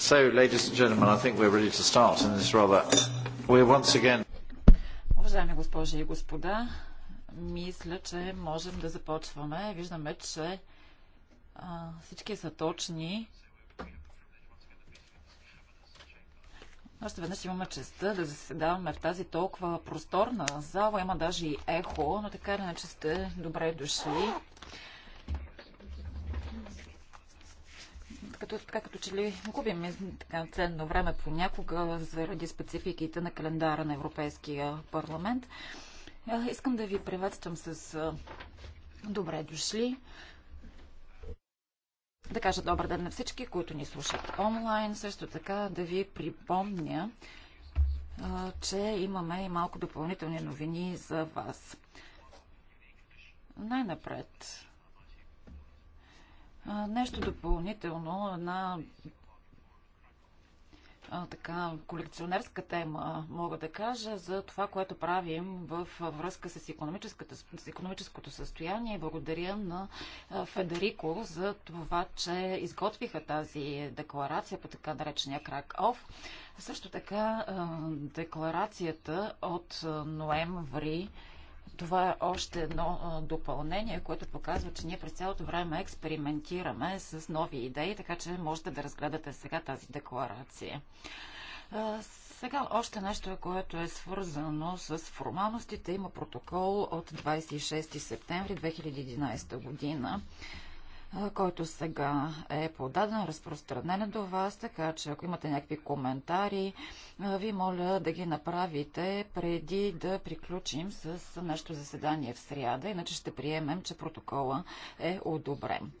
So, ladies and gentlemen, I think we're ready to start in this rather... We're once again... Уважаеми госпожи и господа, мисля, че можем да започваме. Виждаме, че а, всички са точни. Още веднъж имаме честа да заседаваме в тази толкова просторна зала. Има даже и ехо, но така иначе сте добре дошли. като, така, като че ли губим така, ценно време понякога заради спецификите на календара на Европейския парламент. Искам да ви приветствам с добре дошли. Да кажа добър ден на всички, които ни слушат онлайн. Също така да ви припомня, че имаме и малко допълнителни новини за вас. Най-напред Нещо допълнително, една така колекционерска тема, мога да кажа, за това, което правим в връзка с, с економическото състояние. Благодаря на Федерико за това, че изготвиха тази декларация по така наречения крак ОФ. Също така декларацията от ноември това е още едно допълнение, което показва, че ние през цялото време експериментираме с нови идеи, така че можете да разгледате сега тази декларация. Сега още нещо, което е свързано с формалностите. Има протокол от 26 септември 2011 година който сега е подаден, разпространен е до вас, така че ако имате някакви коментари, ви моля да ги направите преди да приключим с нашето заседание в сряда, иначе ще приемем, че протокола е одобрен.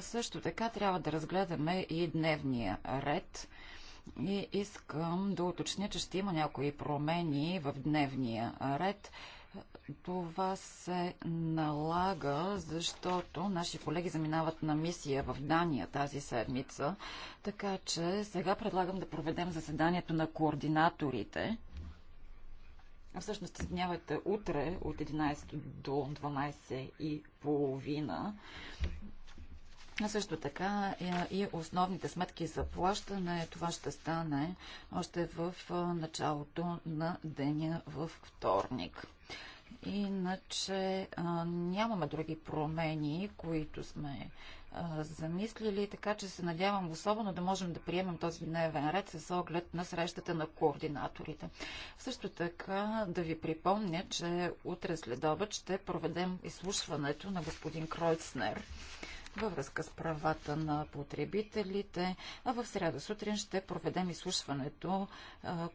Също така трябва да разгледаме и дневния ред. И искам да уточня, че ще има някои промени в дневния ред. Това се налага, защото наши колеги заминават на мисия в Дания тази седмица, така че сега предлагам да проведем заседанието на координаторите. Всъщност, извинявайте, утре от 11 до 12 и половина. А също така е, и основните сметки за плащане, това ще стане още в началото на деня в вторник. Иначе а, нямаме други промени, които сме а, замислили, така че се надявам особено да можем да приемем този дневен ред с оглед на срещата на координаторите. Също така да ви припомня, че утре след обед ще проведем изслушването на господин Кройцнер във връзка с правата на потребителите. А в среда сутрин ще проведем изслушването,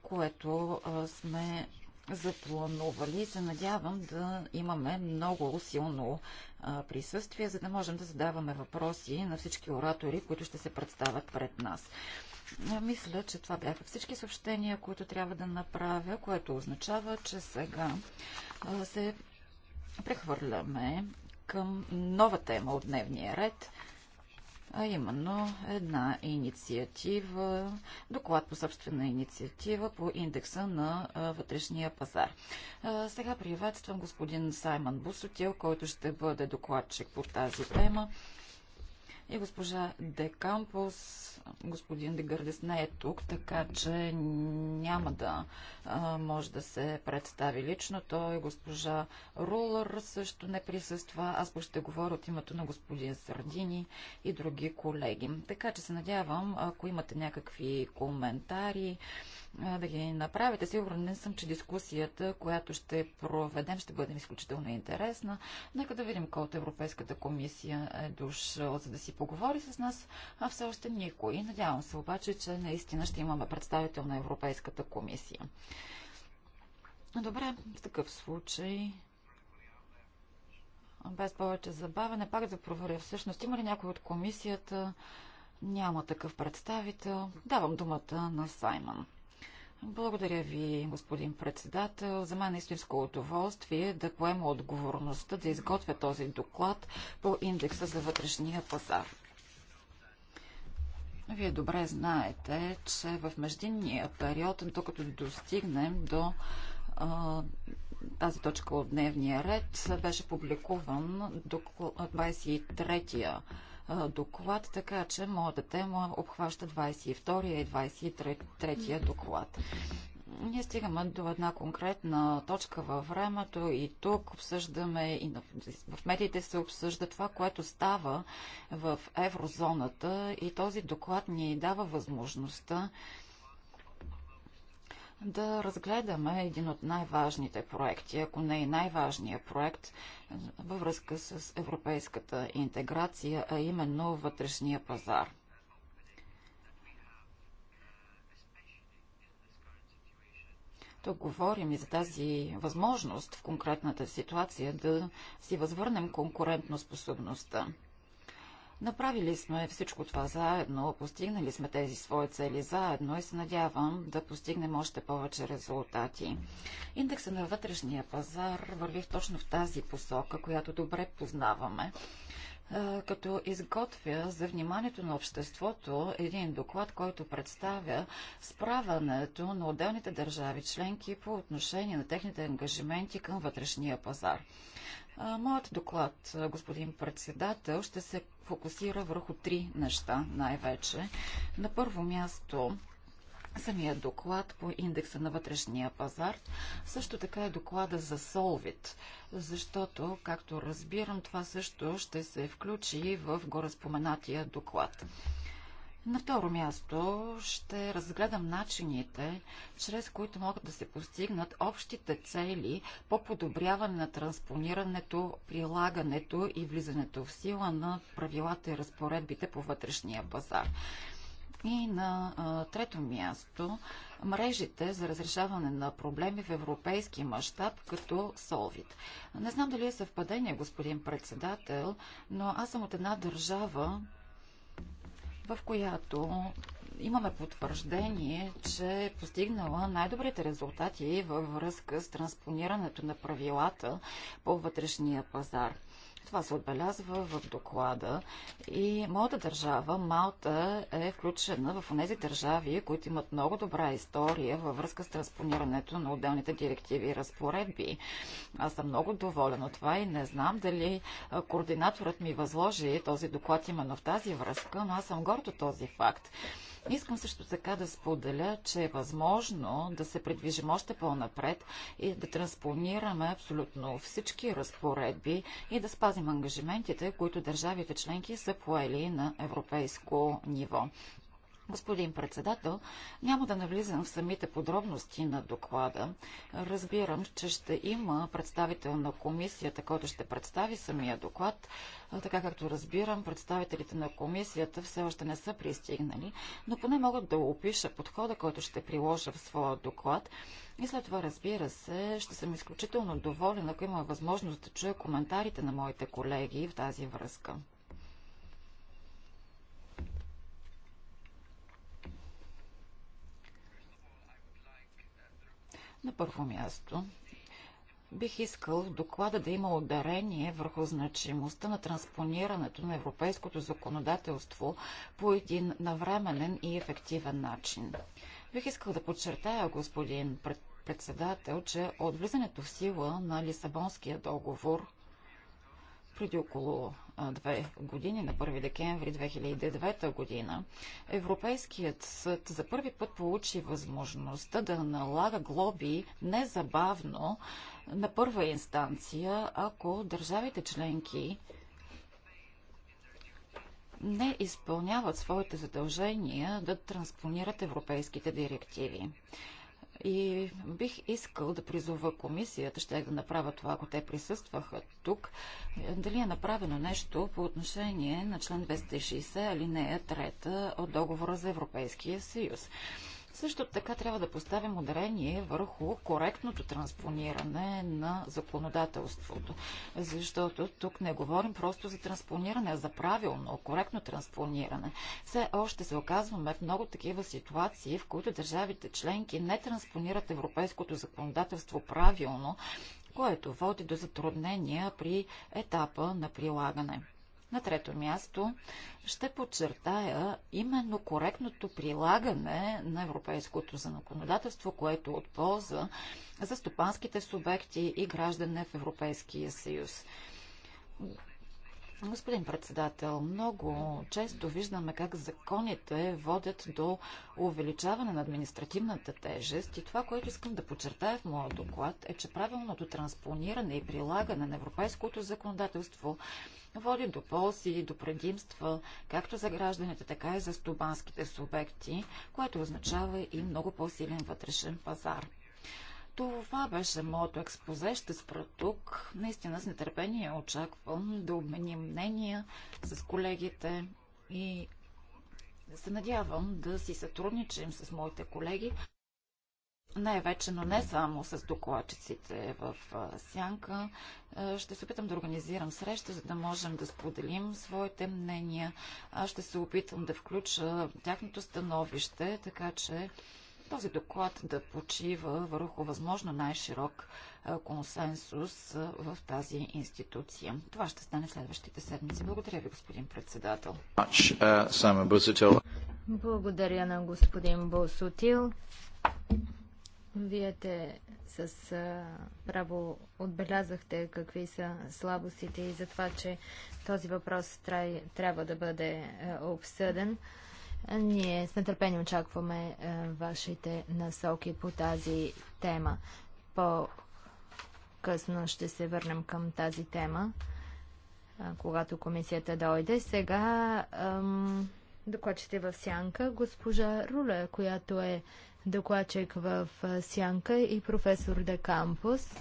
което сме запланували. Се надявам да имаме много силно присъствие, за да можем да задаваме въпроси на всички оратори, които ще се представят пред нас. Мисля, че това бяха всички съобщения, които трябва да направя, което означава, че сега се прехвърляме към нова тема от дневния ред – а именно една инициатива, доклад по собствена инициатива по индекса на вътрешния пазар. Сега приветствам господин Саймън Бусотил, който ще бъде докладчик по тази тема. И госпожа Де Кампус, господин Де Гърдес не е тук, така че няма да а, може да се представи лично. Той госпожа Рулър също не присъства. Аз пък ще говоря от името на господин Сардини и други колеги. Така че се надявам, ако имате някакви коментари, да ги направите. Сигурен съм, че дискусията, която ще проведем, ще бъде изключително интересна. Нека да видим кой от Европейската комисия е дошъл, за да си поговори с нас, а все още никой. Надявам се обаче, че наистина ще имаме представител на Европейската комисия. Добре, в такъв случай без повече забавене, пак да проверя всъщност има ли някой от комисията. Няма такъв представител. Давам думата на Саймон. Благодаря ви, господин председател. За мен е истинско удоволствие да поема отговорността да изготвя този доклад по индекса за вътрешния пазар. Вие добре знаете, че в междинния период, докато достигнем до а, тази точка от дневния ред, беше публикуван 23-я доклад, така че моята тема обхваща 22 и 23 я доклад. Ние стигаме до една конкретна точка във времето и тук обсъждаме и в медиите се обсъжда това, което става в еврозоната и този доклад ни дава възможността да разгледаме един от най-важните проекти, ако не и най-важният проект във връзка с европейската интеграция, а именно вътрешния пазар. Тук говорим и за тази възможност в конкретната ситуация да си възвърнем конкурентно способността. Направили сме всичко това заедно, постигнали сме тези свои цели заедно и се надявам да постигнем още повече резултати. Индексът на вътрешния пазар върви точно в тази посока, която добре познаваме като изготвя за вниманието на обществото един доклад, който представя справянето на отделните държави членки по отношение на техните ангажименти към вътрешния пазар. Моят доклад, господин председател, ще се фокусира върху три неща най-вече. На първо място самия доклад по индекса на вътрешния пазар, също така е доклада за Солвит, защото, както разбирам, това също ще се включи в гореспоменатия доклад. На второ място ще разгледам начините, чрез които могат да се постигнат общите цели по подобряване на транспонирането, прилагането и влизането в сила на правилата и разпоредбите по вътрешния пазар. И на а, трето място мрежите за разрешаване на проблеми в европейски мащаб като Солвит. Не знам дали е съвпадение, господин председател, но аз съм от една държава, в която имаме потвърждение, че е постигнала най-добрите резултати във връзка с транспонирането на правилата по вътрешния пазар. Това се отбелязва в доклада. И моята държава, Малта, е включена в тези държави, които имат много добра история във връзка с транспонирането на отделните директиви и разпоредби. Аз съм много доволен от това и не знам дали координаторът ми възложи този доклад именно в тази връзка, но аз съм горд от този факт. Искам също така да споделя, че е възможно да се придвижим още по-напред и да транспонираме абсолютно всички разпоредби и да спазим ангажиментите, които държавите членки са поели на европейско ниво. Господин председател, няма да навлизам в самите подробности на доклада. Разбирам, че ще има представител на комисията, който ще представи самия доклад. Така както разбирам, представителите на комисията все още не са пристигнали, но поне могат да опиша подхода, който ще приложа в своя доклад. И след това, разбира се, ще съм изключително доволен, ако има възможност да чуя коментарите на моите колеги в тази връзка. На първо място, бих искал в доклада да има ударение върху значимостта на транспонирането на европейското законодателство по един навременен и ефективен начин. Бих искал да подчертая, господин председател, че от влизането в сила на Лисабонския договор – преди около две години, на 1 декември 2009 година, Европейският съд за първи път получи възможността да налага глоби незабавно на първа инстанция, ако държавите членки не изпълняват своите задължения да транспонират европейските директиви. И бих искал да призова комисията, ще да направя това, ако те присъстваха тук, дали е направено нещо по отношение на член 260, алинея 3 от договора за Европейския съюз. Също така трябва да поставим ударение върху коректното транспониране на законодателството, защото тук не говорим просто за транспониране, а за правилно, коректно транспониране. Все още се оказваме в много такива ситуации, в които държавите членки не транспонират европейското законодателство правилно, което води до затруднения при етапа на прилагане. На трето място ще подчертая именно коректното прилагане на европейското законодателство, което е от полза за стопанските субекти и граждане в Европейския съюз. Господин председател, много често виждаме как законите водят до увеличаване на административната тежест и това, което искам да подчертая в моя доклад е, че правилното транспониране и прилагане на европейското законодателство води до ползи и до предимства както за гражданите, така и за стобанските субекти, което означава и много по-силен вътрешен пазар. Това беше моето експозе. Ще спра тук. Наистина с нетърпение очаквам да обменим мнения с колегите и се надявам да си сътрудничим с моите колеги. Най-вече, но не само с докладчиците в Сянка. Ще се опитам да организирам среща, за да можем да споделим своите мнения. Аз ще се опитам да включа тяхното становище, така че този доклад да почива върху възможно най-широк консенсус в тази институция. Това ще стане следващите седмици. Благодаря ви, господин председател. Благодаря на господин Босотил. Вие те с право отбелязахте какви са слабостите и за това, че този въпрос трябва да бъде обсъден. Ние с нетърпение очакваме е, вашите насоки по тази тема. По-късно ще се върнем към тази тема, е, когато комисията дойде. Сега ем, докладчите в Сянка, госпожа Руля, която е докладчик в е, Сянка и професор Де Кампус.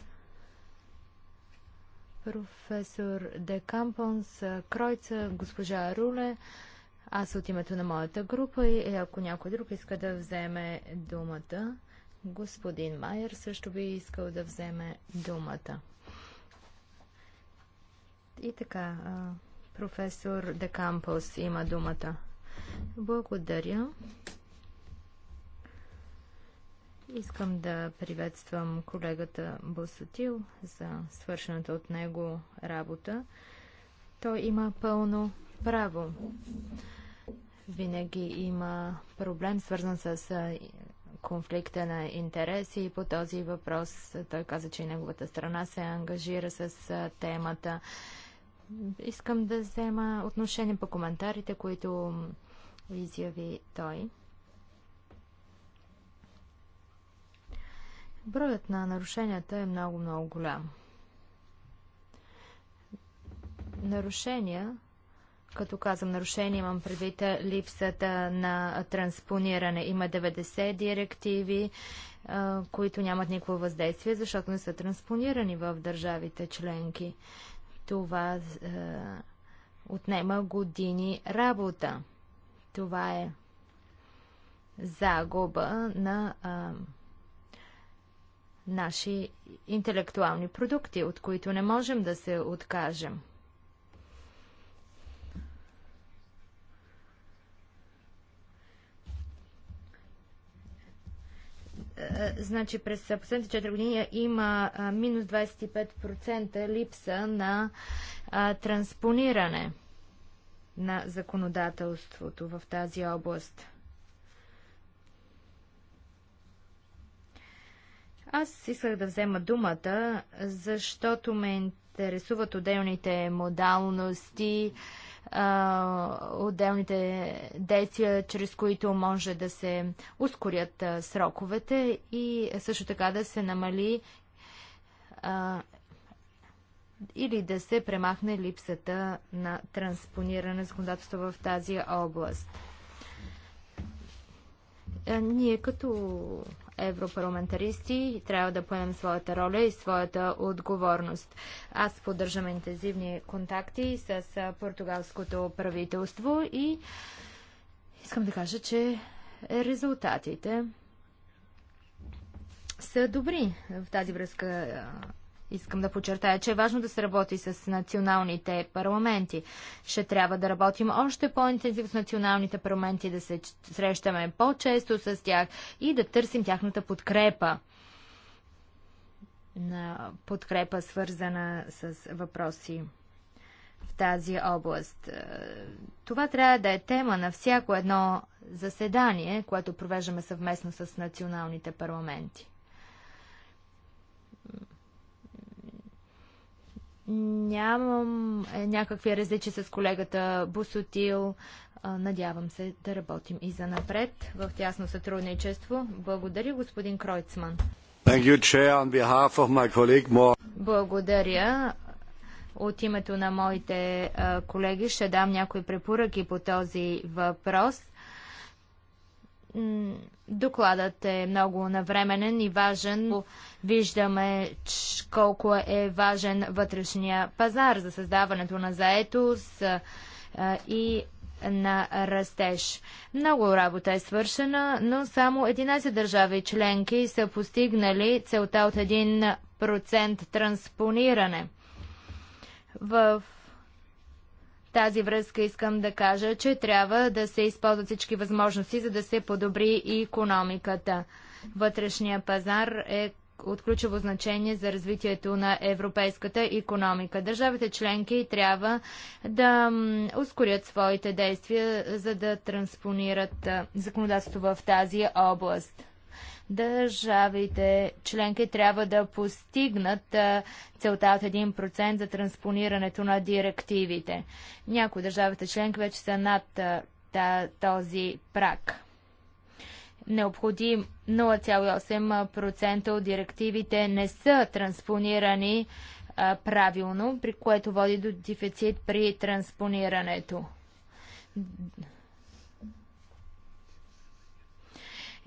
Професор Де Кампус, е, Кройца, госпожа Руле. Аз от името на моята група и ако някой друг иска да вземе думата, господин Майер също би искал да вземе думата. И така, професор Декампос има думата. Благодаря. Искам да приветствам колегата Босотил за свършената от него работа. Той има пълно право винаги има проблем, свързан с конфликта на интереси и по този въпрос той каза, че и неговата страна се ангажира с темата. Искам да взема отношение по коментарите, които изяви той. Броят на нарушенията е много-много голям. Нарушения като казвам нарушение, имам предвид липсата на транспониране. Има 90 директиви, които нямат никакво въздействие, защото не са транспонирани в държавите членки. Това отнема години работа. Това е загуба на наши интелектуални продукти, от които не можем да се откажем. Е, значи през последните 4 години има е, минус 25% липса на а, е, транспониране на законодателството в тази област. Аз исках да взема думата, защото ме интересуват отделните модалности, а, отделните действия, чрез които може да се ускорят а, сроковете и също така да се намали а, или да се премахне липсата на транспониране на законодателство в тази област. Ние като европарламентаристи и трябва да поемем своята роля и своята отговорност. Аз поддържам интензивни контакти с португалското правителство и искам да кажа, че резултатите са добри. В тази връзка Искам да подчертая, че е важно да се работи с националните парламенти. Ще трябва да работим още по-интензивно с националните парламенти, да се срещаме по-често с тях и да търсим тяхната подкрепа. На подкрепа, свързана с въпроси в тази област. Е, това трябва да е тема на всяко едно заседание, което провеждаме съвместно с националните парламенти. Нямам е, някакви различия с колегата Бусотил. Надявам се да работим и за напред в тясно сътрудничество. Благодаря, господин Кройцман. You, Благодаря. От името на моите колеги ще дам някои препоръки по този въпрос. Докладът е много навременен и важен. Виждаме колко е важен вътрешния пазар за създаването на заетост и на растеж. Много работа е свършена, но само 11 държави членки са постигнали целта от 1% транспониране. В тази връзка искам да кажа, че трябва да се използват всички възможности, за да се подобри и економиката. Вътрешния пазар е от ключово значение за развитието на европейската економика. Държавите членки трябва да ускорят своите действия, за да транспонират законодателство в тази област. Държавите членки трябва да постигнат целта от 1% за транспонирането на директивите. Някои държавите членки вече са над този прак. Необходим 0,8% от директивите не са транспонирани правилно, при което води до дефицит при транспонирането.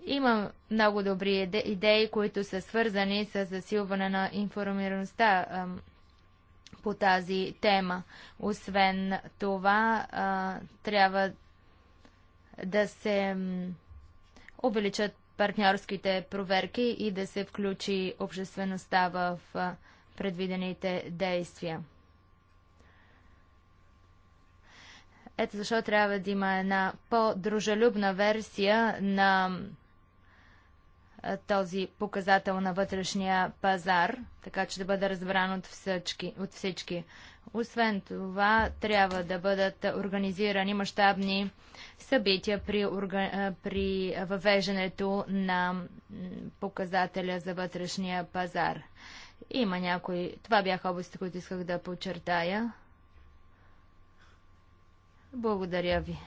Има много добри идеи, които са свързани с засилване на информираността по тази тема. Освен това, трябва да се увеличат партньорските проверки и да се включи обществеността в предвидените действия. Ето защо трябва да има една по-дружелюбна версия на този показател на вътрешния пазар, така че да бъде разбран от всички. От всички. Освен това, трябва да бъдат организирани мащабни събития при, орга... при въвеждането на показателя за вътрешния пазар. Има някои. Това бяха областите, които исках да подчертая. Благодаря ви.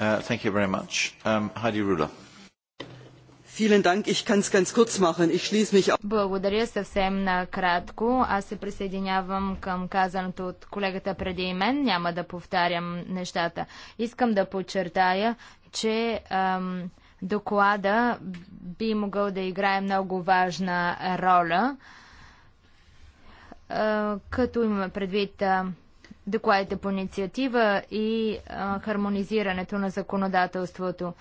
Uh, thank you very much. Um, Heidi Ruler. Благодаря съвсем накратко. Аз се присъединявам към казаното от колегата преди мен. Няма да повтарям нещата. Искам да подчертая, че ам, доклада би могъл да играе много важна роля, а, като имаме предвид. А, докладите по инициатива и а, хармонизирането на законодателството.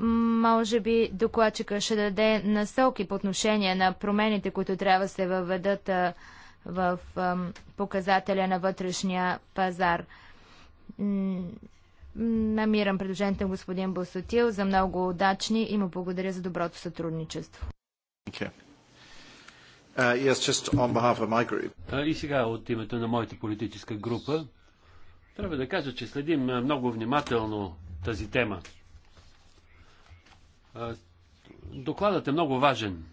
Може би докладчика ще даде насоки по отношение на промените, които трябва да се въведат а, в а, показателя на вътрешния пазар. Намирам предложението на господин Босотил за много удачни и му благодаря за доброто сътрудничество. Okay. Uh, и сега от името на моята политическа група трябва да кажа, че следим много внимателно тази тема. докладът е много важен,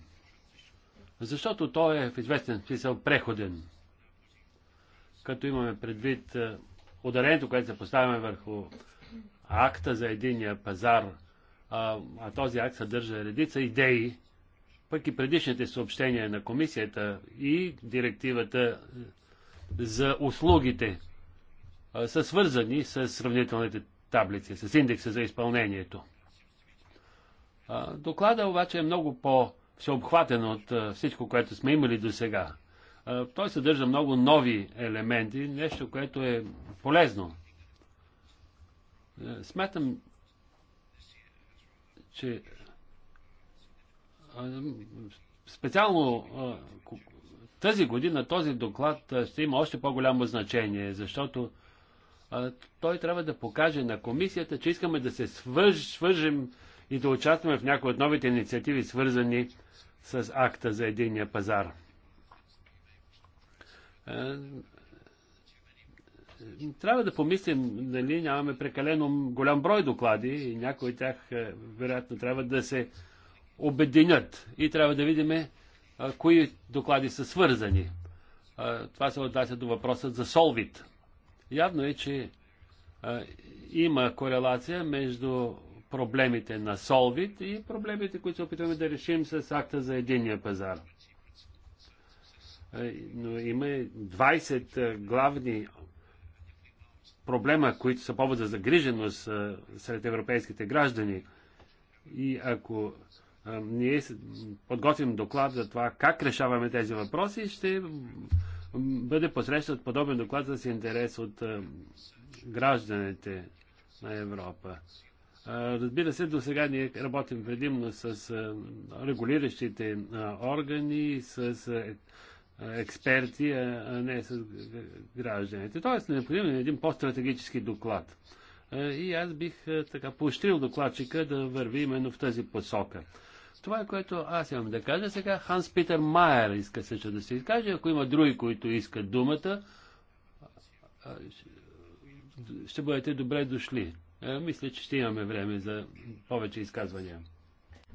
защото той е в известен смисъл преходен. Като имаме предвид ударението, което се поставяме върху акта за единия пазар, а този акт съдържа редица идеи, пък и предишните съобщения на комисията и директивата е, за услугите е, са свързани с сравнителните таблици, с индекса за изпълнението. Доклада обаче е много по-всеобхватен от е, всичко, което сме имали до сега. Той съдържа много нови елементи, нещо, което е полезно. Смятам, че специално тази година този доклад ще има още по-голямо значение, защото той трябва да покаже на комисията, че искаме да се свърж, и да участваме в някои от новите инициативи, свързани с акта за единния пазар. Трябва да помислим дали нямаме прекалено голям брой доклади и някои от тях е, вероятно трябва да се обединят и трябва да видим кои доклади са свързани. Това се отнася до въпросът за Солвит. Явно е, че има корелация между проблемите на Солвит и проблемите, които се опитваме да решим с акта за единния пазар. Но има 20 главни проблема, които са повод за загриженост сред европейските граждани. И ако ние подготвим доклад за това как решаваме тези въпроси и ще бъде посрещат подобен доклад за с интерес от гражданите на Европа. Разбира се, до сега ние работим предимно с регулиращите органи, с експерти, а не с гражданите. Тоест, необходим е един по-стратегически доклад. И аз бих така поощрил докладчика да върви именно в тази посока. Това е което аз имам да кажа. Сега Ханс Питер Майер иска също да се изкаже. Ако има други, които искат думата, ще бъдете добре дошли. Мисля, че ще имаме време за повече изказвания.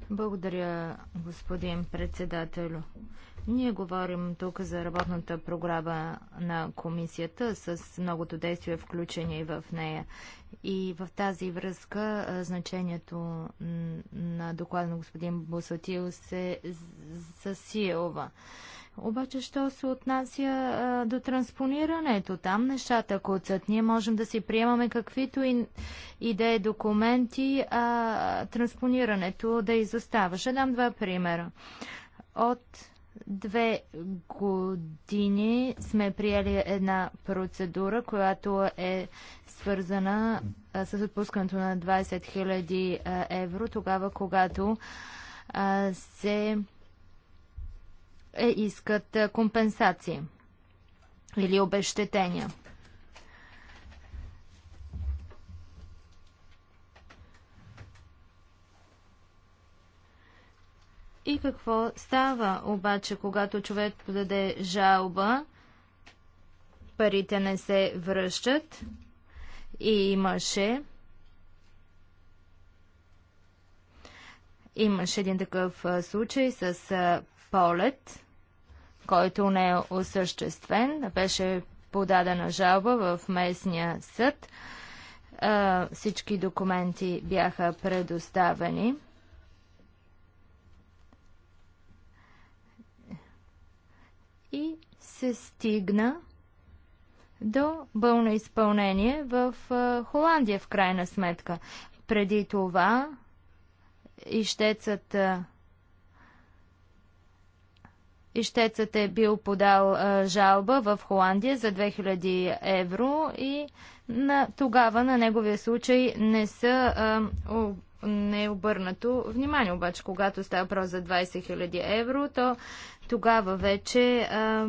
Благодаря, господин председател. Ние говорим тук за работната програма на комисията с многото действия включени в нея. И в тази връзка значението на доклада на господин Босатил се засилва. Обаче, що се отнася а, до транспонирането, там нещата куцат. Ние можем да си приемаме каквито и, и да е документи, а транспонирането да изостава. Ще дам два примера. От две години сме приели една процедура, която е свързана а, с отпускането на 20 000 евро, тогава когато а, се е, искат е, компенсации или обещетения. И какво става обаче, когато човек подаде жалба, парите не се връщат и имаше имаше един такъв случай с полет който не е осъществен. Беше подадена жалба в местния съд. А, всички документи бяха предоставени. И се стигна до пълно изпълнение в а, Холандия, в крайна сметка. Преди това ищецът Ищецът е бил подал а, жалба в Холандия за 2000 евро и на, тогава на неговия случай не са а, о, не е обърнато внимание. Обаче, когато става въпрос за 20 000 евро, то тогава вече а,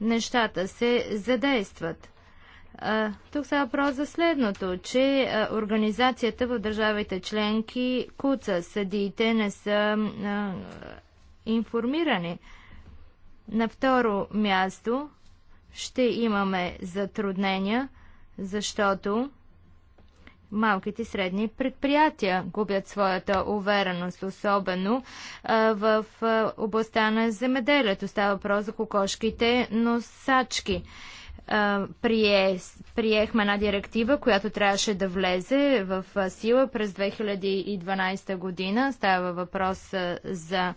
нещата се задействат. А, тук става въпрос за следното, че а, организацията в държавите членки куца, съдиите не са а, информирани. На второ място ще имаме затруднения, защото малките и средни предприятия губят своята увереност, особено в областта на земеделието. Става въпрос за кокошките носачки. прие, приехме една директива, която трябваше да влезе в сила през 2012 година. Става въпрос за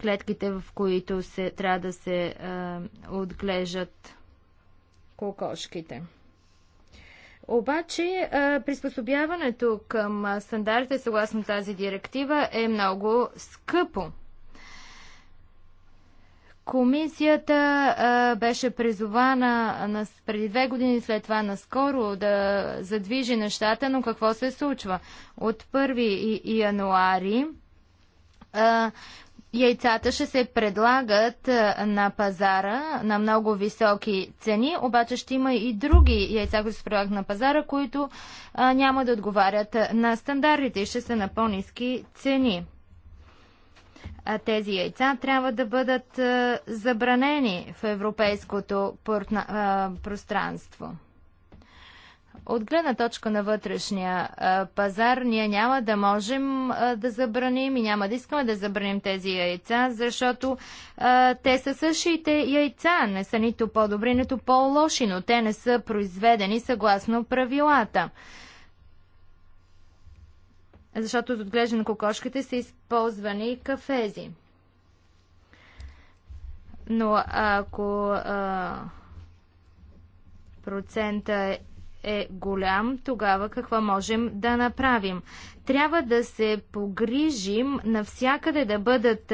клетките, в които се, трябва да се а, отглеждат кокошките. Обаче приспособяването към стандартите съгласно тази директива е много скъпо. Комисията а, беше призована на, преди две години след това наскоро да задвижи нещата, но какво се случва? От 1 януари а, Яйцата ще се предлагат на пазара на много високи цени, обаче ще има и други яйца, които се предлагат на пазара, които а, няма да отговарят на стандартите и ще са на по-низки цени. А тези яйца трябва да бъдат а, забранени в европейското портна, а, пространство. От гледна точка на вътрешния пазар, ние няма да можем да забраним и няма да искаме да забраним тези яйца, защото те са същите яйца, не са нито по-добри, нито по-лоши, но те не са произведени съгласно правилата. Защото от отглеждане на кокошките са използвани кафези. Но ако процента е е голям, тогава какво можем да направим? Трябва да се погрижим навсякъде да бъдат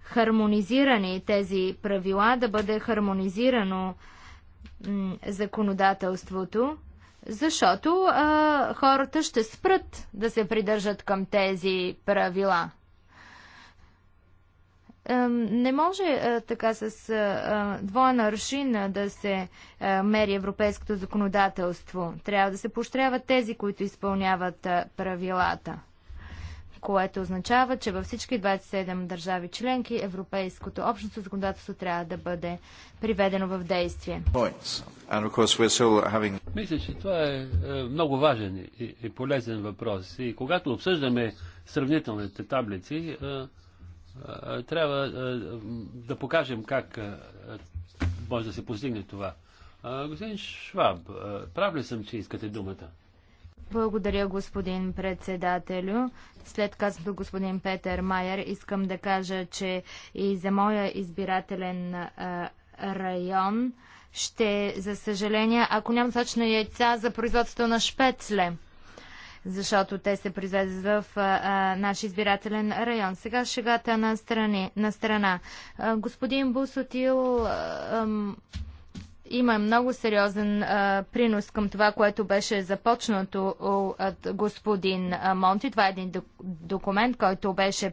хармонизирани тези правила, да бъде хармонизирано законодателството, защото а, хората ще спрат да се придържат към тези правила. Не може така с двойна аршина да се мери европейското законодателство. Трябва да се поощряват тези, които изпълняват правилата което означава, че във всички 27 държави членки европейското общностно законодателство трябва да бъде приведено в действие. Мисля, че това е, е много важен и полезен въпрос. И когато обсъждаме сравнителните таблици, е, трябва да покажем как може да се постигне това. Господин Шваб, прав ли съм, че искате думата? Благодаря, господин председателю. След казаното господин Петър Майер, искам да кажа, че и за моя избирателен район ще, за съжаление, ако нямам сочна яйца за производство на шпецле защото те се произведат в а, наш избирателен район. Сега шегата на, страни, на страна. А, господин Бусотил има много сериозен а, принос към това, което беше започнато от господин Монти. Това е един документ, който беше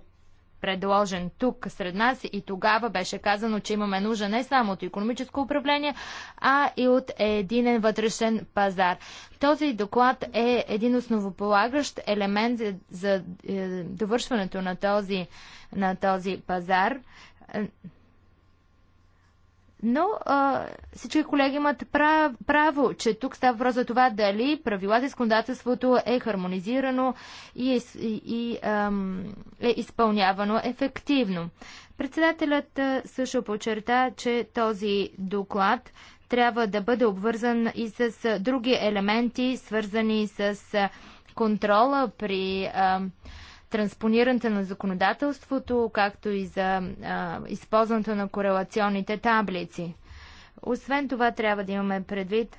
предложен тук сред нас и тогава беше казано, че имаме нужда не само от економическо управление, а и от единен вътрешен пазар. Този доклад е един основополагащ елемент за, е, довършването на този, на този пазар. Е, но а, всички колеги имат право, че тук става въпрос за това дали правилата и законодателството е хармонизирано и, е, и, и ам, е изпълнявано ефективно. Председателят също подчерта, че този доклад трябва да бъде обвързан и с други елементи, свързани с контрола при. Ам, транспонирането на законодателството, както и за а, използването на корелационните таблици. Освен това, трябва да имаме предвид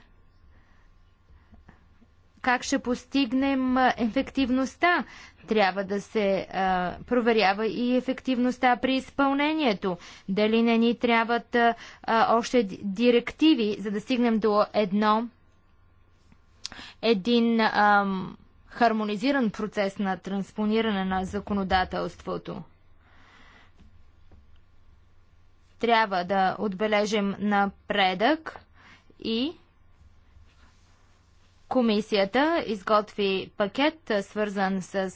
как ще постигнем ефективността. Трябва да се а, проверява и ефективността при изпълнението. Дали не ни трябват а, още директиви, за да стигнем до едно един А, хармонизиран процес на транспониране на законодателството. Трябва да отбележим напредък и комисията изготви пакет, свързан с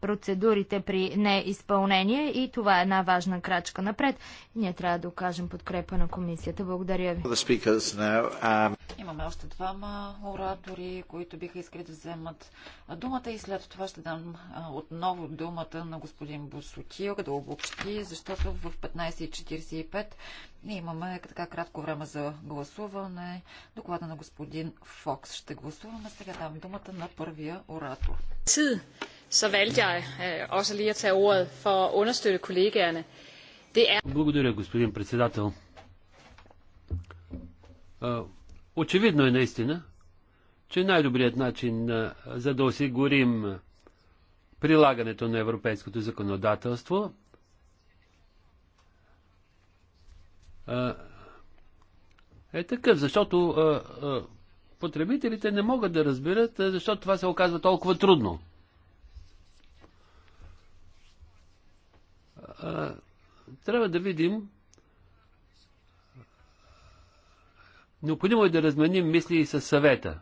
процедурите при неизпълнение и това е една важна крачка напред. Ние трябва да окажем подкрепа на комисията. Благодаря ви. Um, имаме още двама оратори, които биха искали да вземат думата и след това ще дам отново думата на господин Босотил да обобщи, защото в 15.45 имаме така кратко време за гласуване. Доклада на господин Фокс ще гласуваме. Сега дам думата на първия оратор så valgte jeg øh, også lige at tage ordet for at understøtte kollegaerne. Det er... Благодаря, господин председател. Очевидно е наистина, че най-добрият начин за да осигурим прилагането на европейското законодателство е такъв, защото потребителите не могат да разберат защо това се оказва толкова трудно. а, трябва да видим. Необходимо е да разменим мисли и със съвета.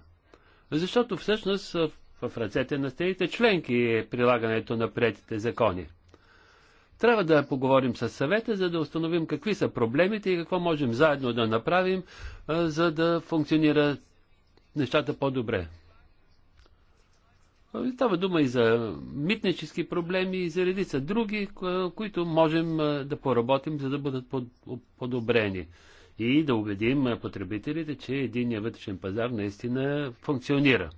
Защото всъщност в, в ръцете на стените членки е прилагането на приятите закони. Трябва да поговорим с съвета, за да установим какви са проблемите и какво можем заедно да направим, а, за да функционират нещата по-добре. Става дума и за митнически проблеми и за редица други, които можем да поработим, за да бъдат подобрени. И да убедим потребителите, че единия вътрешен пазар наистина функционира.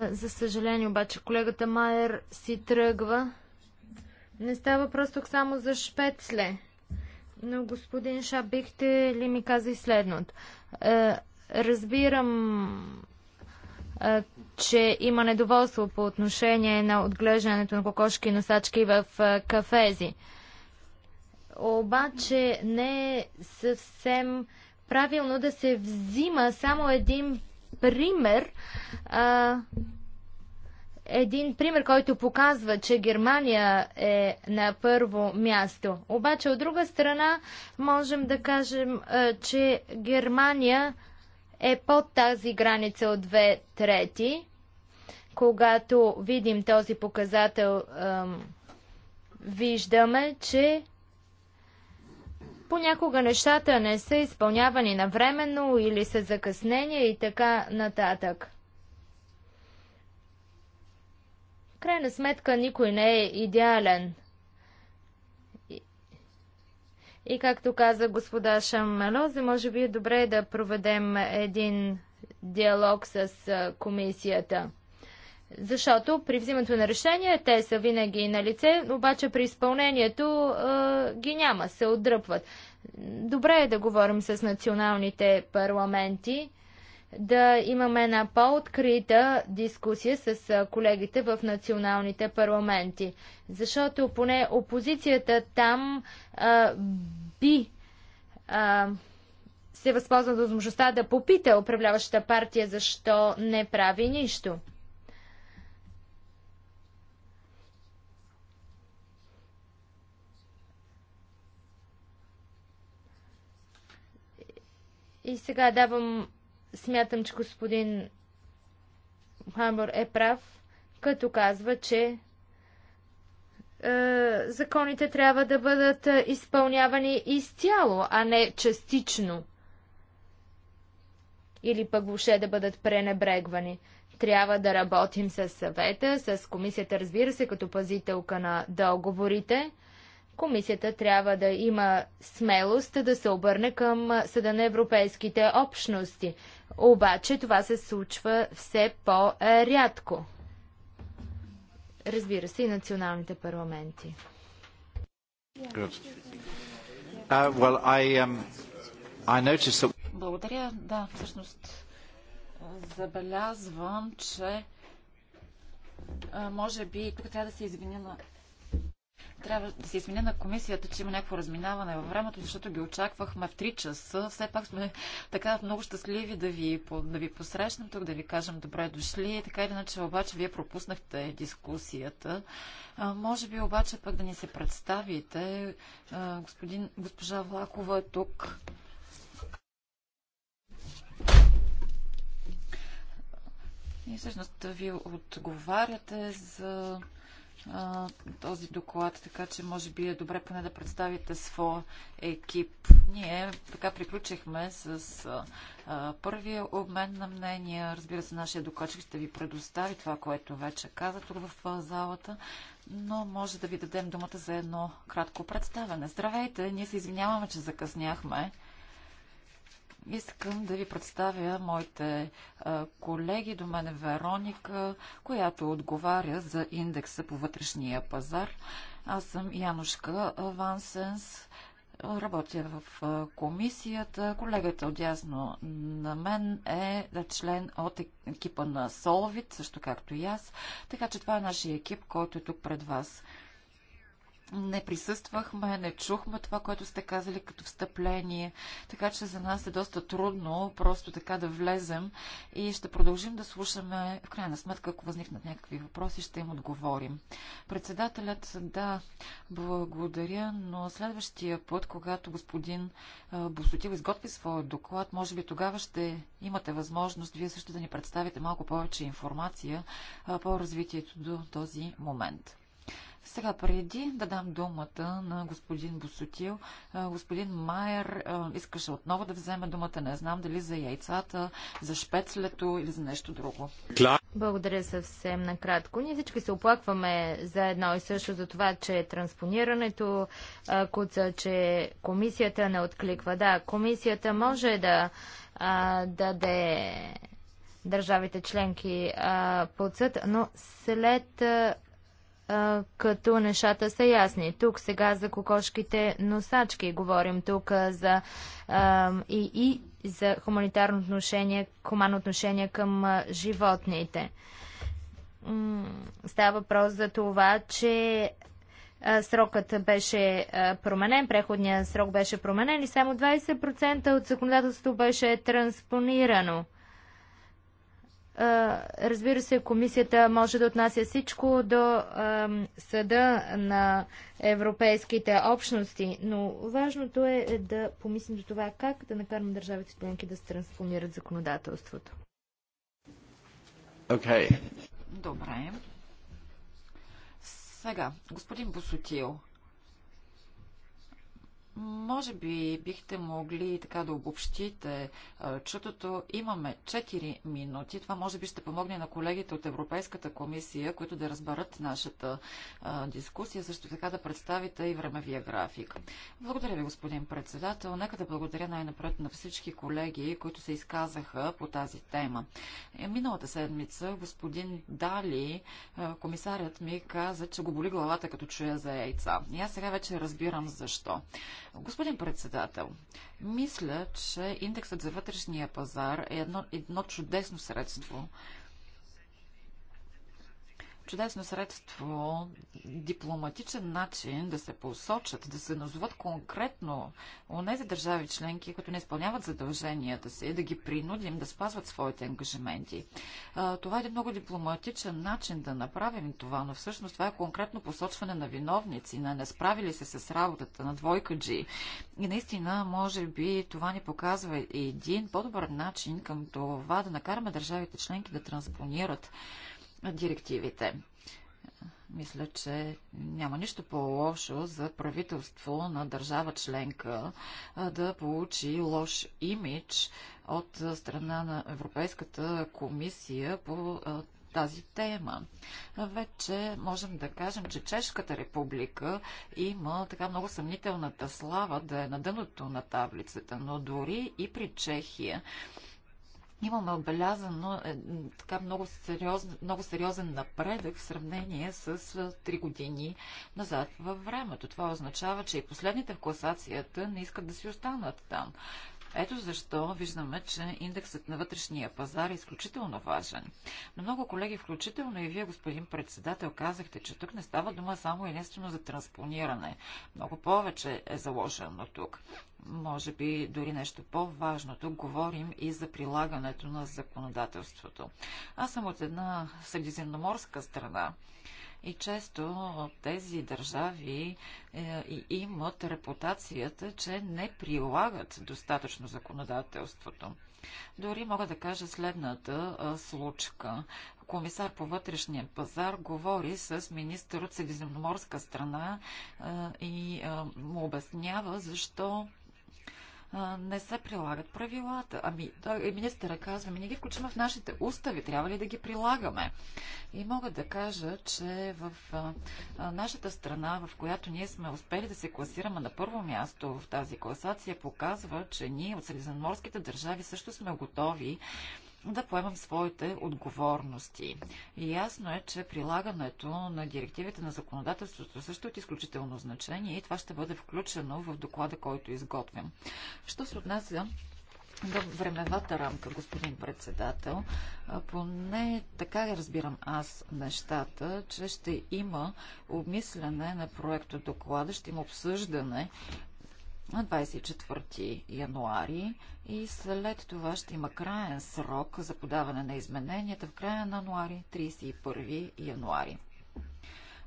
За съжаление обаче колегата Майер си тръгва. Не става просто само за шпецле. Но господин Ша, бихте ли ми каза и следното? Е, разбирам, е, че има недоволство по отношение на отглеждането на кокошки и носачки в е, кафези. Обаче не е съвсем правилно да се взима само един пример един пример, който показва, че Германия е на първо място. Обаче, от друга страна, можем да кажем, че Германия е под тази граница от две трети. Когато видим този показател, виждаме, че понякога нещата не са изпълнявани навременно или са закъснения и така нататък. крайна сметка никой не е идеален. И, както каза господа Шамелози, може би е добре да проведем един диалог с комисията. Защото при взимането на решение те са винаги на лице, обаче при изпълнението е, ги няма, се отдръпват. Добре е да говорим с националните парламенти да имаме една по-открита дискусия с колегите в националните парламенти. Защото поне опозицията там а, би а, се възползва от възможността да попита управляващата партия защо не прави нищо. И сега давам Смятам, че господин Хамбор е прав, като казва, че е, законите трябва да бъдат е, изпълнявани изцяло, а не частично. Или пък въобще да бъдат пренебрегвани. Трябва да работим с съвета, с комисията, разбира се, като пазителка на договорите. Комисията трябва да има смелост да се обърне към Съда на Европейските общности. Обаче това се случва все по-рядко. Разбира се, и националните парламенти. Uh, well, I, um, I that... Благодаря. Да, всъщност забелязвам, че може би тук трябва да се извиня на трябва да се изменя на комисията, че има някакво разминаване във времето, защото ги очаквахме в 3 часа. Все пак сме така много щастливи да ви, да ви посрещнем тук, да ви кажем добре дошли. Така или иначе, обаче, вие пропуснахте дискусията. А, може би обаче пък да ни се представите. А, господин, госпожа Влакова е тук. И всъщност вие отговаряте за този доклад, така че може би е добре поне да представите своя екип. Ние така приключихме с а, първия обмен на мнения. Разбира се, нашия докладчик ще ви предостави това, което вече каза тук в залата, но може да ви дадем думата за едно кратко представяне. Здравейте, ние се извиняваме, че закъсняхме. Искам да ви представя моите колеги, до е Вероника, която отговаря за индекса по вътрешния пазар. Аз съм Янушка Вансенс, работя в комисията. Колегата отясно на мен е член от екипа на Соловит, също както и аз. Така че това е нашия екип, който е тук пред вас не присъствахме, не чухме това, което сте казали като встъпление, така че за нас е доста трудно просто така да влезем и ще продължим да слушаме. В крайна сметка, ако възникнат някакви въпроси, ще им отговорим. Председателят, да, благодаря, но следващия път, когато господин Босотил изготви своя доклад, може би тогава ще имате възможност вие също да ни представите малко повече информация по развитието до този момент. Сега, преди да дам думата на господин Босотил, господин Майер искаше отново да вземе думата. Не знам дали за яйцата, за шпецлето или за нещо друго. Благодаря съвсем накратко. Ние всички се оплакваме за едно и също за това, че транспонирането куца, че комисията не откликва. Да, комисията може да даде държавите членки а, под съд, но след а, като нещата са ясни. Тук сега за кокошките носачки говорим тук за а, и, и за хуманитарно отношение, хуманно отношение към животните. става въпрос за това, че срокът беше променен, преходният срок беше променен и само 20% от законодателството беше транспонирано. Разбира се, комисията може да отнася всичко до съда на европейските общности, но важното е, е да помислим за това как да накарам държавите членки да се трансформират законодателството. Okay. Добре. Сега, господин Босотил, може би бихте могли така да обобщите чутото. Е, имаме 4 минути. Това може би ще помогне на колегите от Европейската комисия, които да разберат нашата а, дискусия, също така да представите и времевия график. Благодаря ви, господин председател. Нека да благодаря най-напред на всички колеги, които се изказаха по тази тема. Е, миналата седмица господин Дали, е, комисарят ми, каза, че го боли главата, като чуя за яйца. И аз сега вече разбирам защо. Господин председател, мисля, че индексът за вътрешния пазар е едно, едно чудесно средство, чудесно средство, дипломатичен начин да се посочат, да се назоват конкретно у нези държави членки, които не изпълняват задълженията си, да ги принудим да спазват своите ангажименти. Това е един много дипломатичен начин да направим това, но всъщност това е конкретно посочване на виновници, на не справили се с работата, на двойкаджи. И наистина, може би, това ни показва и един по-добър начин към това да накараме държавите членки да транспонират директивите. Мисля, че няма нищо по-лошо за правителство на държава членка да получи лош имидж от страна на Европейската комисия по тази тема. Вече можем да кажем, че Чешката република има така много съмнителната слава да е на дъното на таблицата, но дори и при Чехия имаме отбелязано е, така много, сериозен, много сериозен напредък в сравнение с три години назад във времето. Това означава, че и последните в класацията не искат да си останат там. Ето защо виждаме, че индексът на вътрешния пазар е изключително важен. Но много колеги, включително и вие, господин председател, казахте, че тук не става дума само единствено за транспониране. Много повече е заложено тук. Може би дори нещо по-важно. Тук говорим и за прилагането на законодателството. Аз съм от една средиземноморска страна. И често тези държави е, имат репутацията, че не прилагат достатъчно законодателството. Дори мога да кажа следната случка. Комисар по вътрешния пазар говори с министър от средиземноморска страна и му обяснява защо не се прилагат правилата. Ами, той, е, министъра казва, ми не ги включим в нашите устави, трябва ли да ги прилагаме? И мога да кажа, че в а, нашата страна, в която ние сме успели да се класираме на първо място в тази класация, показва, че ние от средиземноморските държави също сме готови да поемам своите отговорности. И ясно е, че прилагането на директивите на законодателството също е от изключително значение и това ще бъде включено в доклада, който изготвям. Що се отнася до времевата рамка, господин председател, поне така разбирам аз нещата, че ще има обмисляне на проекта доклада, ще има обсъждане на 24 януари и след това ще има краен срок за подаване на измененията в края на януари, 31 януари.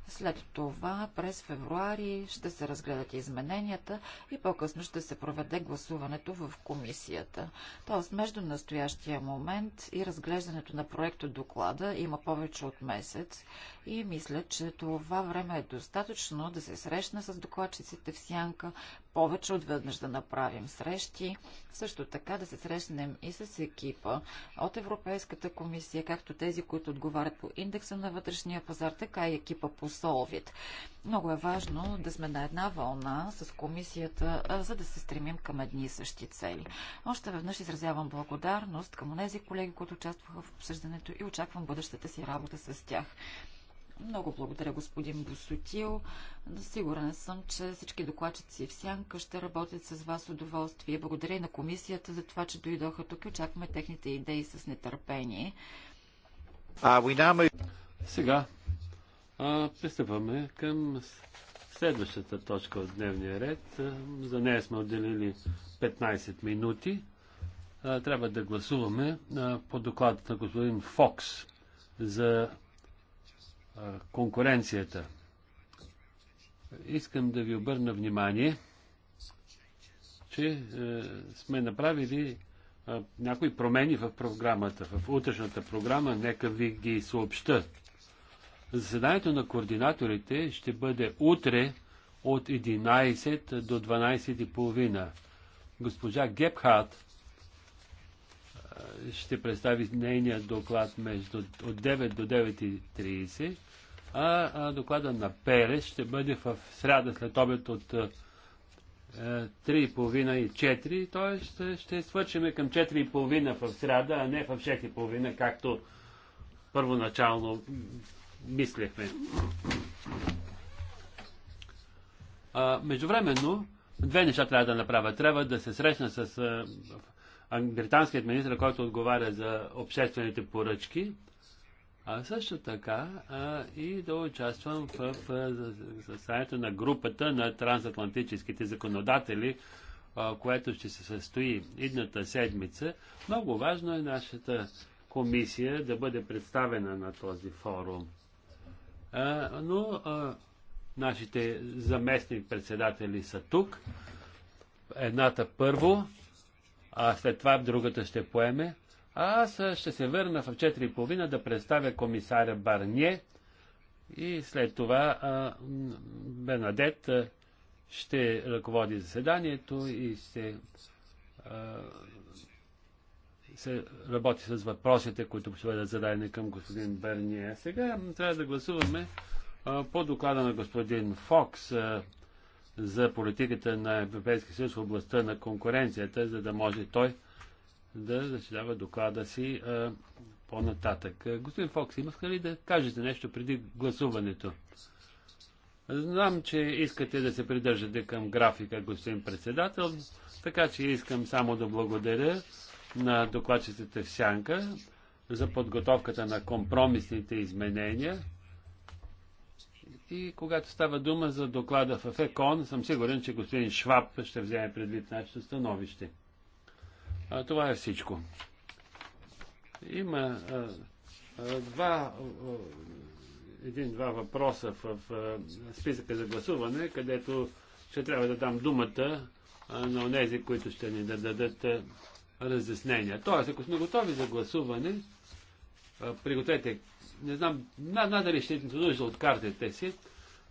След това през февруари ще се разгледат измененията и по-късно ще се проведе гласуването в комисията. Тоест между настоящия момент и разглеждането на проекто доклада има повече от месец и мисля, че това време е достатъчно да се срещна с докладчиците в Сянка, повече от веднъж да направим срещи, също така да се срещнем и с екипа от Европейската комисия, както тези, които отговарят по индекса на вътрешния пазар, така и екипа по Солвит. Много е важно да сме на една вълна с комисията, за да се стремим към едни и същи цели. Още веднъж изразявам благодарност към тези колеги, които участваха в обсъждането и очаквам бъдещата си работа с тях. Много благодаря, господин Босотил. Сигурен съм, че всички докладчици в Сянка ще работят с вас удоволствие. Благодаря и на комисията за това, че дойдоха тук и очакваме техните идеи с нетърпение. Сега а, пристъпваме към следващата точка от дневния ред. За нея сме отделили 15 минути. А, трябва да гласуваме а, по докладата на господин Фокс за конкуренцията. Искам да ви обърна внимание, че е, сме направили е, някои промени в програмата, в утрешната програма, нека ви ги съобща. Заседанието на координаторите ще бъде утре от 11 до 12.30. Госпожа Гепхарт ще представи нейния доклад между, от 9 до 9.30, а, а доклада на Перес ще бъде в сряда след обед от 3.30 е, и 4, т.е. ще, ще свършим към 4.30 в сряда, а не в 6.30, както първоначално мислехме. междувременно, две неща трябва да направя. Трябва да се срещна с а, е, британският министр, който отговаря за обществените поръчки, а също така а, и да участвам в, в състоянието на групата на трансатлантическите законодатели, а, което ще се състои идната седмица. Много важно е нашата комисия да бъде представена на този форум. А, но а, нашите заместни председатели са тук. Едната първо, а след това другата ще поеме. А аз ще се върна в 4.30 да представя комисаря Барние и след това а, Бенадет ще ръководи заседанието и ще а, се работи с въпросите, които ще бъдат зададени към господин А Сега трябва да гласуваме а, по доклада на господин Фокс. А, за политиката на Европейския съюз в областта на конкуренцията, за да може той да защитава доклада си по-нататък. Господин Фокс, имахте ли да кажете нещо преди гласуването? Знам, че искате да се придържате към графика, господин председател, така че искам само да благодаря на докладчиците в Сянка за подготовката на компромисните изменения. И когато става дума за доклада в ЕКОН, съм сигурен, че господин Шваб ще вземе предвид нашето становище. А, това е всичко. Има два, един-два въпроса в, списъка за гласуване, където ще трябва да дам думата на тези, които ще ни да дадат разяснения. Тоест, ако сме готови за гласуване, пригответе не знам, надали ще нужда от картите си,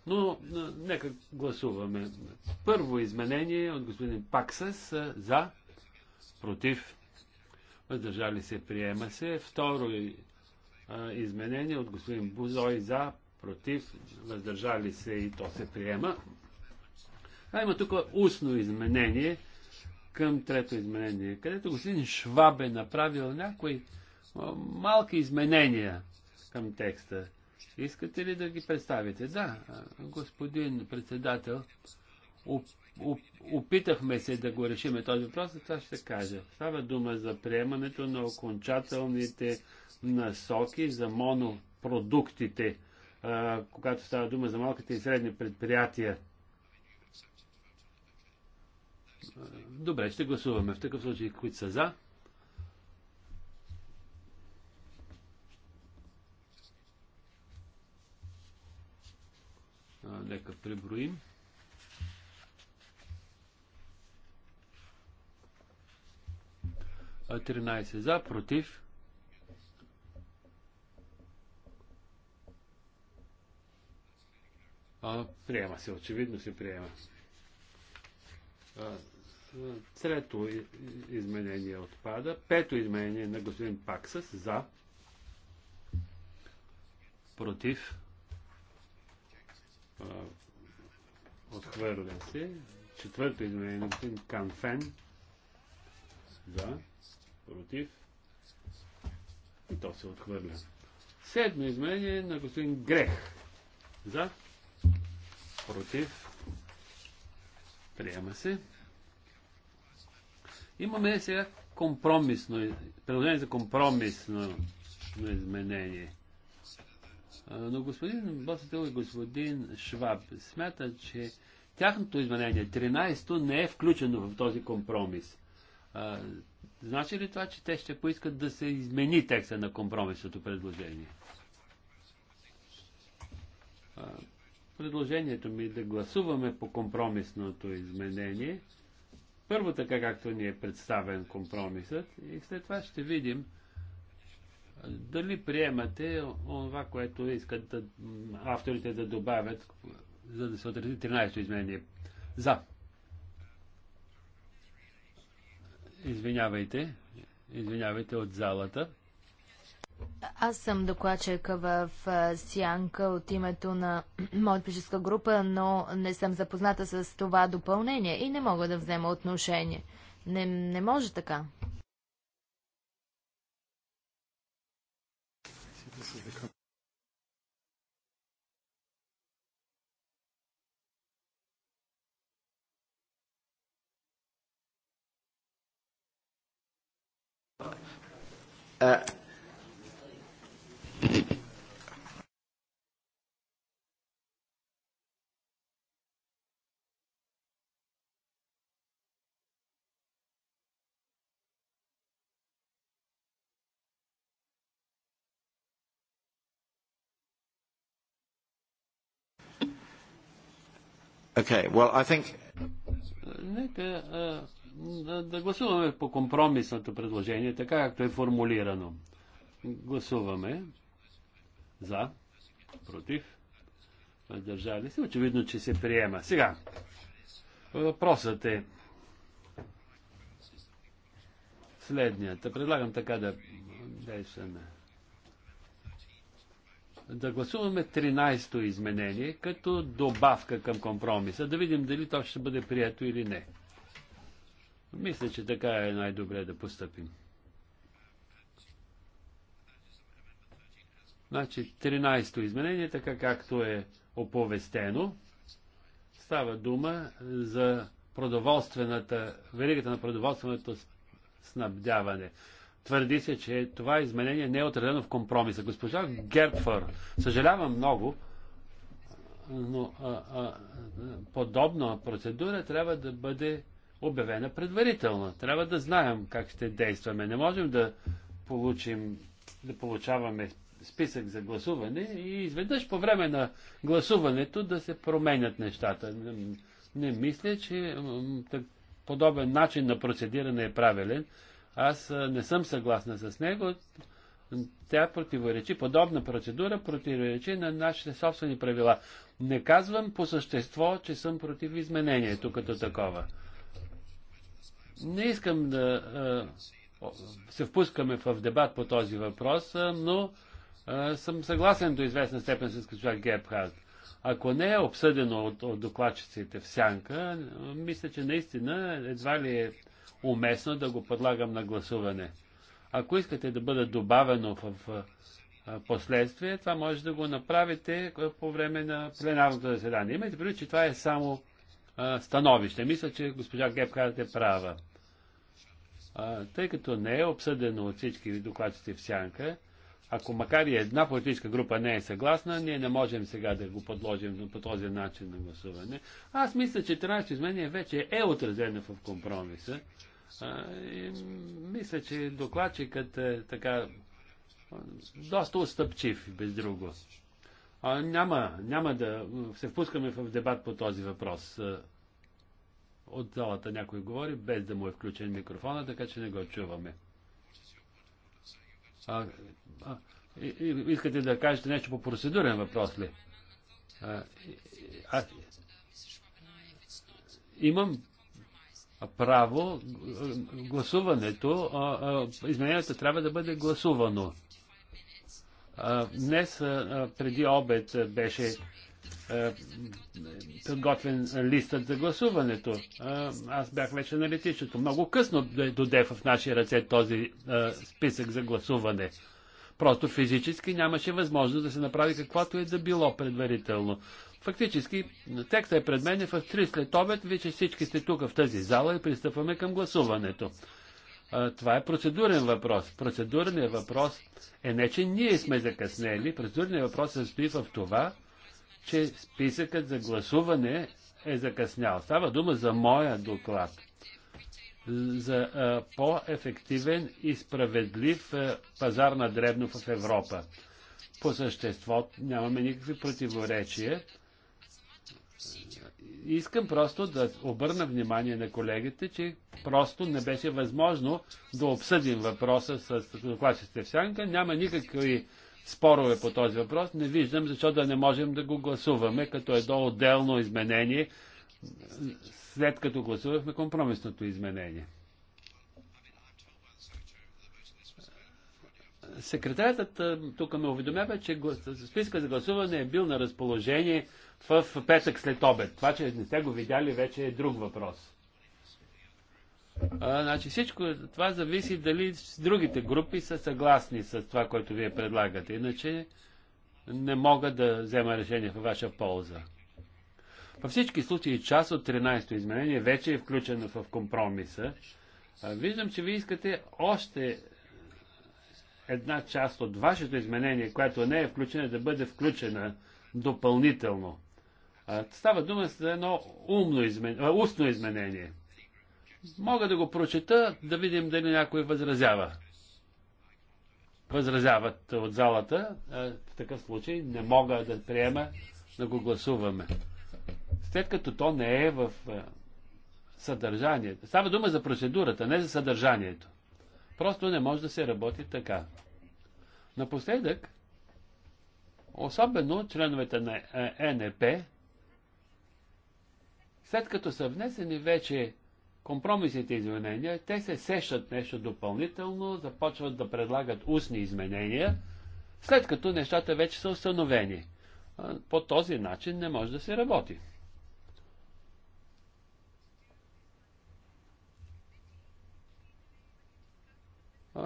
но нека гласуваме. Първо изменение от господин Паксас за, против, въздържали се, приема се. Второ изменение от господин Бузой за, против, въздържали се и то се приема. А има тук устно изменение към трето изменение, където господин Шваб е направил някои малки изменения към текста. Искате ли да ги представите? Да, господин председател, опитахме се да го решиме този въпрос, а това ще кажа. Става дума за приемането на окончателните насоки за монопродуктите, а, когато става дума за малките и средни предприятия. Добре, ще гласуваме в такъв случай, които са за. Нека преброим. А 13 за, против. А, приема се, очевидно се приема. А, трето изменение отпада. Пето изменение на господин Паксас за. Против. Отхвърля се. Четвърто изменение на господин Канфен. За. Против. И то се отхвърля. Седмо изменение на господин Грех. За. Против. Приема се. Имаме сега компромисно, предложение за компромисно изменение. Но господин Босател и господин Шваб смятат, че тяхното изменение, 13-то, не е включено в този компромис. А, значи ли това, че те ще поискат да се измени текста на компромисното предложение? А, предложението ми е да гласуваме по компромисното изменение. Първо така, както ни е представен компромисът и след това ще видим дали приемате това, което искат да, авторите да добавят, за да се отрази 13-то изменение? За. Извинявайте. Извинявайте от залата. Аз съм докладчика в Сянка от името на моят група, но не съм запозната с това допълнение и не мога да взема отношение. Не, не може така. Okay, well, I think... Нека да гласуваме по компромисното предложение, така както е формулирано. Гласуваме за, против, въздържали се. Очевидно, че се приема. Сега, въпросът е следният. Предлагам така да действаме. Да гласуваме 13-то изменение като добавка към компромиса, да видим дали то ще бъде прието или не. Мисля, че така е най-добре да поступим. Значи 13-то изменение, така както е оповестено, става дума за продоволствената, веригата на продоволственото снабдяване. Твърди се, че това изменение не е отредено в компромиса. Госпожа Гертфър, съжалявам много, но а, а, подобна процедура трябва да бъде обявена предварително. Трябва да знаем как ще действаме. Не можем да получим, да получаваме списък за гласуване и изведнъж по време на гласуването да се променят нещата. Не, не мисля, че подобен начин на процедиране е правилен. Аз не съм съгласна с него. Тя противоречи, подобна процедура противоречи на нашите собствени правила. Не казвам по същество, че съм против изменението като такова. Не искам да се впускаме в дебат по този въпрос, но съм съгласен до известна степен с госпожа Гебхард. Ако не е обсъдено от, от докладчиците в сянка, мисля, че наистина едва ли е уместно да го подлагам на гласуване. Ако искате да бъде добавено в, в последствие, това може да го направите по време на пленарното заседание. Имайте предвид, че това е само а, становище. Мисля, че госпожа Гепхарт е права. А, тъй като не е обсъдено от всички докладчите в сянка, ако макар и една политическа група не е съгласна, ние не можем сега да го подложим по този начин на гласуване. Аз мисля, че 13 изменение вече е отразено в компромиса. А, и мисля, че докладчикът е така доста отстъпчив, без друго. А, няма, няма да се впускаме в дебат по този въпрос. От залата някой говори, без да му е включен микрофона, така че не го чуваме. А, а, и, и, искате да кажете нещо по процедурен въпрос ли? А, а, имам право гласуването, изменението трябва да бъде гласувано. Днес преди обед беше е, е, подготвен листът за гласуването. Аз бях вече на летището. Много късно доде в наши ръце този е, списък за гласуване. Просто физически нямаше възможност да се направи каквото е да било предварително. Фактически, текстът е пред мен в три след обед, вече всички сте тук в тази зала и пристъпваме към гласуването. Това е процедурен въпрос. Процедурният въпрос е не, че ние сме закъснели. Процедурният въпрос се състои в това, че списъкът за гласуване е закъснял. Става дума за моя доклад за по-ефективен и справедлив пазар на дребно в Европа. По същество нямаме никакви противоречия. Искам просто да обърна внимание на колегите, че просто не беше възможно да обсъдим въпроса с докладчите в сянка. Няма никакви спорове по този въпрос, не виждам защо да не можем да го гласуваме като едно отделно изменение, след като гласувахме компромисното изменение. Секретарятът тук ме уведомява, че списка за гласуване е бил на разположение в петък след обед. Това, че не сте го видяли, вече е друг въпрос. А, значи всичко това зависи дали другите групи са съгласни с това, което вие предлагате. Иначе не мога да взема решение в ваша полза. Във всички случаи част от 13-то изменение вече е включено в компромиса. А, виждам, че ви искате още една част от вашето изменение, което не е включена, да бъде включена допълнително. А, става дума за едно умно измен... а, устно изменение. Мога да го прочета, да видим дали някой възразява. Възразяват от залата. В такъв случай не мога да приема да го гласуваме. След като то не е в съдържанието. Става дума за процедурата, не за съдържанието. Просто не може да се работи така. Напоследък, особено членовете на ЕНП, след като са внесени вече компромисните изменения, те се сещат нещо допълнително, започват да предлагат устни изменения, след като нещата вече са установени. По този начин не може да се работи.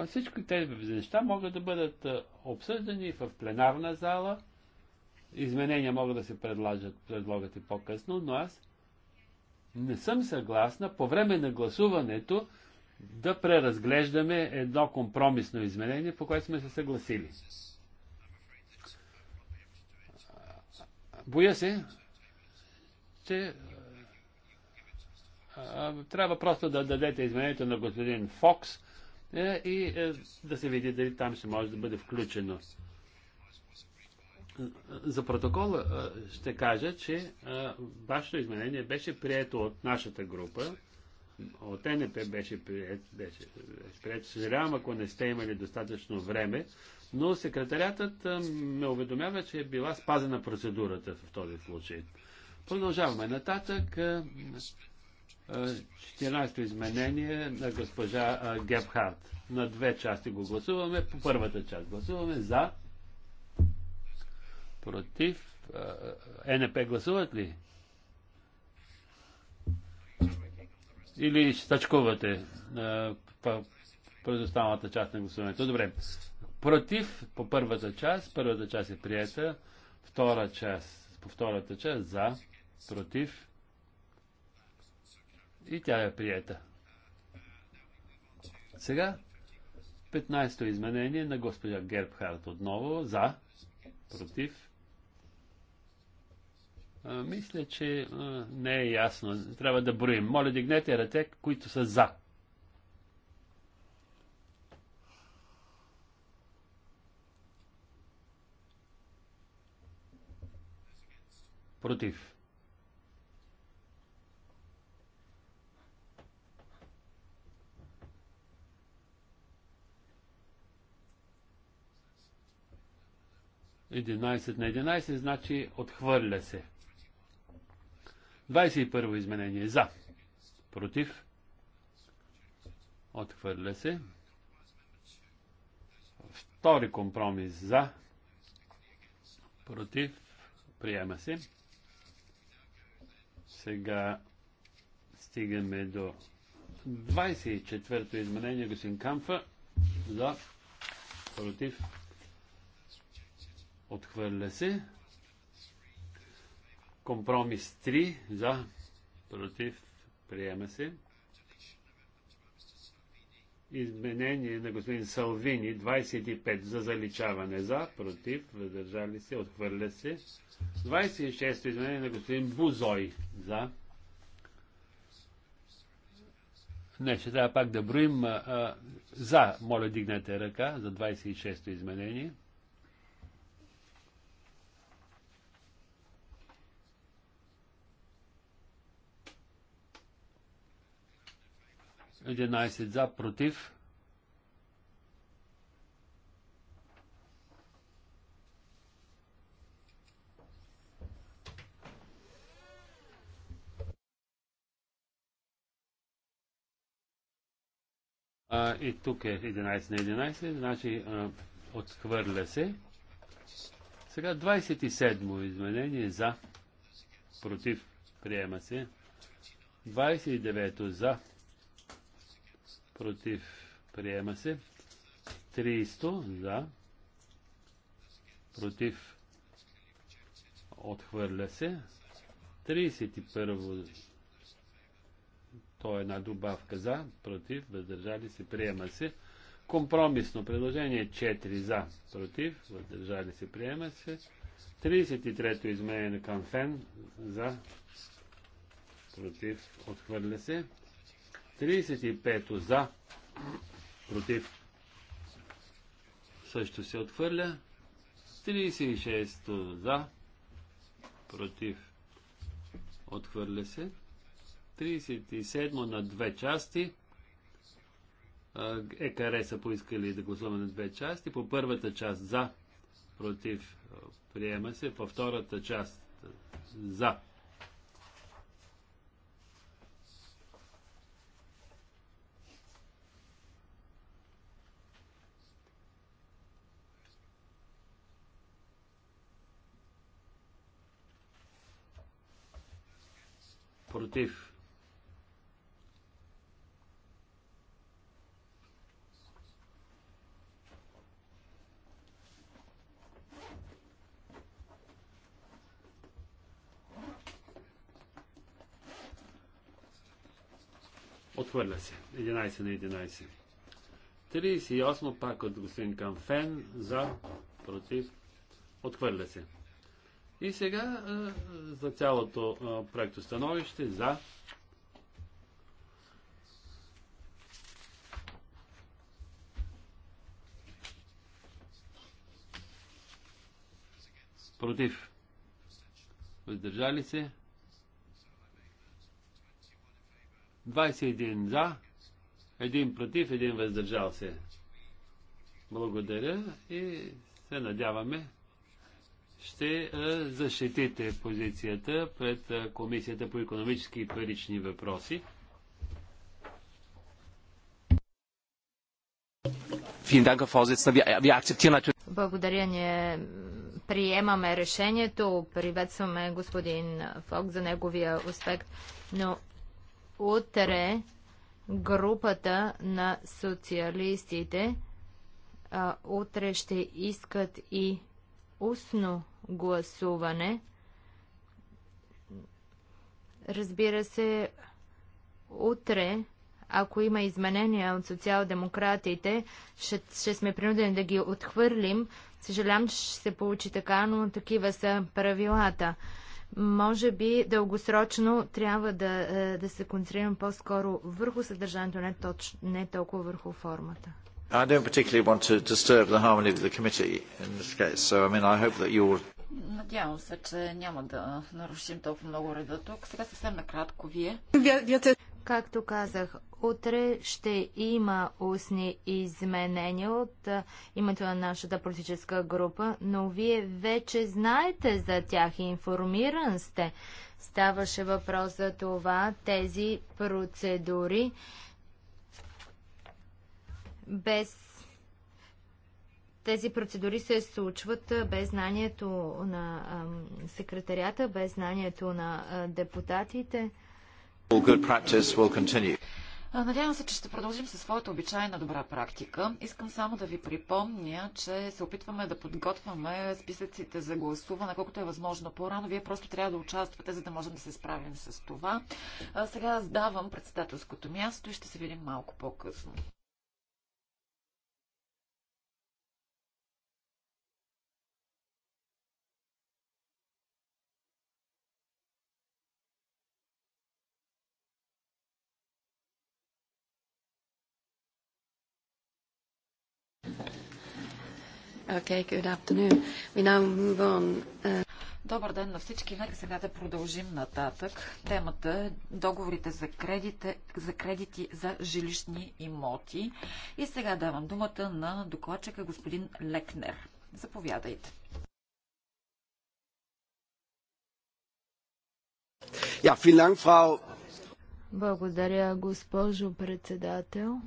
Всички тези неща могат да бъдат обсъждани в пленарна зала. Изменения могат да се предлагат, и по-късно, но аз не съм съгласна по време на гласуването да преразглеждаме едно компромисно изменение, по което сме се съгласили. Боя се, че а, трябва просто да дадете изменението на господин Фокс е, и е, да се види дали там ще може да бъде включено за протокола ще кажа, че вашето изменение беше прието от нашата група. От НП беше прието. Беше, беше Съжалявам, ако не сте имали достатъчно време, но секретарятът ме уведомява, че е била спазена процедурата в този случай. Продължаваме нататък. 14-то изменение на госпожа Гебхарт. На две части го гласуваме. По първата част гласуваме за Против. Е, НП гласуват ли? Или ще тачкувате през останалата част на гласуването? Добре. Против по първата част. Първата част е приета. Втора част. По втората част за. Против. И тя е приета. Сега 15-то изменение на госпожа Гербхарт отново за, против, мисля, че не е ясно. Трябва да броим. Моля, дигнете ръце, които са за. Против. Единайсет на единайсет значи отхвърля се. 21 изменение за. Против. Отхвърля се. Втори компромис за. Против. Приема се. Сега стигаме до 24-то изменение господин Камфа за против отхвърля се Компромис 3 за, против, приема се. Изменение на господин Салвини 25 за заличаване за, против, въздържали се, отхвърля се. 26 изменение на господин Бузой за. Не, ще трябва пак да броим а, за. Моля, дигнете ръка за 26-то изменение. 26 11 за, против. А, и тук е 11 на 11, значи а, отхвърля се. Сега 27-мо изменение за, против, приема се. 29-то за, против, приема се. 300 за, против, отхвърля се. 31 то е една добавка за, против, въздържали се, приема се. Компромисно предложение 4 е за, против, въздържали се, приема се. 33-то изменение към фен за, против, отхвърля се. 35 за, против, също се отхвърля. 36 за, против, отхвърля се. 37 на две части. ЕКР са поискали да гласуваме на две части. По първата част за, против, приема се. По втората част за, против. Отхвърля се. 11 на 11. 38 пак от господин Камфен за против. Отхвърля се. И сега за цялото проекто становище за против. Въздържали се. 21 за, Един против, един въздържал се. Благодаря и се надяваме ще защитите позицията пред Комисията по економически и парични въпроси. Благодаря. Ние приемаме решението, приветстваме господин Фок за неговия успех, но утре групата на социалистите утре ще искат и устно гласуване. Разбира се, утре, ако има изменения от социал-демократите, ще, ще сме принудени да ги отхвърлим. Съжалявам, че ще се получи така, но такива са правилата. Може би дългосрочно трябва да, е, да се концентрираме по-скоро върху съдържанието, не, точ, не толкова върху формата. I don't particularly want to disturb the harmony of the committee in this case, so I mean I hope that you'll Надявам се, че няма да нарушим толкова много реда тук. Сега съвсем накратко вие. Както казах, утре ще има устни изменения от името на нашата политическа група, но вие вече знаете за тях и информиран сте. Ставаше въпрос за това тези процедури без тези процедури се случват без знанието на секретарията, без знанието на депутатите. Надявам се, че ще продължим със своята обичайна добра практика. Искам само да ви припомня, че се опитваме да подготвяме списъците за гласуване, колкото е възможно по-рано. Вие просто трябва да участвате, за да можем да се справим с това. сега сдавам председателското място и ще се видим малко по-късно. Okay, good afternoon. We now move on. Uh... Добър ден на всички. Нека сега да продължим нататък. Темата е договорите за, кредите, за кредити за жилищни имоти. И сега давам думата на докладчика господин Лекнер. Заповядайте. Благодаря, госпожо председател.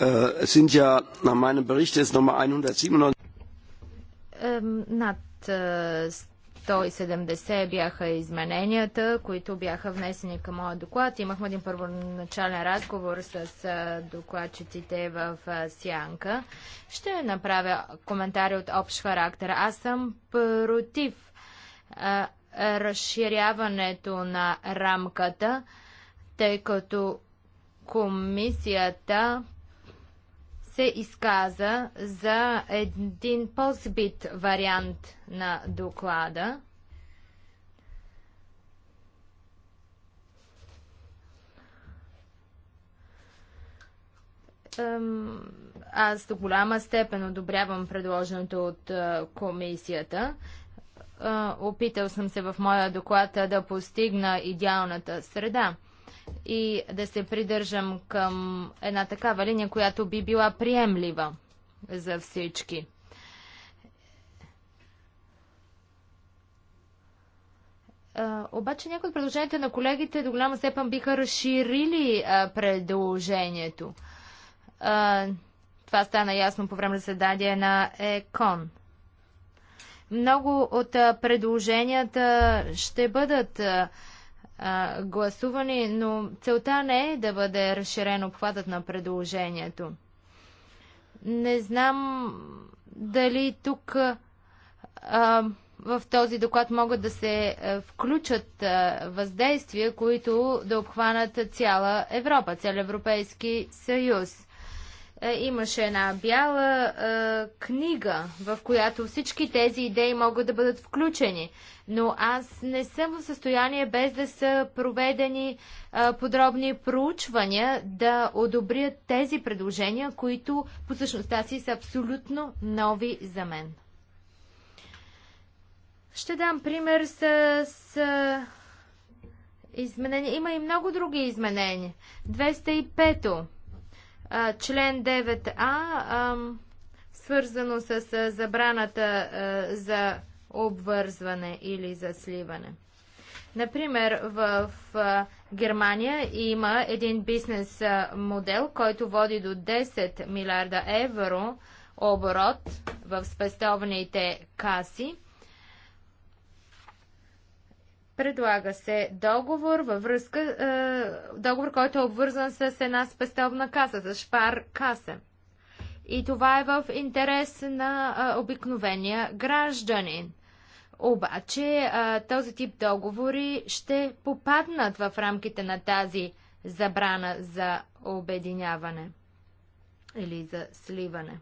Äh, es sind ja nach meinem Bericht jetzt nochmal 197. Над 170 е, бяха измененията, които бяха внесени към моя доклад. Имахме един първоначален разговор с е, докладчиците в е, Сянка. Ще направя коментари от общ характер. Аз съм против а, разширяването на рамката, тъй като комисията се изказа за един по вариант на доклада. Аз до голяма степен одобрявам предложеното от комисията. Опитал съм се в моя доклад да постигна идеалната среда и да се придържам към една такава линия, която би била приемлива за всички. обаче някои от предложенията на колегите до голяма степен биха разширили предложението. това стана ясно по време на заседание на ЕКОН. Много от предложенията ще бъдат а, гласувани, но целта не е да бъде разширен обхватът на предложението. Не знам дали тук а, в този доклад могат да се включат а, въздействия, които да обхванат цяла Европа, цял Европейски съюз. Е, имаше една бяла е, книга, в която всички тези идеи могат да бъдат включени. Но аз не съм в състояние, без да са проведени е, подробни проучвания, да одобрят тези предложения, които по същността си са абсолютно нови за мен. Ще дам пример с, с е, изменения. Има и много други изменения. 205-то. Член 9а, свързано с забраната за обвързване или за сливане. Например, в Германия има един бизнес модел, който води до 10 милиарда евро оборот в спестовните каси – Предлага се договор във връзка, е, договор, който е обвързан с една спестовна каса, за шпар каса. И това е в интерес на е, обикновения гражданин. Обаче е, този тип договори ще попаднат в рамките на тази забрана за обединяване или за сливане.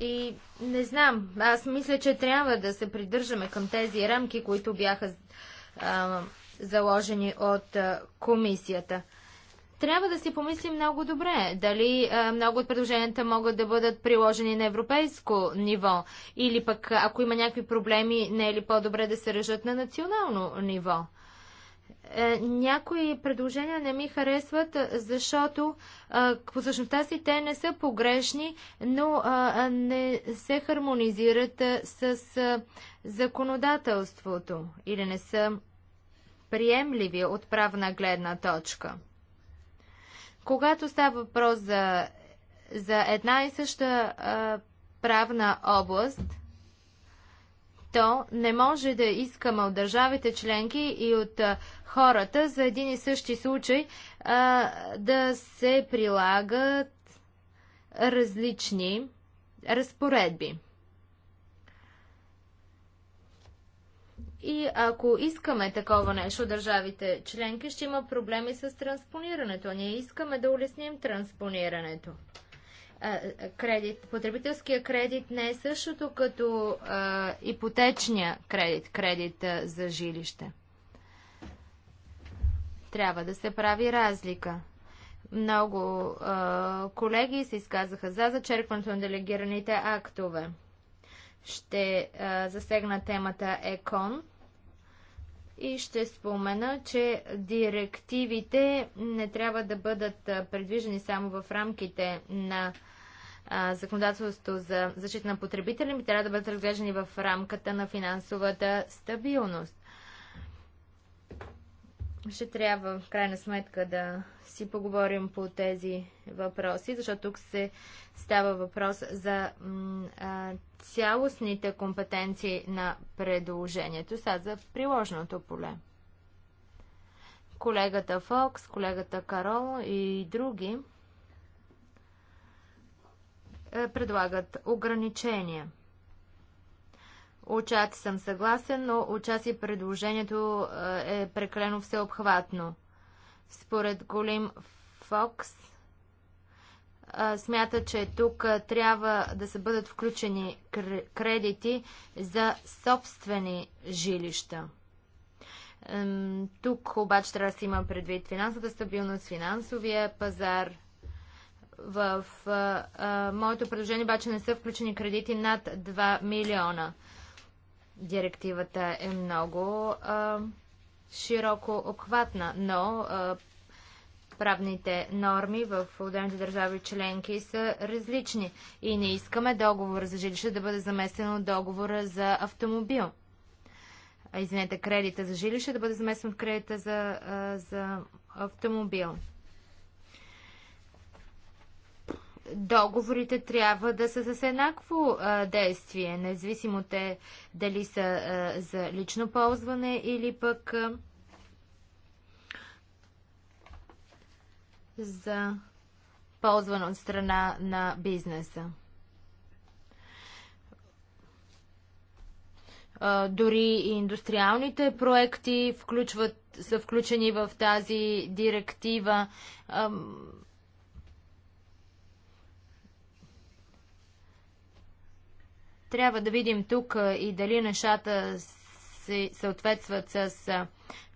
И не знам, аз мисля, че трябва да се придържаме към тези рамки, които бяха а, заложени от а, комисията. Трябва да си помислим много добре дали а, много от предложенията могат да бъдат приложени на европейско ниво или пък ако има някакви проблеми, не е ли по-добре да се режат на национално ниво. Е, някои предложения не ми харесват, е, защото е, по същността си те не са погрешни, но не се хармонизират с законодателството или не са приемливи от правна гледна точка. Когато става въпрос за, за една и съща правна област, то не може да искаме от държавите членки и от хората за един и същи случай а, да се прилагат различни разпоредби. И ако искаме такова нещо, държавите членки ще има проблеми с транспонирането. Ние искаме да улесним транспонирането кредит. Потребителския кредит не е същото като а, ипотечния кредит, кредит а, за жилище. Трябва да се прави разлика. Много а, колеги се изказаха за зачеркването на делегираните актове. Ще а, засегна темата ЕКОН и ще спомена, че директивите не трябва да бъдат предвижени само в рамките на законодателството за защита на потребители ми трябва да бъдат разглеждани в рамката на финансовата стабилност. Ще трябва, в крайна сметка, да си поговорим по тези въпроси, защото тук се става въпрос за а, цялостните компетенции на предложението, са за приложеното поле. Колегата Фокс, колегата Карол и други е, предлагат ограничения. Отчасти съм съгласен, но отчасти предложението е, е прекалено всеобхватно. Според Голим Фокс е, смята, че тук трябва да се бъдат включени кредити за собствени жилища. Тук обаче трябва да се има предвид финансовата стабилност, финансовия пазар – в а, а, моето предложение обаче не са включени кредити над 2 милиона. Директивата е много а, широко обхватна, но а, правните норми в отделните държави членки са различни и не искаме договора за жилище да бъде заместен от договора за автомобил. Извинете, кредита за жилище да бъде заместен от кредита за, а, за автомобил. договорите трябва да са с еднакво а, действие, независимо те дали са а, за лично ползване или пък а, за ползване от страна на бизнеса. Дори и индустриалните проекти включват, са включени в тази директива. Трябва да видим тук и дали нещата се съответстват с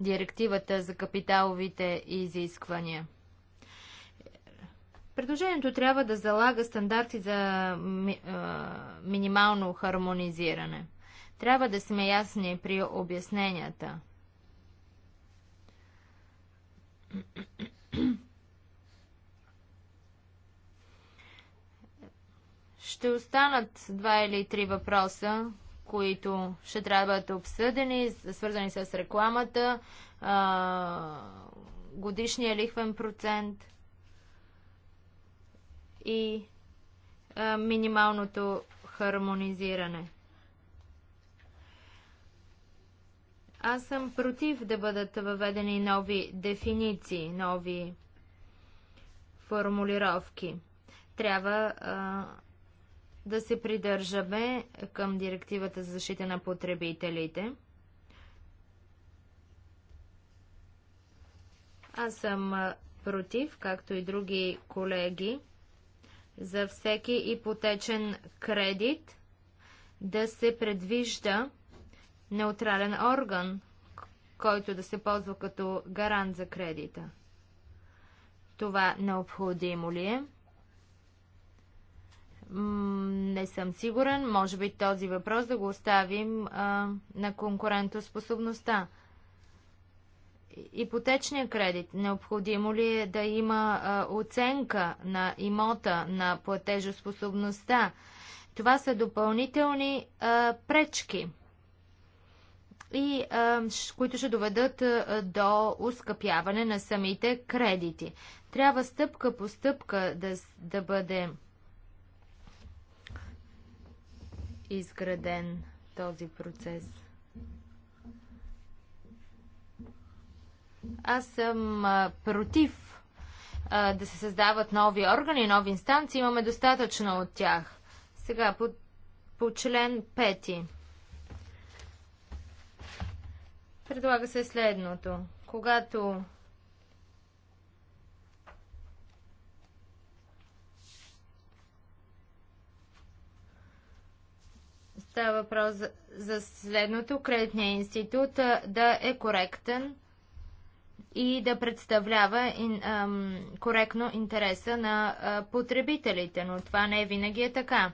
директивата за капиталовите изисквания. Предложението трябва да залага стандарти за ми, а, минимално хармонизиране. Трябва да сме ясни при обясненията. Ще останат два или три въпроса, които ще трябва да обсъдени, свързани с рекламата, годишния лихвен процент и минималното хармонизиране. Аз съм против да бъдат въведени нови дефиниции, нови формулировки. Трябва а, да се придържаме към директивата за защита на потребителите. Аз съм против, както и други колеги, за всеки ипотечен кредит да се предвижда неутрален орган, който да се ползва като гарант за кредита. Това необходимо ли е? Не съм сигурен. Може би този въпрос да го оставим а, на конкурентоспособността. Ипотечния кредит. Необходимо ли е да има а, оценка на имота, на платежоспособността? Това са допълнителни а, пречки, и, а, които ще доведат а, до ускъпяване на самите кредити. Трябва стъпка по стъпка да, да бъде изграден този процес. Аз съм против а, да се създават нови органи, нови инстанции. Имаме достатъчно от тях. Сега по, по член 5. Предлага се следното. Когато Става въпрос за, за следното. Кредитният институт да е коректен и да представлява ин, ам, коректно интереса на а, потребителите, но това не е винаги е така.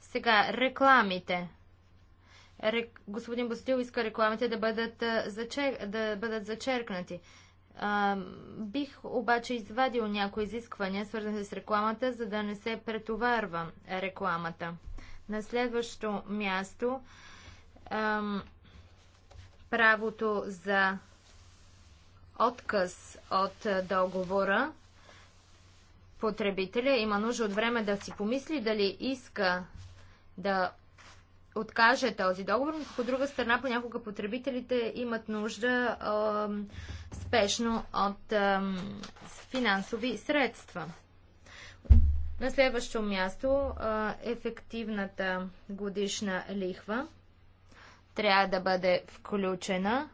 Сега, рекламите. Рек... Господин Бостил иска рекламите да бъдат, а, зачер... да бъдат зачеркнати. А, бих обаче извадил някои изисквания, свързани с рекламата, за да не се претоварва рекламата. На следващо място ам, правото за отказ от договора. Потребителя има нужда от време да си помисли дали иска да откаже този договор, но по друга страна понякога потребителите имат нужда спешно от финансови средства. На следващо място ефективната годишна лихва трябва да бъде включена.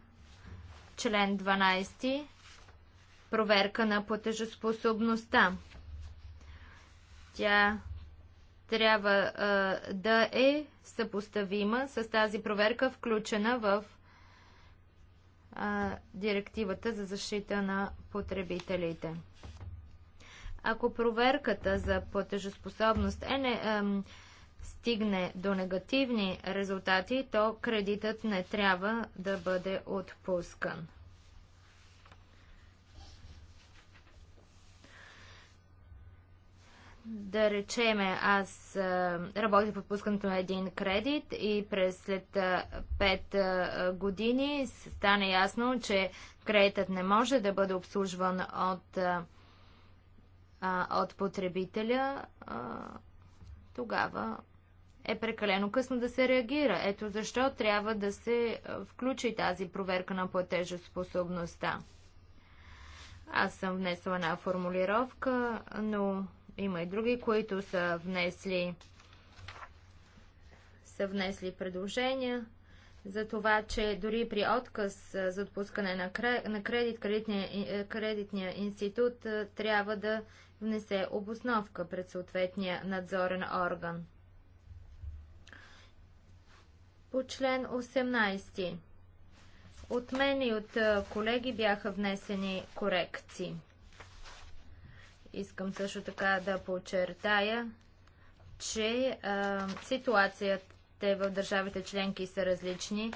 Член 12. Проверка на платежоспособността. Тя трябва а, да е съпоставима с тази проверка, включена в а, директивата за защита на потребителите. Ако проверката за платежоспособност е не, ем, стигне до негативни резултати, то кредитът не трябва да бъде отпускан. да речеме, аз работя по пускането на един кредит и през след 5 години стане ясно, че кредитът не може да бъде обслужван от а, от потребителя, а, тогава е прекалено късно да се реагира. Ето защо трябва да се включи тази проверка на платежоспособността. Аз съм внесла една формулировка, но има и други, които са внесли са внесли предложения за това, че дори при отказ за отпускане на кредит, кредитния, е, кредитния институт трябва да внесе обосновка пред съответния надзорен орган. По член 18. От мен и от колеги бяха внесени корекции. Искам също така да подчертая, че е, ситуацията в държавите членки са различни.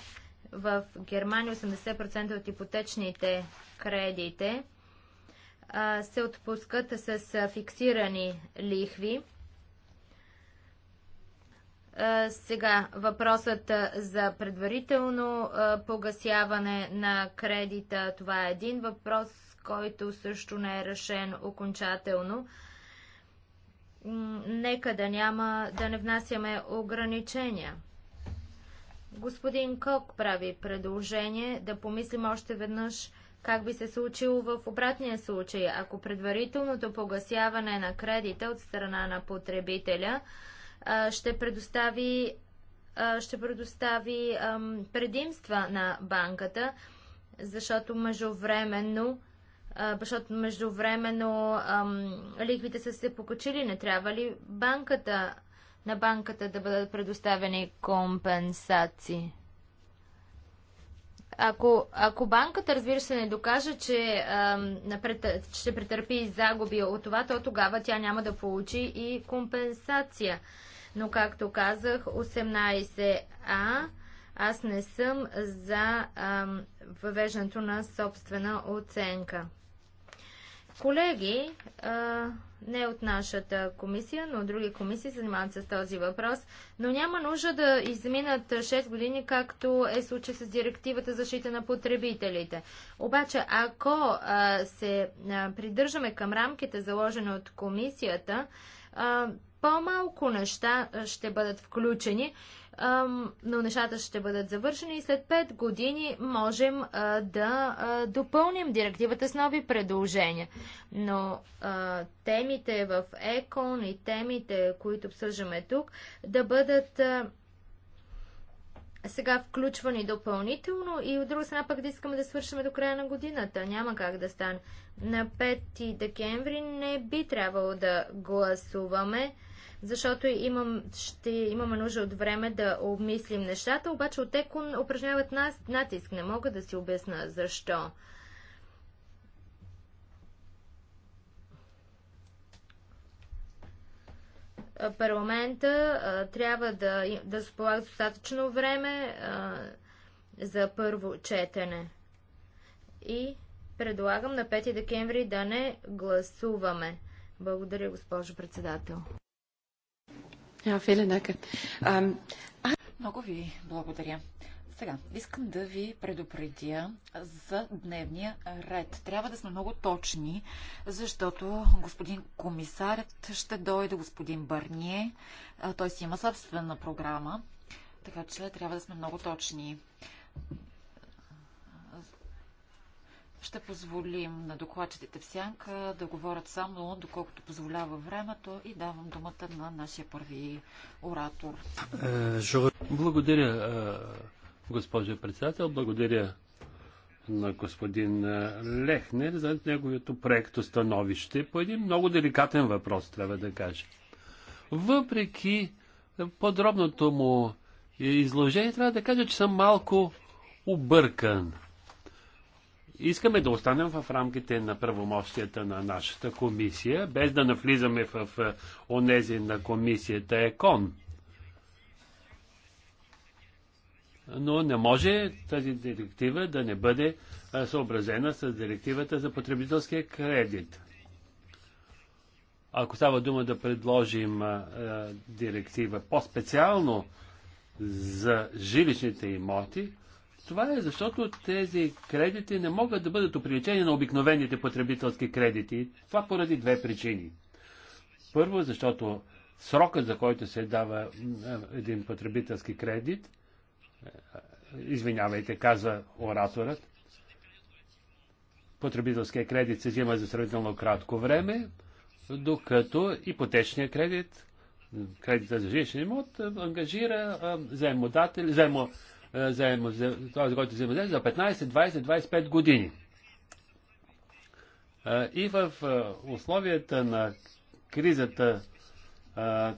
В Германия 80% от ипотечните кредите се отпускат с фиксирани лихви. Сега въпросът за предварително погасяване на кредита. Това е един въпрос, който също не е решен окончателно. Нека да няма, да не внасяме ограничения. Господин Кок прави предложение да помислим още веднъж – как би се случило в обратния случай, ако предварителното погасяване на кредита от страна на потребителя ще предостави, ще предостави предимства на банката, защото междувременно защото междувременно ликвите са се покачили. Не трябва ли банката, на банката да бъдат предоставени компенсации? Ако, ако банката, разбира се, не докаже, че ще претърпи загуби от това, то тогава тя няма да получи и компенсация. Но, както казах, 18А, аз не съм за въвеждането на собствена оценка. Колеги, а, не от нашата комисия, но от други комисии се занимават с този въпрос. Но няма нужда да изминат 6 години, както е случай с директивата за защита на потребителите. Обаче, ако а, се а, придържаме към рамките, заложени от комисията, по-малко неща ще бъдат включени, но нещата ще бъдат завършени и след 5 години можем да допълним директивата с нови предложения. Но темите в ЕКОН и темите, които обсъждаме тук, да бъдат сега включвани допълнително и от друга страна пък да искаме да свършим до края на годината. Няма как да стане. На 5 декември не би трябвало да гласуваме защото имам, ще имаме нужда от време да обмислим нещата, обаче от ЕКОН упражняват нас, натиск. Не мога да си обясна защо. парламента а, трябва да, да сполага достатъчно време а, за първо четене. И предлагам на 5 декември да не гласуваме. Благодаря, госпожо председател. Много ви благодаря. Сега, искам да ви предупредя за дневния ред. Трябва да сме много точни, защото господин комисарят ще дойде, господин Бърние. Той си има собствена програма, така че трябва да сме много точни. Ще позволим на докладчетите в сянка да говорят само доколкото позволява времето и давам думата на нашия първи оратор. Е, Благодаря, е, госпожо председател. Благодаря на господин е, Лехнер за неговото проекто становище по един много деликатен въпрос, трябва да кажа. Въпреки подробното му изложение, трябва да кажа, че съм малко объркан – Искаме да останем в рамките на правомощията на нашата комисия, без да навлизаме в онези на комисията ЕКОН. Но не може тази директива да не бъде съобразена с директивата за потребителския кредит. Ако става дума да предложим директива по-специално за жилищните имоти, това е защото тези кредити не могат да бъдат оприличени на обикновените потребителски кредити. Това поради две причини. Първо, защото срокът, за който се дава е, един потребителски кредит, е, извинявайте, каза ораторът, потребителския кредит се взима за сравнително кратко време, докато ипотечният кредит, кредита за жилищен имот, е, ангажира заемодател, заемо, е, заедно, този, който взема за 15, 20, 25 години. Е, и в е, условията на кризата,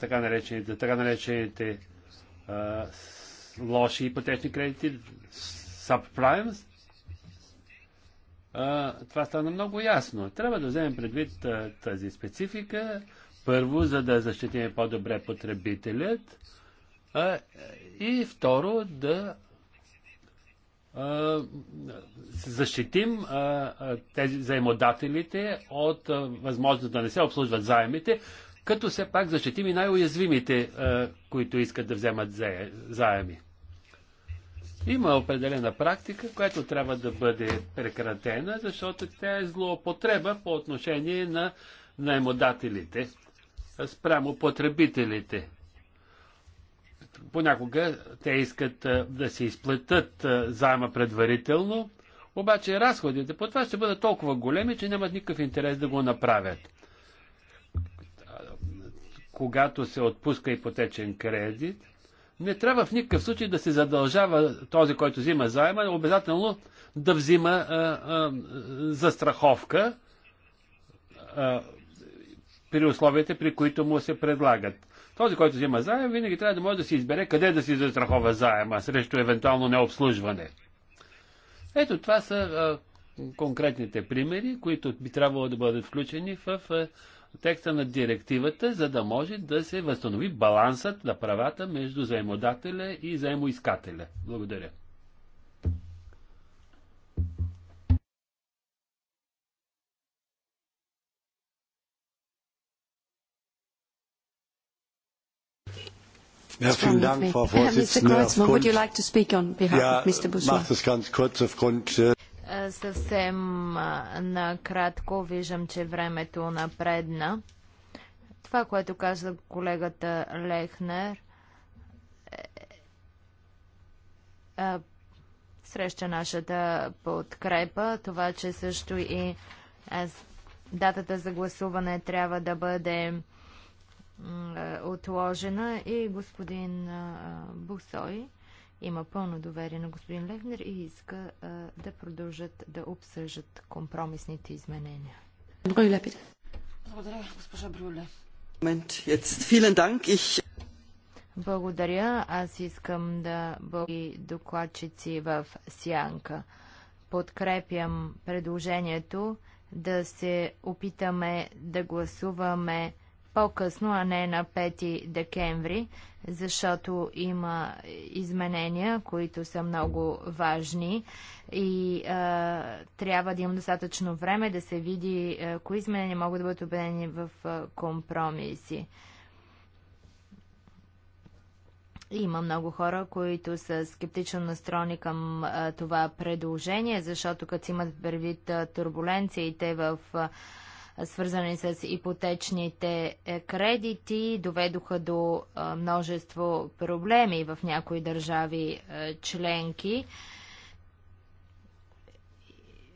така наречените, така наречените лоши ипотечни кредити, subprimes, това стана много ясно. Трябва да вземем предвид тази специфика, първо, за да защитим по-добре потребителят, и второ, да защитим тези заемодателите от възможност да не се обслужват заемите, като все пак защитим и най-уязвимите, които искат да вземат заеми. Има определена практика, която трябва да бъде прекратена, защото тя е злоупотреба по отношение на наемодателите спрямо потребителите понякога те искат да се изплетат заема предварително, обаче разходите по това ще бъдат толкова големи, че нямат никакъв интерес да го направят. Когато се отпуска ипотечен кредит, не трябва в никакъв случай да се задължава този, който взима заема, обязателно да взима а, а, застраховка а, при условията, при които му се предлагат. Този, който взима заем, винаги трябва да може да си избере къде да си застрахова заема срещу евентуално необслужване. Ето това са а, конкретните примери, които би трябвало да бъдат включени в а, текста на директивата, за да може да се възстанови балансът на правата между заемодателя и заемоискателя. Благодаря. Frau Vorsitzende. Съвсем накратко виждам, че времето напредна. Това, което каза колегата Лехнер, е, е, среща нашата подкрепа. Това, че също и е, датата за гласуване трябва да бъде е, отложена и господин Бусой има пълно доверие на господин Лехнер и иска да продължат да обсъждат компромисните изменения. Благодаря, госпожа Брюле. Благодаря. Аз искам да благодаря докладчици в Сянка. Подкрепям предложението да се опитаме да гласуваме по-късно, а не на 5 декември, защото има изменения, които са много важни и а, трябва да има достатъчно време да се види а, кои изменения могат да бъдат обедени в а, компромиси. Има много хора, които са скептично настроени към а, това предложение, защото като имат предвид турбуленциите в а, свързани с ипотечните е, кредити, доведоха до е, множество проблеми в някои държави е, членки.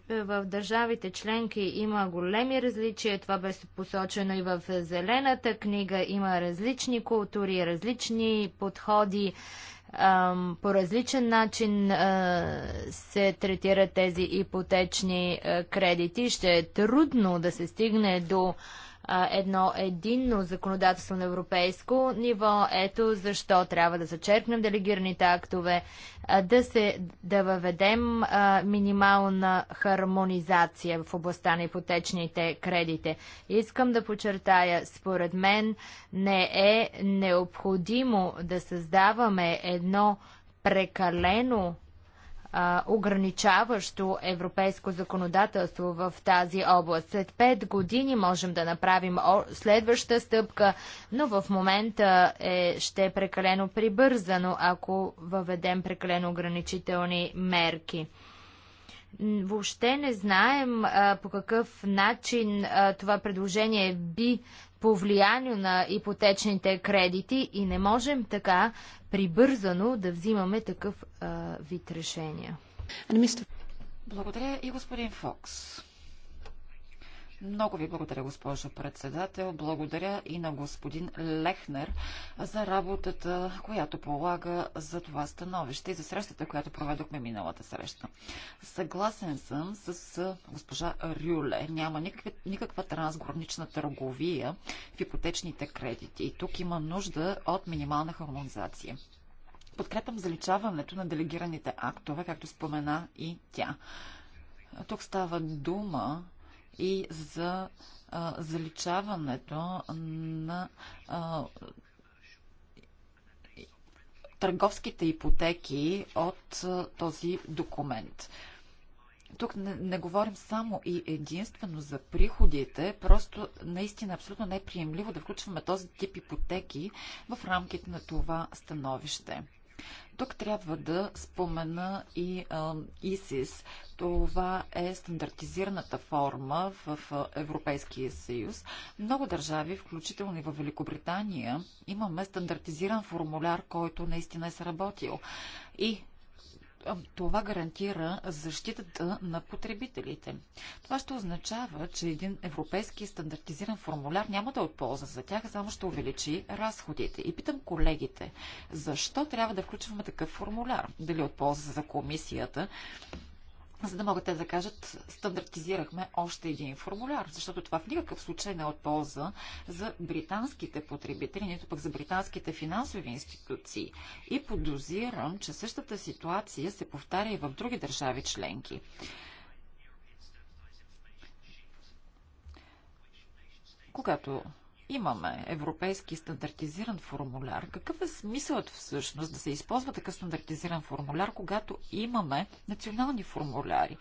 В държавите членки има големи различия. Това бе посочено и в Зелената книга. Има различни култури, различни подходи по различен начин се третират тези ипотечни кредити. Ще е трудно да се стигне до едно единно законодателство на европейско ниво. Ето защо трябва да зачерпнем делегираните актове, да, се, да въведем минимална хармонизация в областта на ипотечните кредите. Искам да подчертая, според мен не е необходимо да създаваме едно прекалено а, ограничаващо европейско законодателство в тази област. След 5 години можем да направим следваща стъпка, но в момента е, ще е прекалено прибързано, ако въведем прекалено ограничителни мерки. Въобще не знаем а, по какъв начин а, това предложение би повлияно на ипотечните кредити и не можем така прибързано да взимаме такъв а, вид решения. Благодаря и господин Фокс. Много ви благодаря, госпожо председател. Благодаря и на господин Лехнер за работата, която полага за това становище и за срещата, която проведохме миналата среща. Съгласен съм с госпожа Рюле. Няма никаква, никаква трансгранична търговия в ипотечните кредити. И тук има нужда от минимална хармонизация подкрепям заличаването на делегираните актове, както спомена и тя. Тук става дума и за а, заличаването на а, търговските ипотеки от а, този документ. Тук не, не говорим само и единствено за приходите, просто наистина е абсолютно не е приемливо да включваме този тип ипотеки в рамките на това становище. Тук трябва да спомена и ИСИС. Това е стандартизираната форма в Европейския съюз. Много държави, включително и в Великобритания, имаме стандартизиран формуляр, който наистина е сработил. И това гарантира защитата на потребителите. Това ще означава, че един европейски стандартизиран формуляр няма да е от полза за тях, само ще увеличи разходите. И питам колегите, защо трябва да включваме такъв формуляр? Дали е от полза за комисията? за да могат те да кажат, стандартизирахме още един формуляр, защото това в никакъв случай не е от полза за британските потребители, нито пък за британските финансови институции. И подозирам, че същата ситуация се повтаря и в други държави членки. Когато имаме европейски стандартизиран формуляр, какъв е смисълът всъщност да се използва такъв стандартизиран формуляр, когато имаме национални формуляри?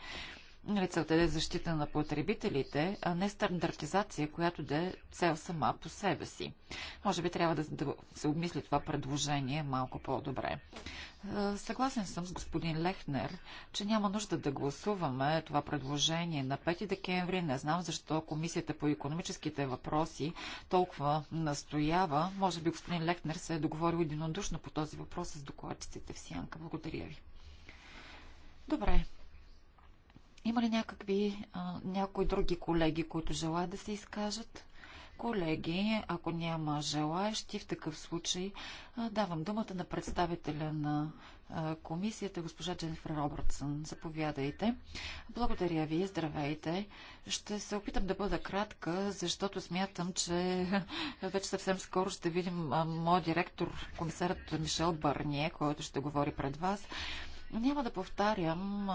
Нали, целта е да е защита на потребителите, а не стандартизация, която да е цел сама по себе си. Може би трябва да, да се обмисли това предложение малко по-добре. Съгласен съм с господин Лехнер, че няма нужда да гласуваме това предложение на 5 декември. Не знам защо Комисията по економическите въпроси толкова настоява. Може би господин Лехнер се е договорил единодушно по този въпрос с докладчиците в Сянка. Благодаря ви. Добре, има ли някакви, а, някои други колеги, които желаят да се изкажат? Колеги, ако няма желаещи, в такъв случай а, давам думата на представителя на а, комисията, госпожа Дженнифер Робъртсън. Заповядайте. Благодаря ви, здравейте. Ще се опитам да бъда кратка, защото смятам, че вече съвсем скоро ще видим моят директор, комисарът Мишел Барние, който ще говори пред вас. Няма да повтарям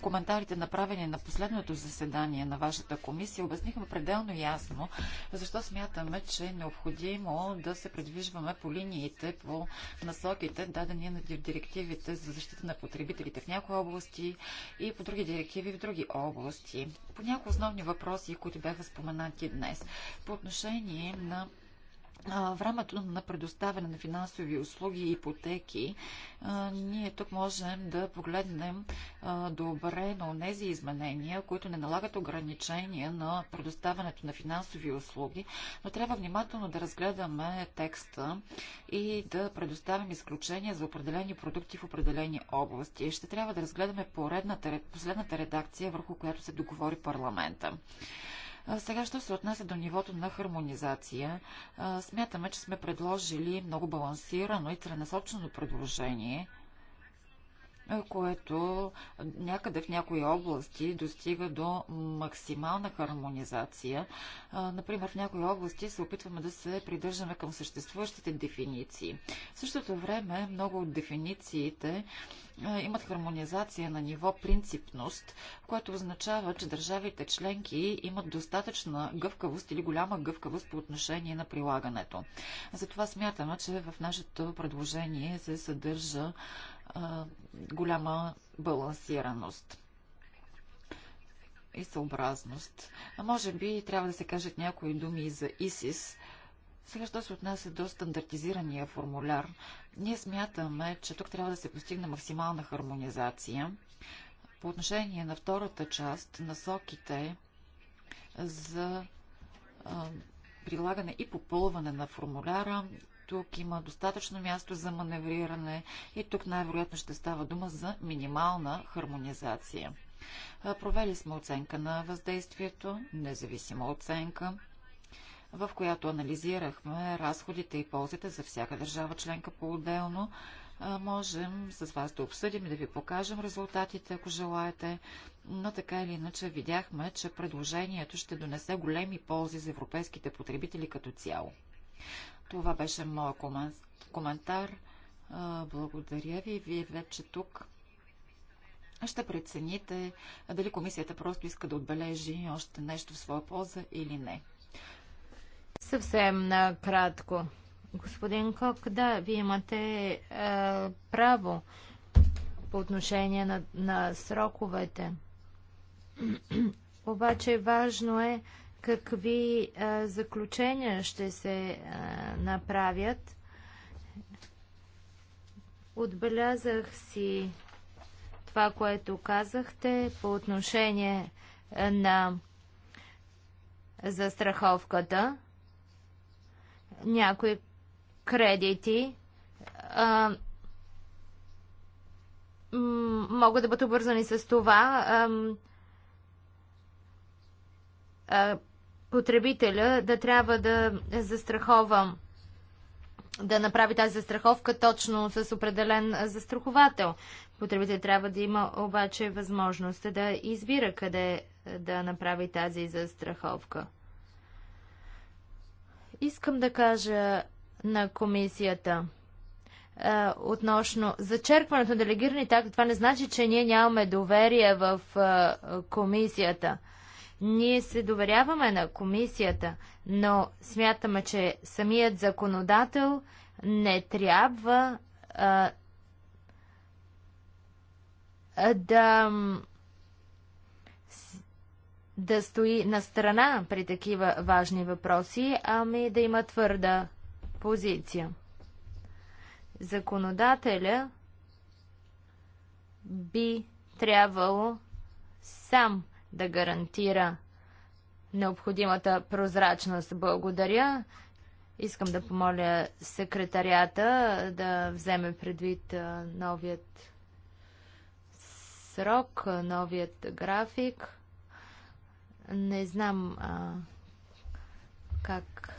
коментарите, направени на последното заседание на вашата комисия, обяснихме пределно ясно, защо смятаме, че е необходимо да се предвижваме по линиите, по насоките, дадени на директивите за защита на потребителите в някои области и по други директиви в други области. По някои основни въпроси, които бяха споменати днес. По отношение на времето на предоставяне на финансови услуги и ипотеки, ние тук можем да погледнем добре на тези изменения, които не налагат ограничения на предоставянето на финансови услуги, но трябва внимателно да разгледаме текста и да предоставим изключения за определени продукти в определени области. Ще трябва да разгледаме последната редакция, върху която се договори парламента. Сега, що се отнася до нивото на хармонизация, смятаме, че сме предложили много балансирано и целенасочено предложение – което някъде в някои области достига до максимална хармонизация. Например, в някои области се опитваме да се придържаме към съществуващите дефиниции. В същото време много от дефинициите имат хармонизация на ниво принципност, което означава, че държавите членки имат достатъчна гъвкавост или голяма гъвкавост по отношение на прилагането. Затова смятаме, че в нашето предложение се съдържа а, голяма балансираност и съобразност. А може би трябва да се кажат някои думи за ИСИС. Сега, що се отнася до стандартизирания формуляр, ние смятаме, че тук трябва да се постигне максимална хармонизация. По отношение на втората част, насоките за а, прилагане и попълване на формуляра тук има достатъчно място за маневриране и тук най-вероятно ще става дума за минимална хармонизация. Провели сме оценка на въздействието, независима оценка, в която анализирахме разходите и ползите за всяка държава членка по-отделно. Можем с вас да обсъдим и да ви покажем резултатите, ако желаете, но така или иначе видяхме, че предложението ще донесе големи ползи за европейските потребители като цяло. Това беше моят коментар. Благодаря ви. Вие вече тук ще прецените дали комисията просто иска да отбележи още нещо в своя полза или не. Съвсем накратко. Господин Кок, да, вие имате е, право по отношение на, на сроковете. Обаче важно е какви а, заключения ще се а, направят. Отбелязах си това, което казахте по отношение на застраховката. Някои кредити а, могат да бъдат обвързани с това. А, а, потребителя да трябва да застрахова, да направи тази застраховка точно с определен застраховател. Потребителят трябва да има обаче възможност да избира къде да направи тази застраховка. Искам да кажа на комисията относно зачеркването на делегираните акта. Това не значи, че ние нямаме доверие в комисията. Ние се доверяваме на комисията, но смятаме, че самият законодател не трябва а, да да стои на страна при такива важни въпроси, ами да има твърда позиция. Законодателя би трябвало сам да гарантира необходимата прозрачност. Благодаря. Искам да помоля секретарията да вземе предвид новият срок, новият график. Не знам а, как,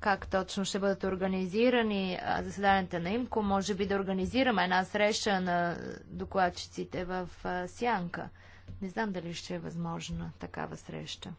как точно ще бъдат организирани заседанията на ИМКО. Може би да организираме една среща на докладчиците в Сянка. Не знам дали ще е възможна такава среща.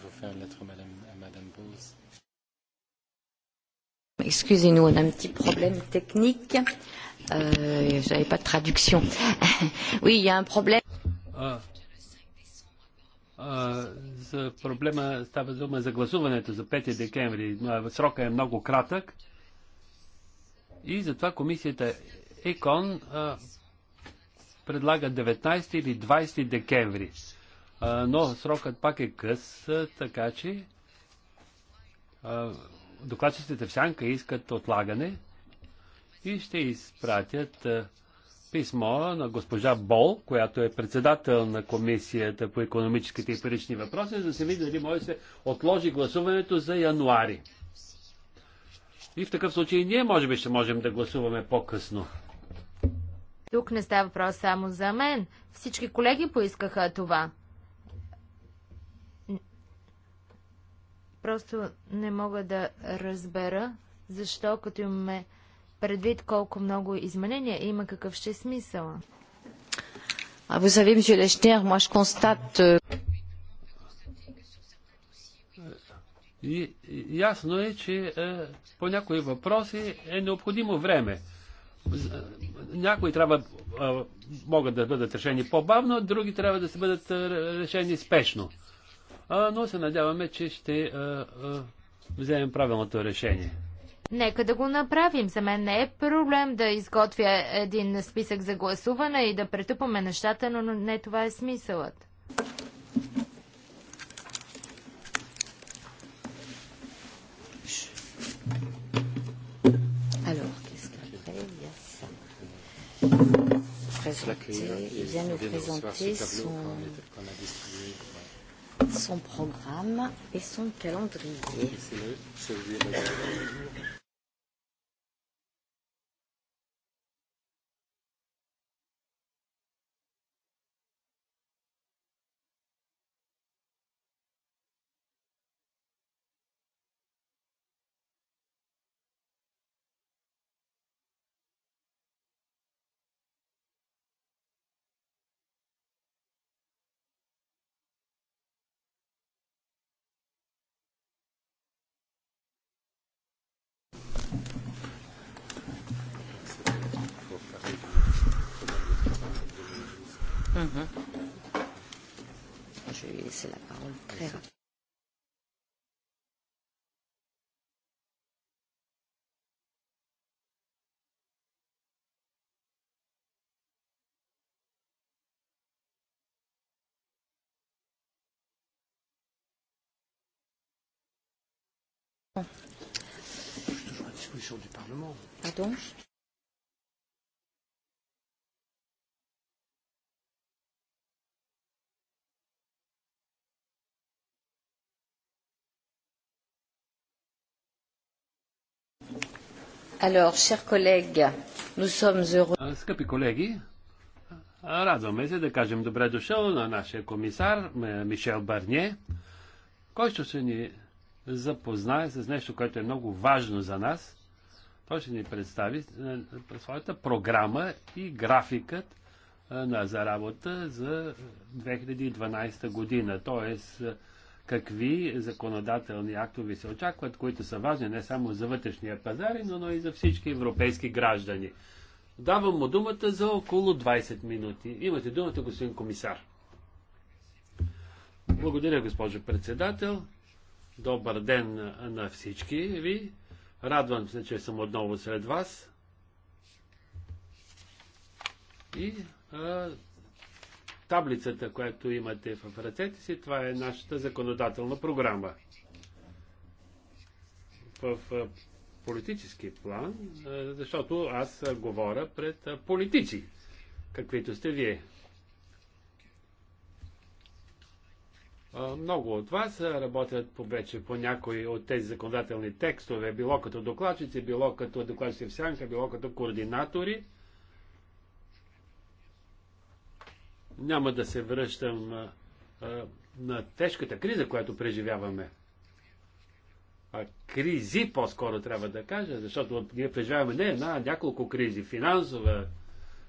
Uh, Excusez-nous, on a un petit problème technique. Euh, je n'avais pas de traduction. oui, il y a un problème. Ah. а, ah, за проблема става дума за гласуването за 5 декември. Срока е много кратък. И затова комисията ЕКОН а, предлага 19 или 20 декември но срокът пак е къс, така че докладчиците в Сянка искат отлагане и ще изпратят писмо на госпожа Бол, която е председател на Комисията по економическите и парични въпроси, за да се види дали може да се отложи гласуването за януари. И в такъв случай ние може би ще можем да гласуваме по-късно. Тук не става въпрос само за мен. Всички колеги поискаха това. Просто не мога да разбера защо, като имаме предвид колко много изменения има, какъв ще е смисъла. А, vous savez, monsieur Lechner, moi je constate... ясно е, че э, по някои въпроси е необходимо време. Някои трябва, э, могат да бъдат решени по-бавно, други трябва да се бъдат э, решени спешно но се надяваме, че ще а, а, вземем правилното решение. Нека да го направим. За мен не е проблем да изготвя един списък за гласуване и да претупаме нещата, но не това е смисълът. présenter, il vient nous présenter son, son programme et son calendrier. Je vais laisser la parole très rapidement. Pardon Скъпи колеги, радваме се да кажем добре дошъл на нашия комисар Мишел Барние, който ще ни запознае с нещо, което е много важно за нас. Той ще ни представи своята програма и графикът на, за работа за 2012 година, т.е какви законодателни актови се очакват, които са важни не само за вътрешния пазар, но, но и за всички европейски граждани. Давам му думата за около 20 минути. Имате думата, господин комисар. Благодаря, госпожо председател. Добър ден на всички ви. Радвам се, че съм отново сред вас. И Таблицата, която имате в ръцете си, това е нашата законодателна програма. В политически план, защото аз говоря пред политици, каквито сте вие. Много от вас работят по вече по някои от тези законодателни текстове, било като докладчици, било като докладчици в сянка, било като координатори. Няма да се връщам а, а, на тежката криза, която преживяваме. А кризи по-скоро трябва да кажа, защото ние преживяваме не една, а няколко кризи. Финансова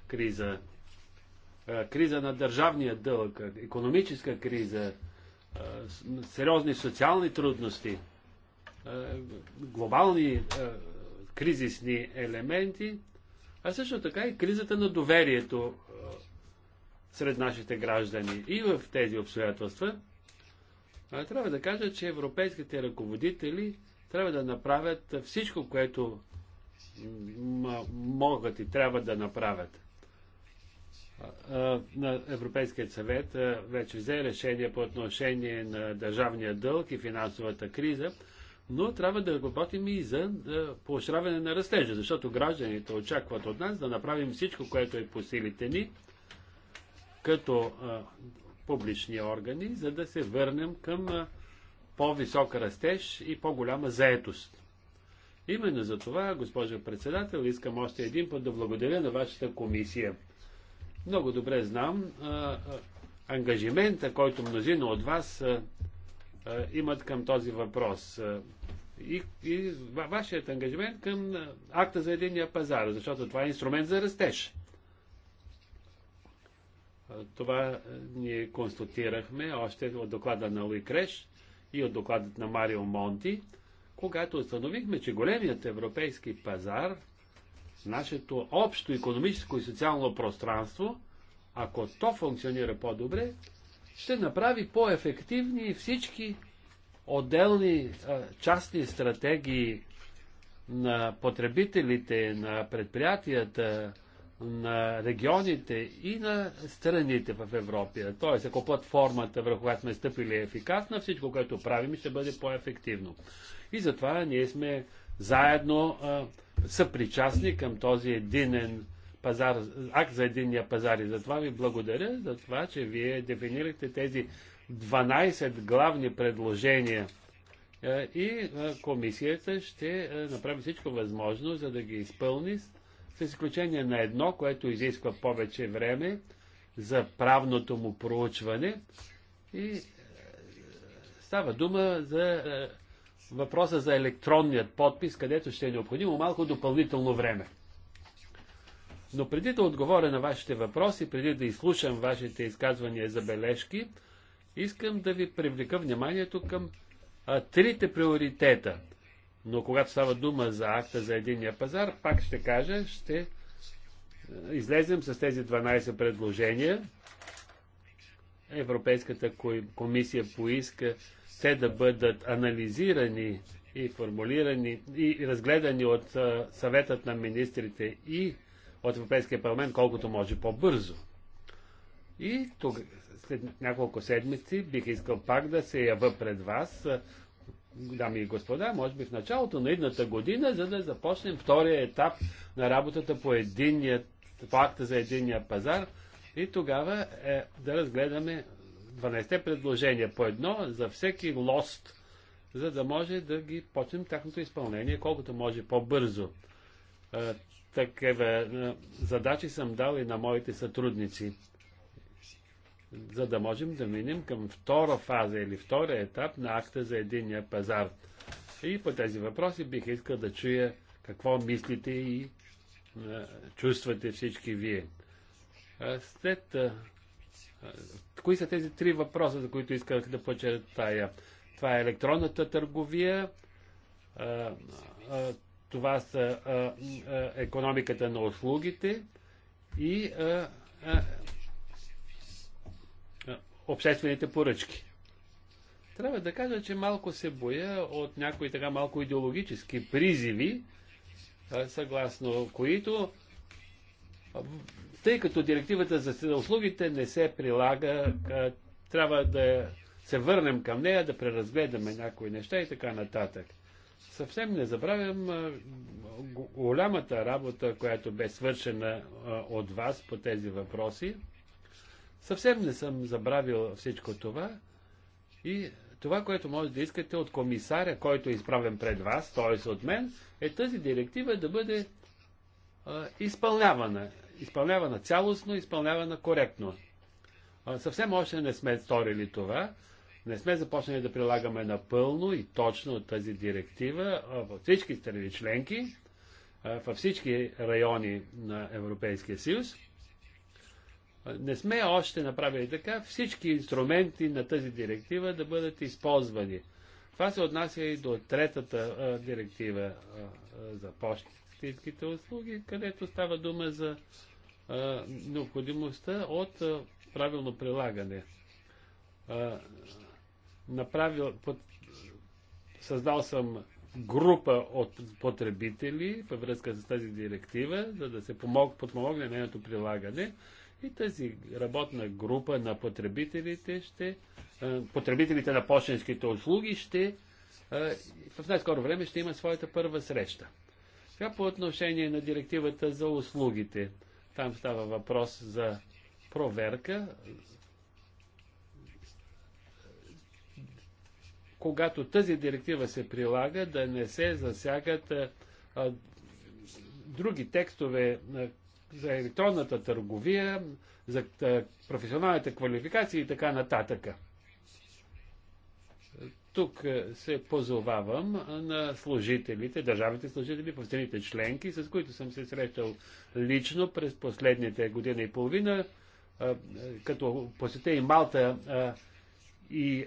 криза, а, криза на държавния дълг, економическа криза, а, сериозни социални трудности, а, глобални кризисни елементи, а също така и кризата на доверието сред нашите граждани. И в тези обстоятелства трябва да кажа, че европейските ръководители трябва да направят всичко, което могат и трябва да направят. На Европейският съвет вече взе решение по отношение на държавния дълг и финансовата криза, но трябва да работим и за поощряване на растежа, защото гражданите очакват от нас да направим всичко, което е по силите ни, като а, публични органи, за да се върнем към по-висок растеж и по-голяма заетост. Именно за това, госпожо председател, искам още един път да благодаря на вашата комисия. Много добре знам а, а, ангажимента, който мнозина от вас а, а, имат към този въпрос. и, и вашият ангажимент към акта за единия пазар, защото това е инструмент за растеж. Това е, ние констатирахме още от доклада на Луи Креш и от докладът на Марио Монти, когато установихме, че големият европейски пазар, нашето общо економическо и социално пространство, ако то функционира по-добре, ще направи по-ефективни всички отделни а, частни стратегии на потребителите, на предприятията, на регионите и на страните в Европия. Тоест, ако платформата, върху която сме стъпили е ефикасна, всичко, което правим, ще бъде по-ефективно. И затова ние сме заедно а, съпричастни към този единен пазар, акт за единния пазар. И затова ви благодаря за това, че вие дефинирахте тези 12 главни предложения е, и комисията ще направи всичко възможно, за да ги изпълни с изключение на едно, което изисква повече време за правното му проучване и е, става дума за е, въпроса за електронният подпис, където ще е необходимо малко допълнително време. Но преди да отговоря на вашите въпроси, преди да изслушам вашите изказвания и забележки, искам да ви привлека вниманието към трите приоритета – но когато става дума за акта за единния пазар, пак ще кажа, ще е, излезем с тези 12 предложения. Европейската комисия поиска те да бъдат анализирани и формулирани и разгледани от е, съветът на министрите и от Европейския парламент колкото може по-бързо. И тук, след няколко седмици бих искал пак да се ява пред вас дами и господа, може би в началото на едната година, за да започнем втория етап на работата по единния факта за единния пазар и тогава е да разгледаме 12-те предложения по едно за всеки лост, за да може да ги почнем тяхното изпълнение колкото може по-бързо. Е, такива е, задачи съм дал и на моите сътрудници за да можем да минем към втора фаза или втория етап на акта за единния пазар. И по тези въпроси бих искал да чуя какво мислите и е, чувствате всички вие. След е, е, Кои са тези три въпроса, за които исках да подчертая? Това е електронната търговия, това са економиката на услугите и обществените поръчки. Трябва да кажа, че малко се боя от някои така малко идеологически призиви, съгласно които, тъй като директивата за услугите не се прилага, трябва да се върнем към нея, да преразгледаме някои неща и така нататък. Съвсем не забравям голямата работа, която бе свършена от вас по тези въпроси. Съвсем не съм забравил всичко това и това, което може да искате от комисаря, който е изправен пред вас, т.е. от мен, е тази директива да бъде а, изпълнявана. Изпълнявана цялостно, изпълнявана коректно. А, съвсем още не сме сторили това. Не сме започнали да прилагаме напълно и точно тази директива във всички страни членки, във всички райони на Европейския съюз не сме още направили така всички инструменти на тази директива да бъдат използвани. Това се отнася и до третата а, директива а, за почтите услуги, където става дума за а, необходимостта от а, правилно прилагане. А, направил, под, създал съм група от потребители във връзка с тази директива, за да се помог, подпомогне нейното прилагане. И тази работна група на потребителите ще, потребителите на почтенските услуги ще в най-скоро време ще има своята първа среща. Сега по отношение на директивата за услугите. Там става въпрос за проверка. Когато тази директива се прилага, да не се засягат а, други текстове, а, за електронната търговия, за е, професионалните квалификации и така нататък. Тук е, се позовавам на служителите, държавните служители по страните членки, с които съм се срещал лично през последните година и половина, е, като посетя и Малта и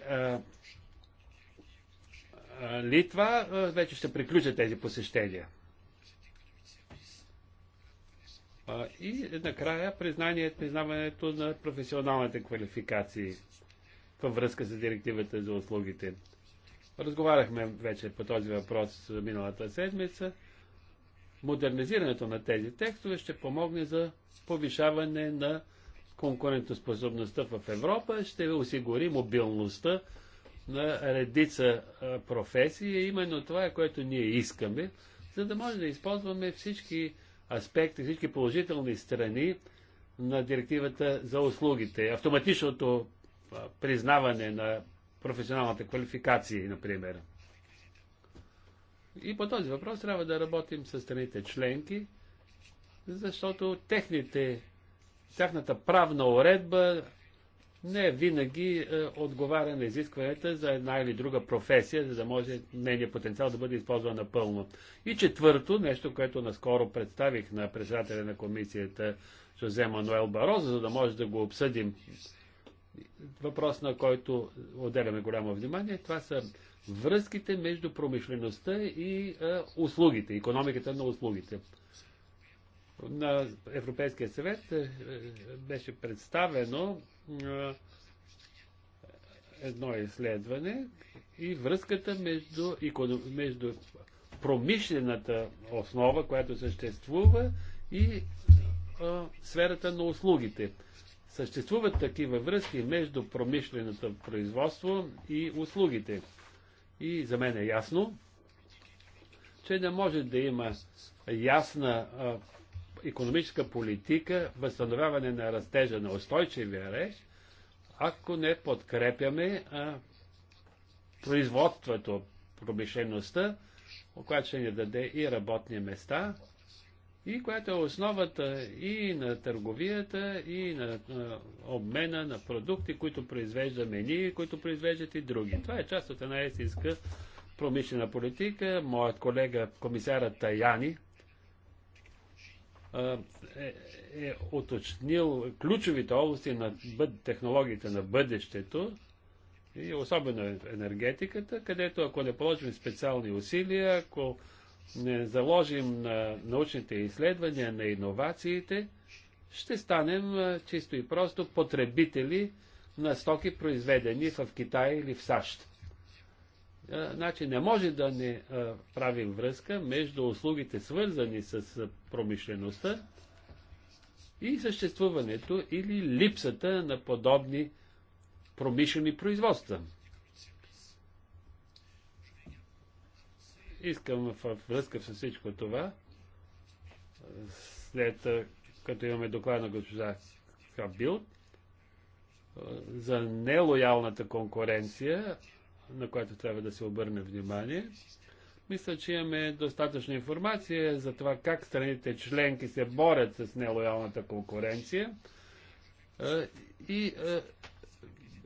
Литва, вече ще приключат тези посещения. И накрая признанието, признаването на професионалните квалификации във връзка с директивата за услугите. Разговаряхме вече по този въпрос миналата седмица. Модернизирането на тези текстове ще помогне за повишаване на конкурентоспособността в Европа, ще осигури мобилността на редица професии. Именно това е което ние искаме, за да може да използваме всички аспекти, всички положителни страни на директивата за услугите. Автоматичното признаване на професионалната квалификация, например. И по този въпрос трябва да работим с страните членки, защото техните, тяхната правна уредба не винаги е, отговаря на изискванията за една или друга професия, за да може нейният потенциал да бъде използван напълно. И четвърто, нещо, което наскоро представих на председателя на комисията Жозе Мануел Бароза, за да може да го обсъдим. Въпрос, на който отделяме голямо внимание, това са връзките между промишлеността и е, услугите, економиката на услугите на Европейския съвет е, е, беше представено е, едно изследване и връзката между, между промишлената основа, която съществува и а, сферата на услугите. Съществуват такива връзки между промишленото производство и услугите. И за мен е ясно, че не може да има ясна а, економическа политика, възстановяване на растежа на устойчивия реж, ако не подкрепяме а, производството, промишлеността, която ще ни даде и работни места, и която е основата и на търговията, и на, а, обмена на продукти, които произвеждаме ние, които произвеждат и други. Това е част от една истинска промишлена политика. Моят колега комисарът Таяни е, оточнил е уточнил ключовите области на технологиите на бъдещето и особено енергетиката, където ако не положим специални усилия, ако не заложим на научните изследвания, на иновациите, ще станем чисто и просто потребители на стоки, произведени в Китай или в САЩ. Значи не може да не правим връзка между услугите свързани с промишлеността и съществуването или липсата на подобни промишлени производства. Искам в връзка с всичко това, след като имаме доклад на госпожа Хабилт, за нелоялната конкуренция, на която трябва да се обърне внимание. Мисля, че имаме достатъчно информация за това как страните членки се борят с нелоялната конкуренция. И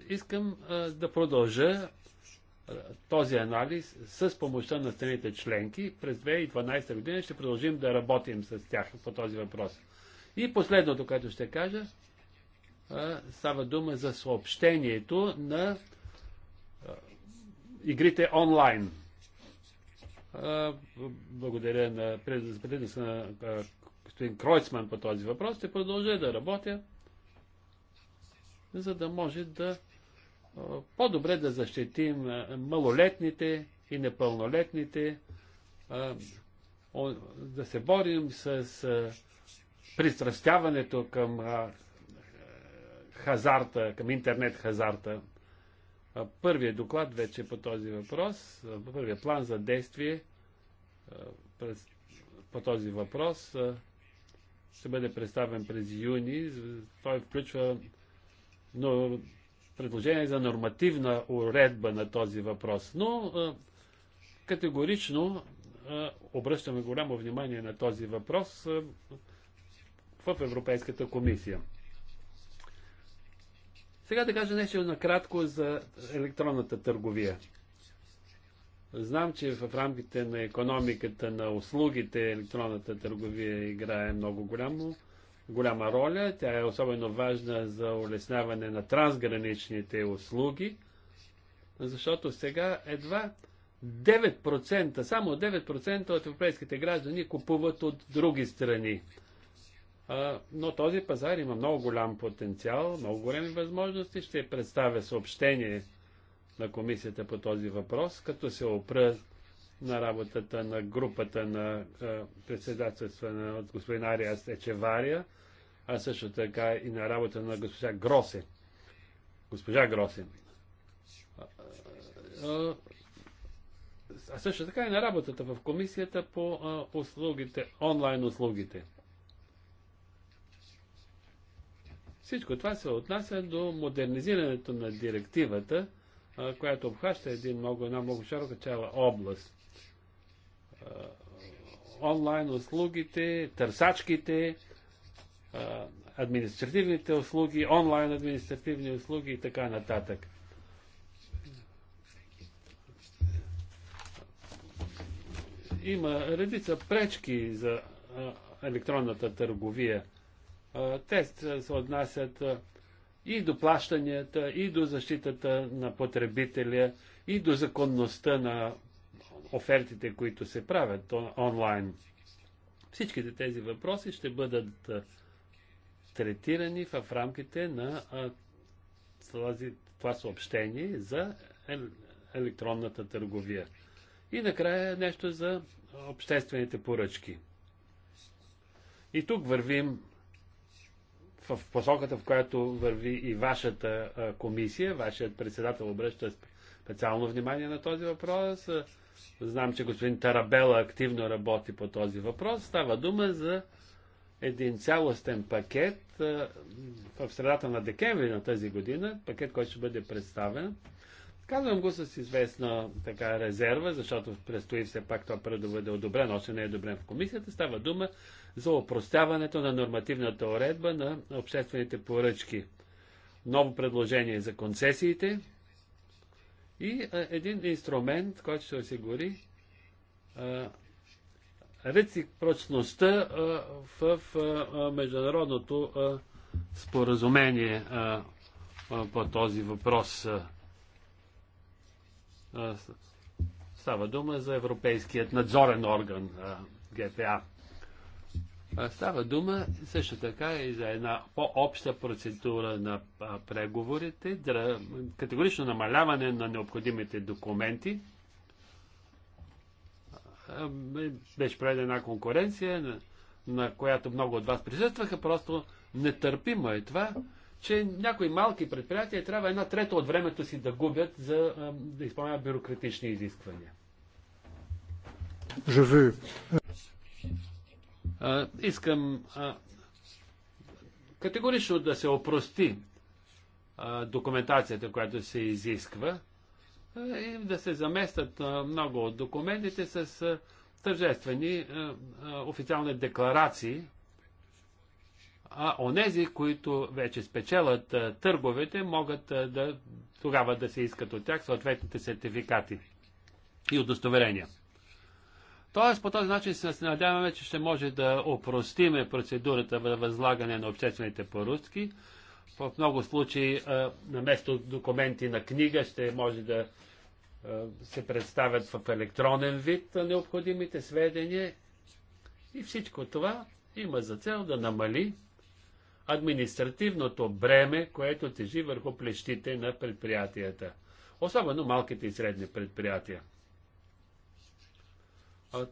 искам да продължа този анализ с помощта на страните членки. През 2012 година ще продължим да работим с тях по този въпрос. И последното, което ще кажа, става дума за съобщението на игрите онлайн. Благодаря на предназначението на господин Кройцман по този въпрос. Ще продължа да работя, за да може да по-добре да защитим малолетните и непълнолетните, да се борим с пристрастяването към хазарта, към интернет хазарта. Първият доклад вече по този въпрос, първият план за действие по този въпрос ще бъде представен през юни. Той включва предложение за нормативна уредба на този въпрос. Но категорично обръщаме голямо внимание на този въпрос в Европейската комисия. Сега да кажа нещо накратко за електронната търговия. Знам, че в рамките на економиката на услугите електронната търговия играе много голямо, голяма роля. Тя е особено важна за улесняване на трансграничните услуги, защото сега едва 9%, само 9% от европейските граждани купуват от други страни но този пазар има много голям потенциал, много големи възможности. Ще представя съобщение на комисията по този въпрос, като се опра на работата на групата на председателства на господин Ариас Ечевария, а също така и на работа на госпожа Гросе. Госпожа Гросе. А също така и на работата в комисията по услугите, онлайн услугите. Всичко това се отнася до модернизирането на директивата, която обхваща един много, една много широка цяла област. онлайн услугите, търсачките, административните услуги, онлайн административни услуги и така нататък. Има редица пречки за електронната търговия – те се отнасят и до плащанията, и до защитата на потребителя, и до законността на офертите, които се правят онлайн. Всичките тези въпроси ще бъдат третирани в рамките на това съобщение за електронната търговия. И накрая нещо за обществените поръчки. И тук вървим в посоката, в която върви и вашата комисия. Вашият председател обръща специално внимание на този въпрос. Знам, че господин Тарабела активно работи по този въпрос. Става дума за един цялостен пакет в средата на декември на тази година, пакет, който ще бъде представен. Казвам го с известна така резерва, защото предстои все пак това да бъде одобрено, още не е одобрен в комисията. Става дума за опростяването на нормативната уредба на обществените поръчки. Ново предложение за концесиите и един инструмент, който ще осигури а, реципрочността в международното споразумение по този въпрос. става дума за Европейският надзорен орган ГПА. Става дума също така и за една по-обща процедура на преговорите, категорично намаляване на необходимите документи. Беше проведена една конкуренция, на която много от вас присъстваха, просто нетърпимо е това, че някои малки предприятия трябва една трета от времето си да губят за да изпълняват бюрократични изисквания. Je veux искам а, категорично да се опрости а, документацията, която се изисква а, и да се заместят а, много от документите с а, тържествени а, а, официални декларации, а онези, които вече спечелят а, търговете, могат а, да, тогава да се искат от тях съответните сертификати и удостоверения. Тоест, по този начин се надяваме, че ще може да опростиме процедурата за възлагане на обществените поръчки. В много случаи, на место документи на книга, ще може да се представят в електронен вид необходимите сведения. И всичко това има за цел да намали административното бреме, което тежи върху плещите на предприятията. Особено малките и средни предприятия.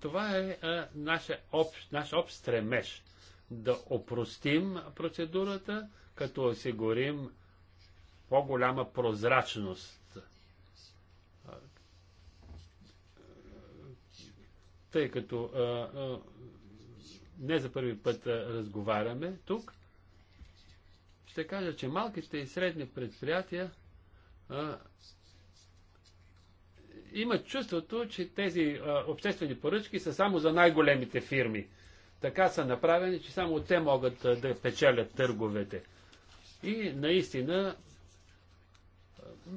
Това е наш общ, наш общ стремеж да опростим процедурата, като осигурим по-голяма прозрачност. Тъй като не за първи път разговаряме тук, ще кажа, че малките и средни предприятия имат чувството, че тези а, обществени поръчки са само за най-големите фирми. Така са направени, че само те могат а, да печелят търговете. И наистина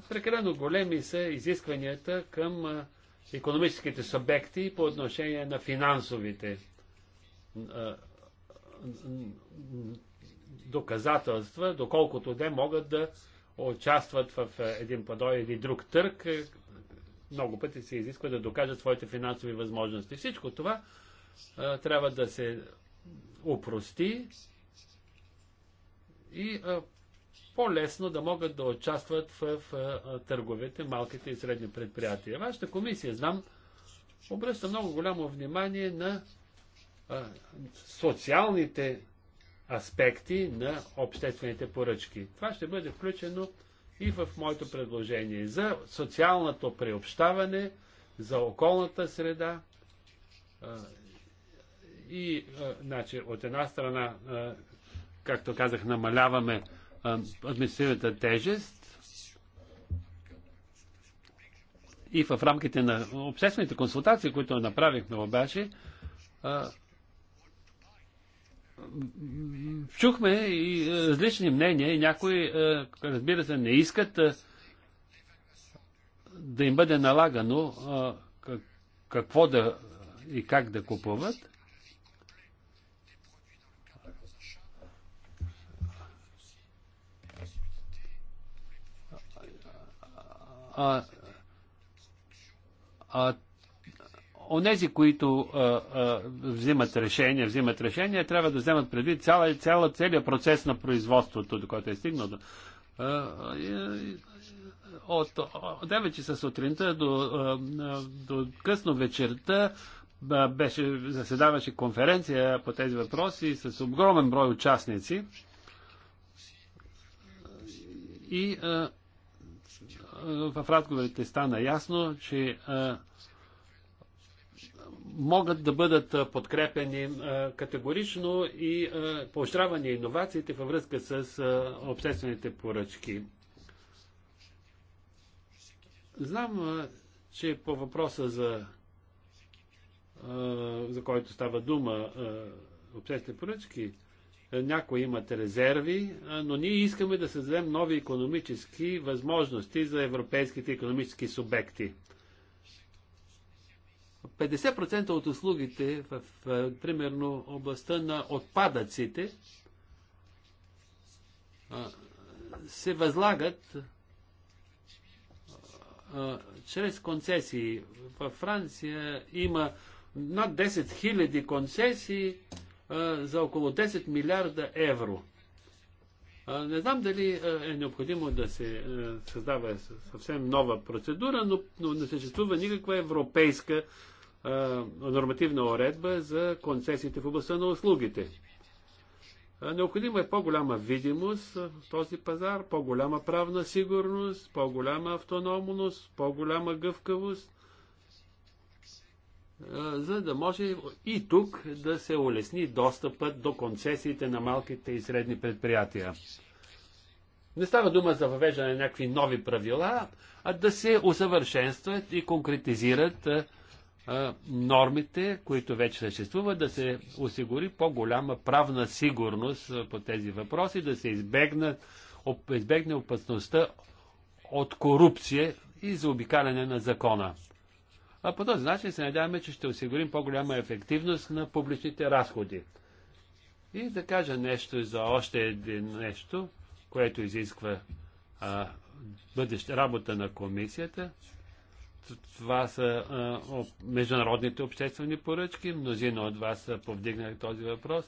прекалено големи са изискванията към а, економическите субекти по отношение на финансовите доказателства, доколкото те могат да участват в един подой или друг търг, много пъти се изисква да докажат своите финансови възможности. Всичко това а, трябва да се упрости и по-лесно да могат да участват в, в а, търговете малките и средни предприятия. Вашата комисия, знам, обръща много голямо внимание на а, социалните аспекти на обществените поръчки. Това ще бъде включено и в моето предложение за социалното преобщаване, за околната среда. И, значи, от една страна, както казах, намаляваме административната тежест и в рамките на обществените консултации, които направихме обаче, чухме и е, различни мнения и някои, е, разбира се, не искат е, да им бъде налагано какво да и как да купуват. А, а онези, които а, а, взимат решения, взимат решения, трябва да вземат предвид цяла, цяла, целият процес на производството, до който е стигнал. От 9 часа сутринта до, до късно вечерта беше, заседаваше конференция по тези въпроси с огромен брой участници. И в разговорите стана ясно, че могат да бъдат подкрепени категорично и поощравани иновациите във връзка с обществените поръчки. Знам, че по въпроса за за който става дума обществени поръчки, някои имат резерви, но ние искаме да създадем нови економически възможности за европейските економически субекти. 50% от услугите в, в е, примерно областта на отпадъците а, е, се възлагат а, е, чрез концесии. Във Франция има над 10 000 концесии а, за около 10 милиарда евро. Не знам дали е необходимо да се създава съвсем нова процедура, но, но не съществува никаква европейска нормативна уредба за концесиите в областта на услугите. Необходима е по-голяма видимост в този пазар, по-голяма правна сигурност, по-голяма автономност, по-голяма гъвкавост, за да може и тук да се улесни достъпът до концесиите на малките и средни предприятия. Не става дума за въвеждане на някакви нови правила, а да се усъвършенстват и конкретизират нормите, които вече съществуват, да се осигури по-голяма правна сигурност по тези въпроси, да се избегне, избегне опасността от корупция и заобикаляне на закона. А по този начин се надяваме, че ще осигурим по-голяма ефективност на публичните разходи. И да кажа нещо за още един нещо, което изисква а, бъдеща работа на комисията. Това са а, международните обществени поръчки. Мнозина от вас са повдигнали този въпрос.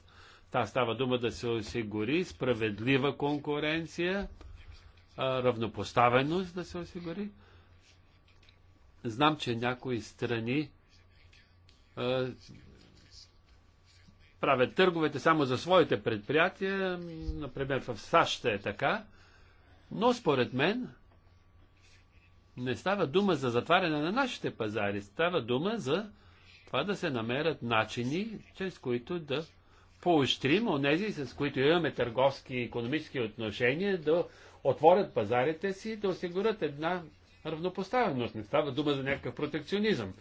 Та става дума да се осигури справедлива конкуренция, а, равнопоставеност да се осигури. Знам, че някои страни а, правят търговете само за своите предприятия. Например, в САЩ е така. Но според мен не става дума за затваряне на нашите пазари, става дума за това да се намерят начини, чрез които да поощрим онези, с които имаме търговски и економически отношения, да отворят пазарите си, да осигурят една равнопоставеност. Не става дума за някакъв протекционизъм.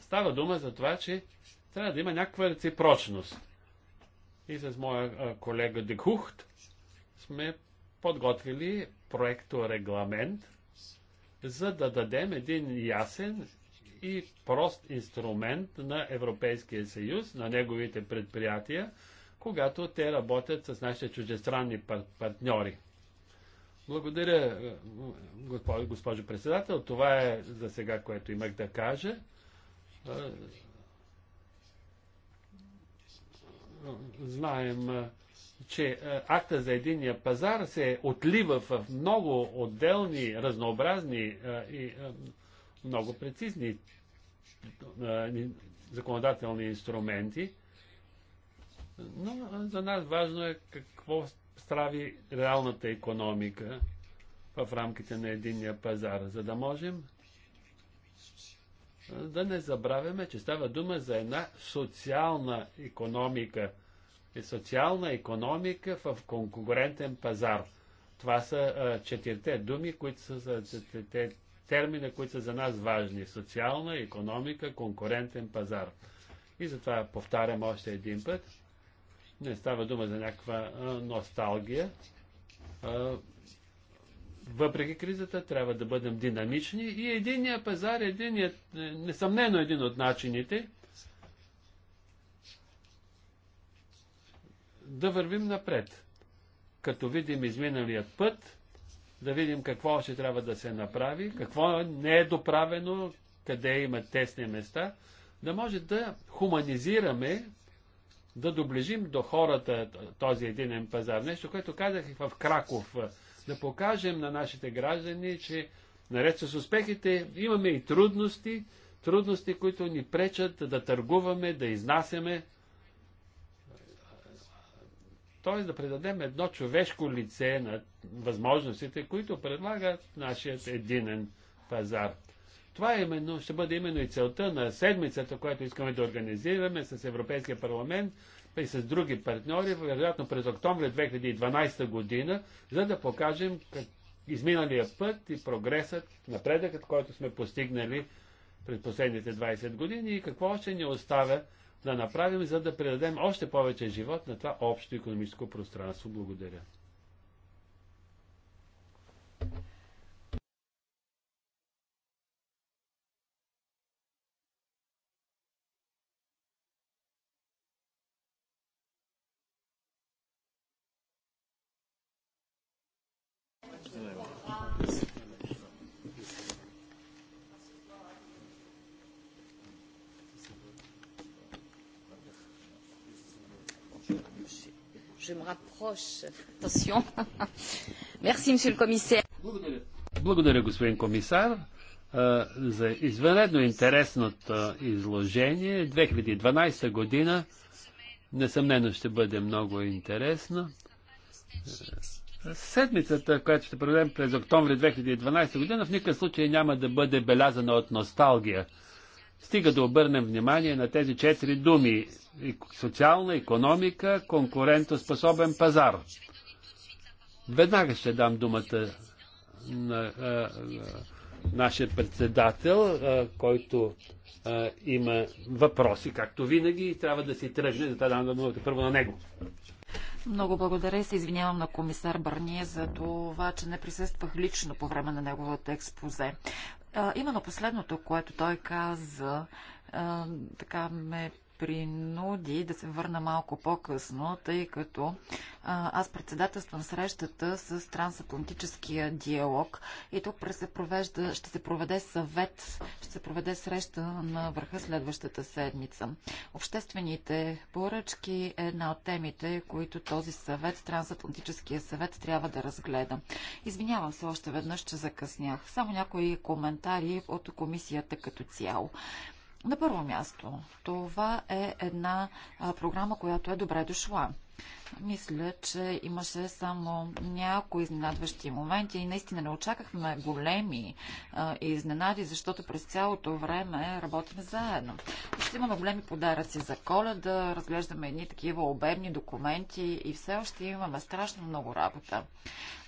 Става дума за това, че трябва да има някаква реципрочност. И с моя колега Декухт сме подготвили проекто регламент, за да дадем един ясен и прост инструмент на Европейския съюз, на неговите предприятия, когато те работят с нашите чуждестранни пар партньори. Благодаря, е, госпожо, госпожо председател. Това е за сега, което имах да кажа. Е, е, знаем че е, акта за единия пазар се отлива в много отделни, разнообразни е, и е, много прецизни законодателни инструменти. Но за нас важно е какво страви реалната економика в рамките на единния пазар, за да можем да не забравяме, че става дума за една социална економика – и е социална економика в конкурентен пазар. Това са а, четирите думи, които са четирите термина, които са за нас важни. Социална економика, конкурентен пазар. И затова повтарям още един път. Не става дума за някаква а, носталгия. А, въпреки кризата трябва да бъдем динамични и единият пазар, единият, е, несъмнено един от начините да вървим напред. Като видим изминалият път, да видим какво още трябва да се направи, какво не е доправено, къде има тесни места, да може да хуманизираме, да доближим до хората този единен пазар. Нещо, което казах и в Краков. Да покажем на нашите граждани, че наред с успехите имаме и трудности, трудности, които ни пречат да търгуваме, да изнасяме, Тоест да предадем едно човешко лице на възможностите, които предлага нашият единен пазар. Това е именно, ще бъде именно и целта на седмицата, която искаме да организираме с Европейския парламент и с други партньори, вероятно през октомври 2012 година, за да покажем как изминалия път и прогресът, напредъкът, който сме постигнали през последните 20 години и какво още ни оставя да направим, за да предадем още повече живот на това общо економическо пространство. Благодаря. Благодаря. Благодаря, господин комисар, за извънредно интересното изложение. 2012 година несъмнено ще бъде много интересно. Седмицата, която ще проведем през октомври 2012 година, в никакъв случай няма да бъде белязана от носталгия. Стига да обърнем внимание на тези четири думи социална економика, конкурентоспособен пазар. Веднага ще дам думата на нашия председател, който има въпроси, както винаги, и трябва да си тръгне, затова дам думата първо на него. Много благодаря и се извинявам на комисар Барние за това, че не присъствах лично по време на неговото експозе. А, именно последното, което той каза, а, така ме принуди да се върна малко по-късно, тъй като а, аз председателствам срещата с трансатлантическия диалог и тук се провежда, ще се проведе съвет, ще се проведе среща на върха следващата седмица. Обществените поръчки е една от темите, които този съвет, трансатлантическия съвет, трябва да разгледа. Извинявам се още веднъж, че закъснях. Само някои коментари от комисията като цяло. На първо място, това е една програма, която е добре дошла. Мисля, че имаше само някои изненадващи моменти и наистина не очакахме големи а, изненади, защото през цялото време работим заедно. Ще имаме големи подаръци за коледа, разглеждаме едни такива обемни документи и все още имаме страшно много работа.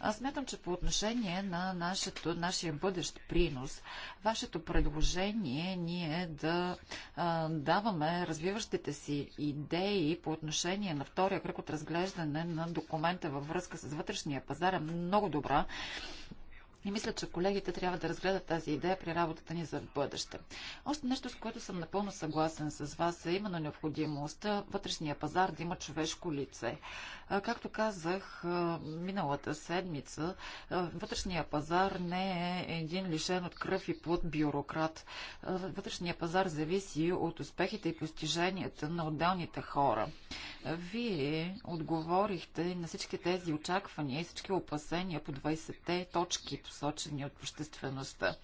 Аз смятам, че по отношение на нашето, нашия бъдещ принос, вашето предложение ние да а, даваме развиващите си идеи по отношение на втория кръг от разглеждането разглеждане на документа във връзка с вътрешния пазар е много добра и мисля, че колегите трябва да разгледат тази идея при работата ни за в бъдеще. Още нещо, с което съм напълно съгласен с вас, е именно необходимостта вътрешния пазар да има човешко лице. Както казах миналата седмица, вътрешния пазар не е един лишен от кръв и плод бюрократ. Вътрешния пазар зависи от успехите и постиженията на отделните хора. Вие отговорихте на всички тези очаквания и всички опасения по 20-те точки посочени от обществеността.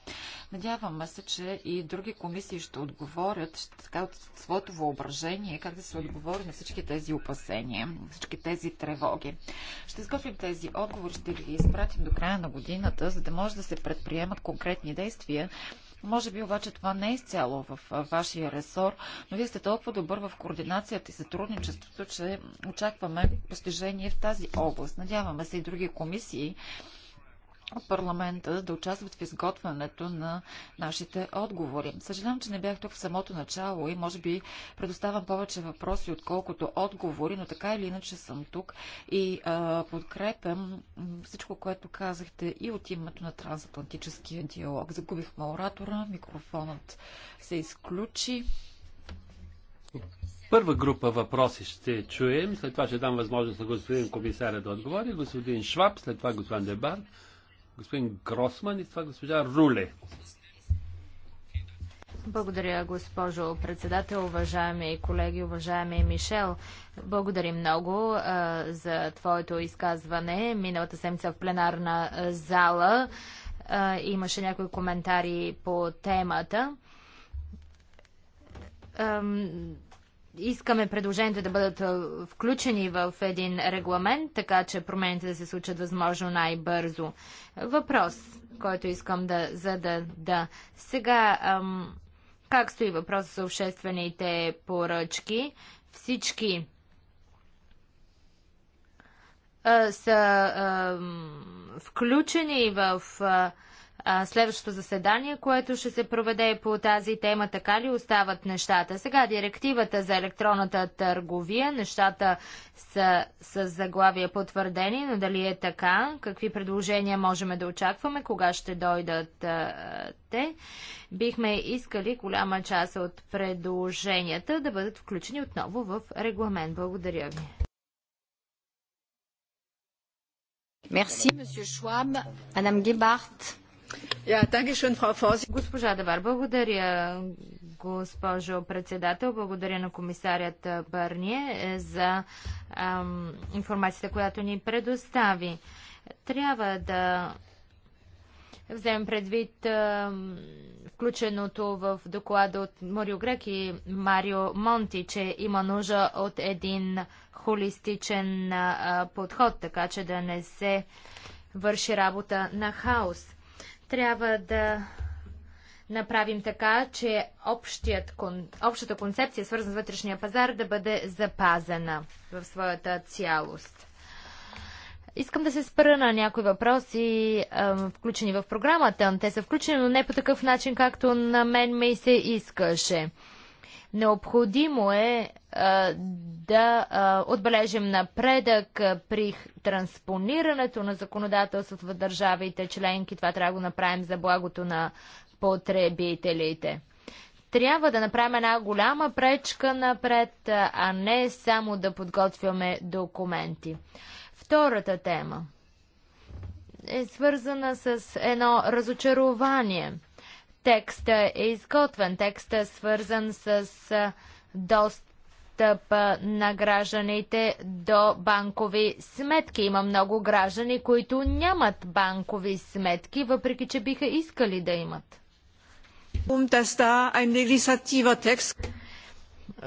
Надяваме се, че и други комисии ще отговорят ще, така, от своето въображение как да се отговори на всички тези опасения, всички тези тревоги. Ще изготвим тези отговори, ще ги изпратим до края на годината, за да може да се предприемат конкретни действия може би обаче това не е изцяло в вашия ресор, но вие сте толкова добър в координацията и сътрудничеството, че очакваме постижение в тази област. Надяваме се и други комисии парламента да участват в изготвянето на нашите отговори. Съжалявам, че не бях тук в самото начало и може би предоставам повече въпроси, отколкото отговори, но така или иначе съм тук и а, подкрепям всичко, което казахте и от името на трансатлантическия диалог. Загубихме оратора, микрофонът се изключи. Първа група въпроси ще чуем, след това ще дам възможност на господин комисаря да отговори, господин Шваб, след това господин Дебар господин Гросман и това госпожа Руле. Благодаря, госпожо председател, уважаеми колеги, уважаеми Мишел. Благодарим много а, за твоето изказване. Миналата седмица в пленарна зала а, имаше някои коментари по темата искаме предложенията да бъдат включени в един регламент, така че промените да се случат възможно най-бързо. Въпрос, който искам да задам. Да. Сега, ам, как стои въпросът с обществените поръчки? Всички а, са включени в а, следващото заседание, което ще се проведе по тази тема, така ли остават нещата? Сега директивата за електронната търговия, нещата са с заглавия потвърдени, но дали е така? Какви предложения можем да очакваме? Кога ще дойдат а, те? Бихме искали голяма част от предложенията да бъдат включени отново в регламент. Благодаря ви. Merci, Monsieur Schwab. Madame Gebhardt. Госпожа Давар, благодаря, госпожо председател. Благодаря на комисарят Бърние е, за ам, информацията, която ни предостави. Трябва да вземем предвид ам, включеното в доклада от Морио Грек и Марио Монти, че има нужда от един холистичен а, подход, така че да не се върши работа на хаос трябва да направим така, че общият, общата концепция, свързана с вътрешния пазар, да бъде запазена в своята цялост. Искам да се спра на някои въпроси, включени в програмата. Те са включени, но не по такъв начин, както на мен ме и се искаше. Необходимо е а, да а, отбележим напредък при транспонирането на законодателството в държавите членки. Това трябва да го направим за благото на потребителите. Трябва да направим една голяма пречка напред, а не само да подготвяме документи. Втората тема е свързана с едно разочарование – Текст е изготвен, Текст е свързан с достъп на гражданите до банкови сметки. Има много граждани, които нямат банкови сметки, въпреки че биха искали да имат.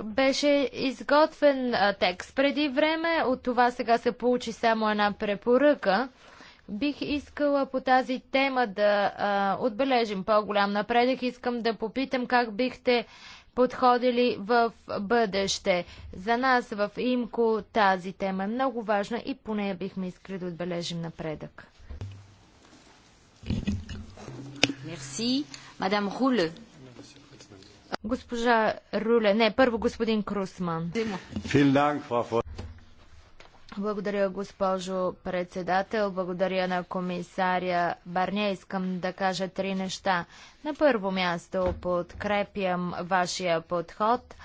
Беше изготвен текст преди време, от това сега се получи само една препоръка. Бих искала по тази тема да а, отбележим по-голям напредък. Искам да попитам как бихте подходили в бъдеще. За нас в ИМКО тази тема е много важна и по нея бихме искали да отбележим напредък. Мерси. Мадам Руле. Госпожа Руле, не, първо господин Крусман. Благодаря, госпожо председател. Благодаря на комисаря Барне. Искам да кажа три неща. На първо място подкрепям вашия подход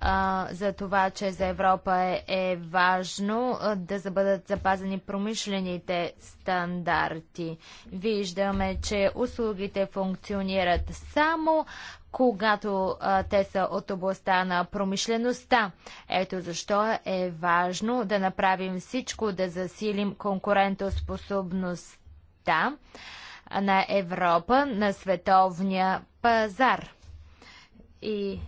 а, за това, че за Европа е, е важно а, да бъдат запазени промишлените стандарти. Виждаме, че услугите функционират само когато а, те са от областта на промишлеността. Ето защо е важно да направим всичко да засилим конкурентоспособността на Европа на световния пазар. И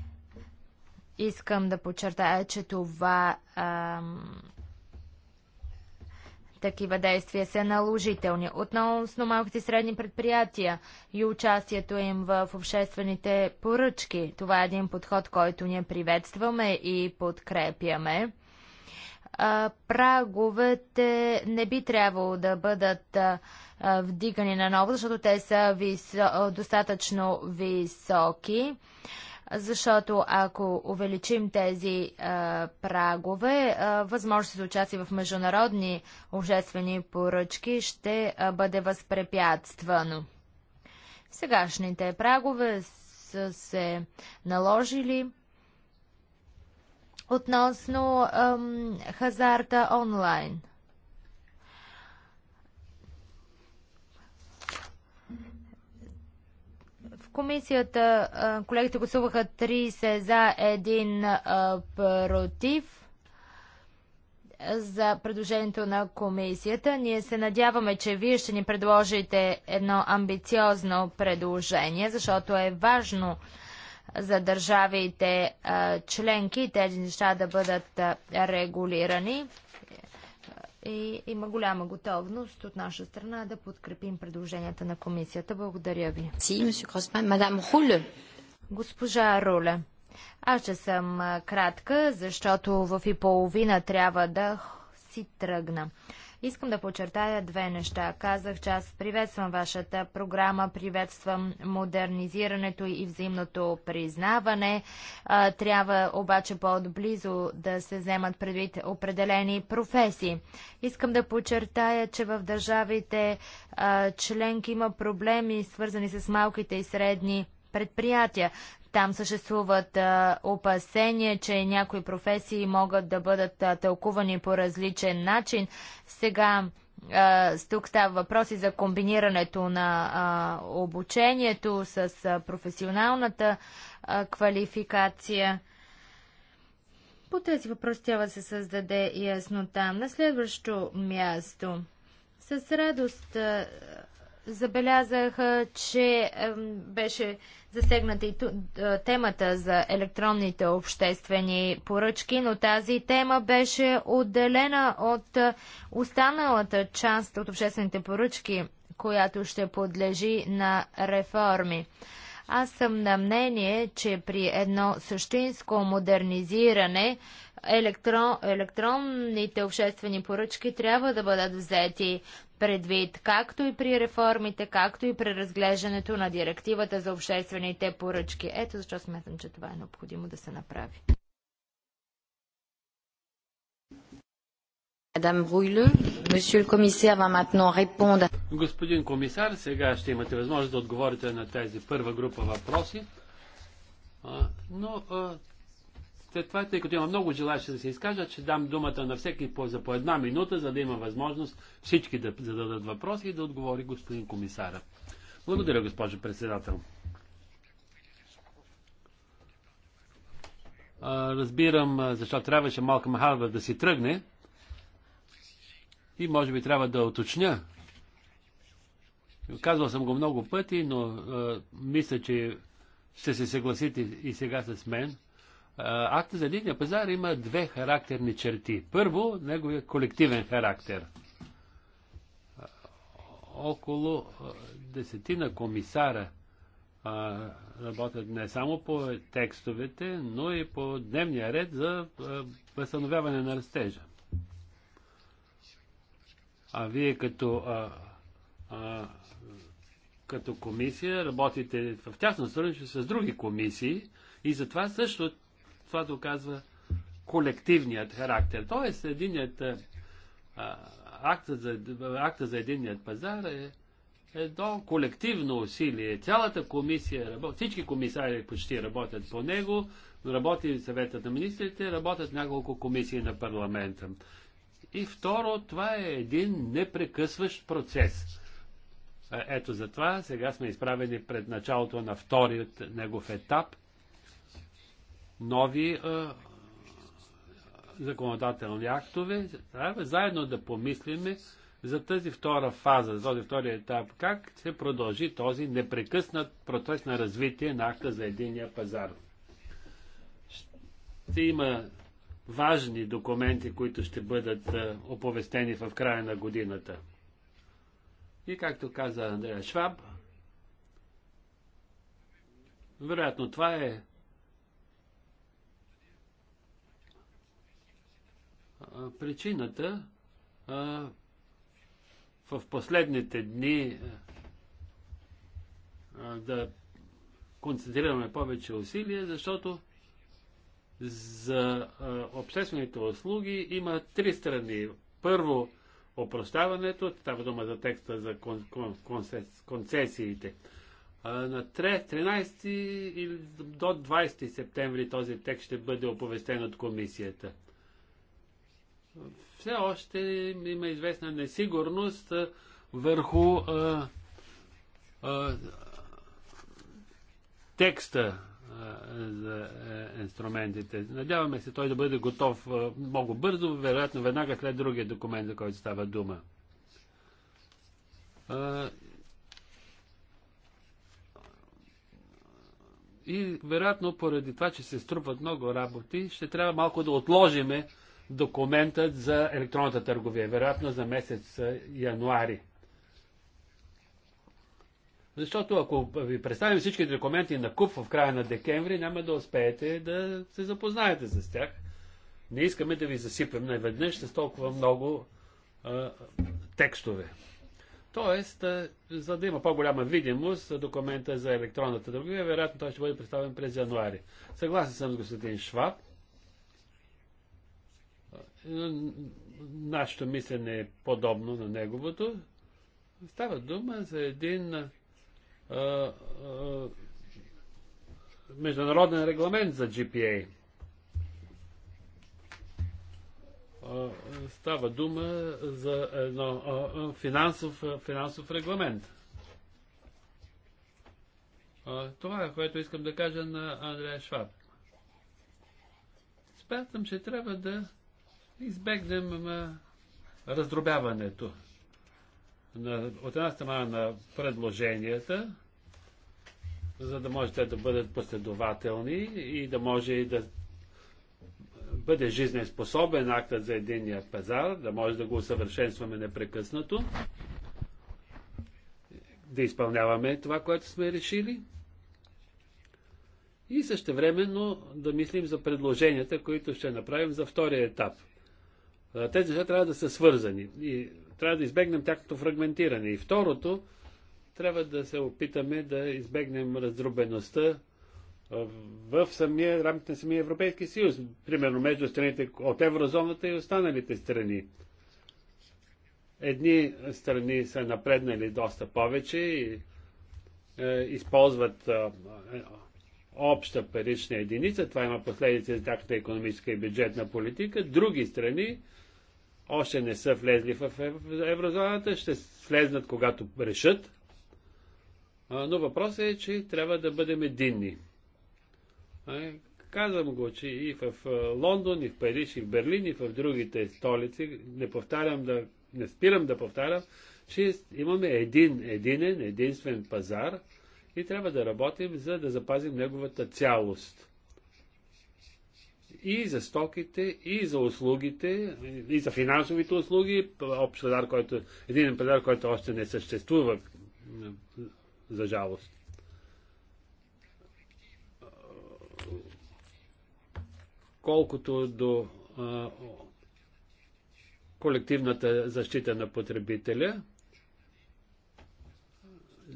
искам да подчертая, че това а, такива действия са наложителни. Относно малките и средни предприятия и участието им в обществените поръчки, това е един подход, който ние приветстваме и подкрепяме. праговете не би трябвало да бъдат вдигани наново, защото те са висо... достатъчно високи защото ако увеличим тези а, прагове, а, възможност за участие в международни обществени поръчки ще а, бъде възпрепятствано. Сегашните прагове са се наложили относно а, хазарта онлайн – комисията колегите гласуваха 30 за 1 против за предложението на комисията. Ние се надяваме, че вие ще ни предложите едно амбициозно предложение, защото е важно за държавите членки тези неща да бъдат регулирани и има голяма готовност от наша страна да подкрепим предложенията на комисията. Благодаря ви. Госпожа Руле. Аз ще съм кратка, защото в и половина трябва да си тръгна. Искам да подчертая две неща. Казах, че аз приветствам вашата програма, приветствам модернизирането и взаимното признаване. трябва обаче по-отблизо да се вземат предвид определени професии. Искам да подчертая, че в държавите членки има проблеми, свързани с малките и средни предприятия. Там съществуват а, опасения, че някои професии могат да бъдат а, тълкувани по различен начин. Сега а, тук става въпроси за комбинирането на обучението с професионалната квалификация. По тези въпроси трябва да се създаде яснота. На следващо място. С радост Забелязах, че беше засегната и е, темата за електронните обществени поръчки, но тази тема беше отделена от е, останалата част от обществените поръчки, която ще подлежи на реформи. Аз съм на мнение, че при едно същинско модернизиране електро, електронните обществени поръчки трябва да бъдат взети предвид, както и при реформите, както и при разглеждането на директивата за обществените поръчки. Ето защо смятам, че това е необходимо да се направи. Господин комисар, сега ще имате възможност да отговорите на тази първа група въпроси. Но след това, е тъй като има много желаящи да се изкажат, ще дам думата на всеки по, за по една минута, за да има възможност всички да зададат въпроси и да отговори господин комисара. Благодаря, госпожо председател. разбирам защо трябваше Малка Харвард да си тръгне и може би трябва да оточня. Казвал съм го много пъти, но а, мисля, че ще се съгласите и сега с мен – акта за единния пазар има две характерни черти. Първо, неговия колективен характер. Около десетина комисара работят не само по текстовете, но и по дневния ред за възстановяване на растежа. А вие като, а, а, като комисия работите в тясно сътрудничество с други комисии и затова също това доказва колективният характер. Тоест, единият акта за, акта за единният пазар е едно колективно усилие. Цялата комисия работи, всички комисари почти работят по него, работи съветът на министрите, работят няколко комисии на парламента. И второ, това е един непрекъсващ процес. Е, ето затова сега сме изправени пред началото на вторият негов етап нови законодателни актове, трябва заедно да помислиме за тази втора фаза, за този втори етап, как се продължи този непрекъснат процес на развитие на акта за единия пазар. Ще има важни документи, които ще бъдат оповестени в края на годината. И както каза Андрея Шваб, вероятно това е причината в последните дни да концентрираме повече усилия, защото за обществените услуги има три страни. Първо, опрощаването, става дума за текста за кон, кон, концесиите. На 13 или до 20 септември този текст ще бъде оповестен от комисията все още има известна несигурност върху а, а, текста за е, инструментите. Надяваме се той да бъде готов много бързо, вероятно веднага след другия документ, за който става дума. И вероятно поради това, че се струпват много работи, ще трябва малко да отложиме документът за електронната търговия, вероятно за месец януари. Защото ако ви представим всички документи на куп в края на декември, няма да успеете да се запознаете с тях. Не искаме да ви засипем наведнъж с толкова много а, текстове. Тоест, а, за да има по-голяма видимост, документа за електронната търговия, вероятно той ще бъде представен през януари. Съгласен съм с господин Шваб нашето мислене е подобно на неговото. Става дума за един а, а, международен регламент за GPA. А, става дума за едно а, финансов, финансов регламент. А, това е което искам да кажа на Андрея Шваб. Смятам, че трябва да избегнем раздробяването на, от една страна на предложенията, за да може те да бъдат последователни и да може и да бъде жизнеспособен актът за единния пазар, да може да го усъвършенстваме непрекъснато, да изпълняваме това, което сме решили и същевременно да мислим за предложенията, които ще направим за втория етап – тези неща трябва да са свързани и трябва да избегнем тяхното фрагментиране. И второто, трябва да се опитаме да избегнем раздробеността в самия, рамките на самия Европейски съюз, примерно между страните от еврозоната и останалите страни. Едни страни са напреднали доста повече и е, използват е, обща парична единица, това има последици за тяхната економическа и бюджетна политика. Други страни още не са влезли в еврозоната, ще влезнат когато решат. Но въпросът е, че трябва да бъдем единни. Казвам го, че и в Лондон, и в Париж, и в Берлин, и в другите столици, не повтарям да, не спирам да повтарям, че имаме един, единен, единствен пазар и трябва да работим, за да запазим неговата цялост и за стоките, и за услугите, и за финансовите услуги, общ пазар, който, един пазар, който още не съществува, за жалост. Колкото до колективната защита на потребителя,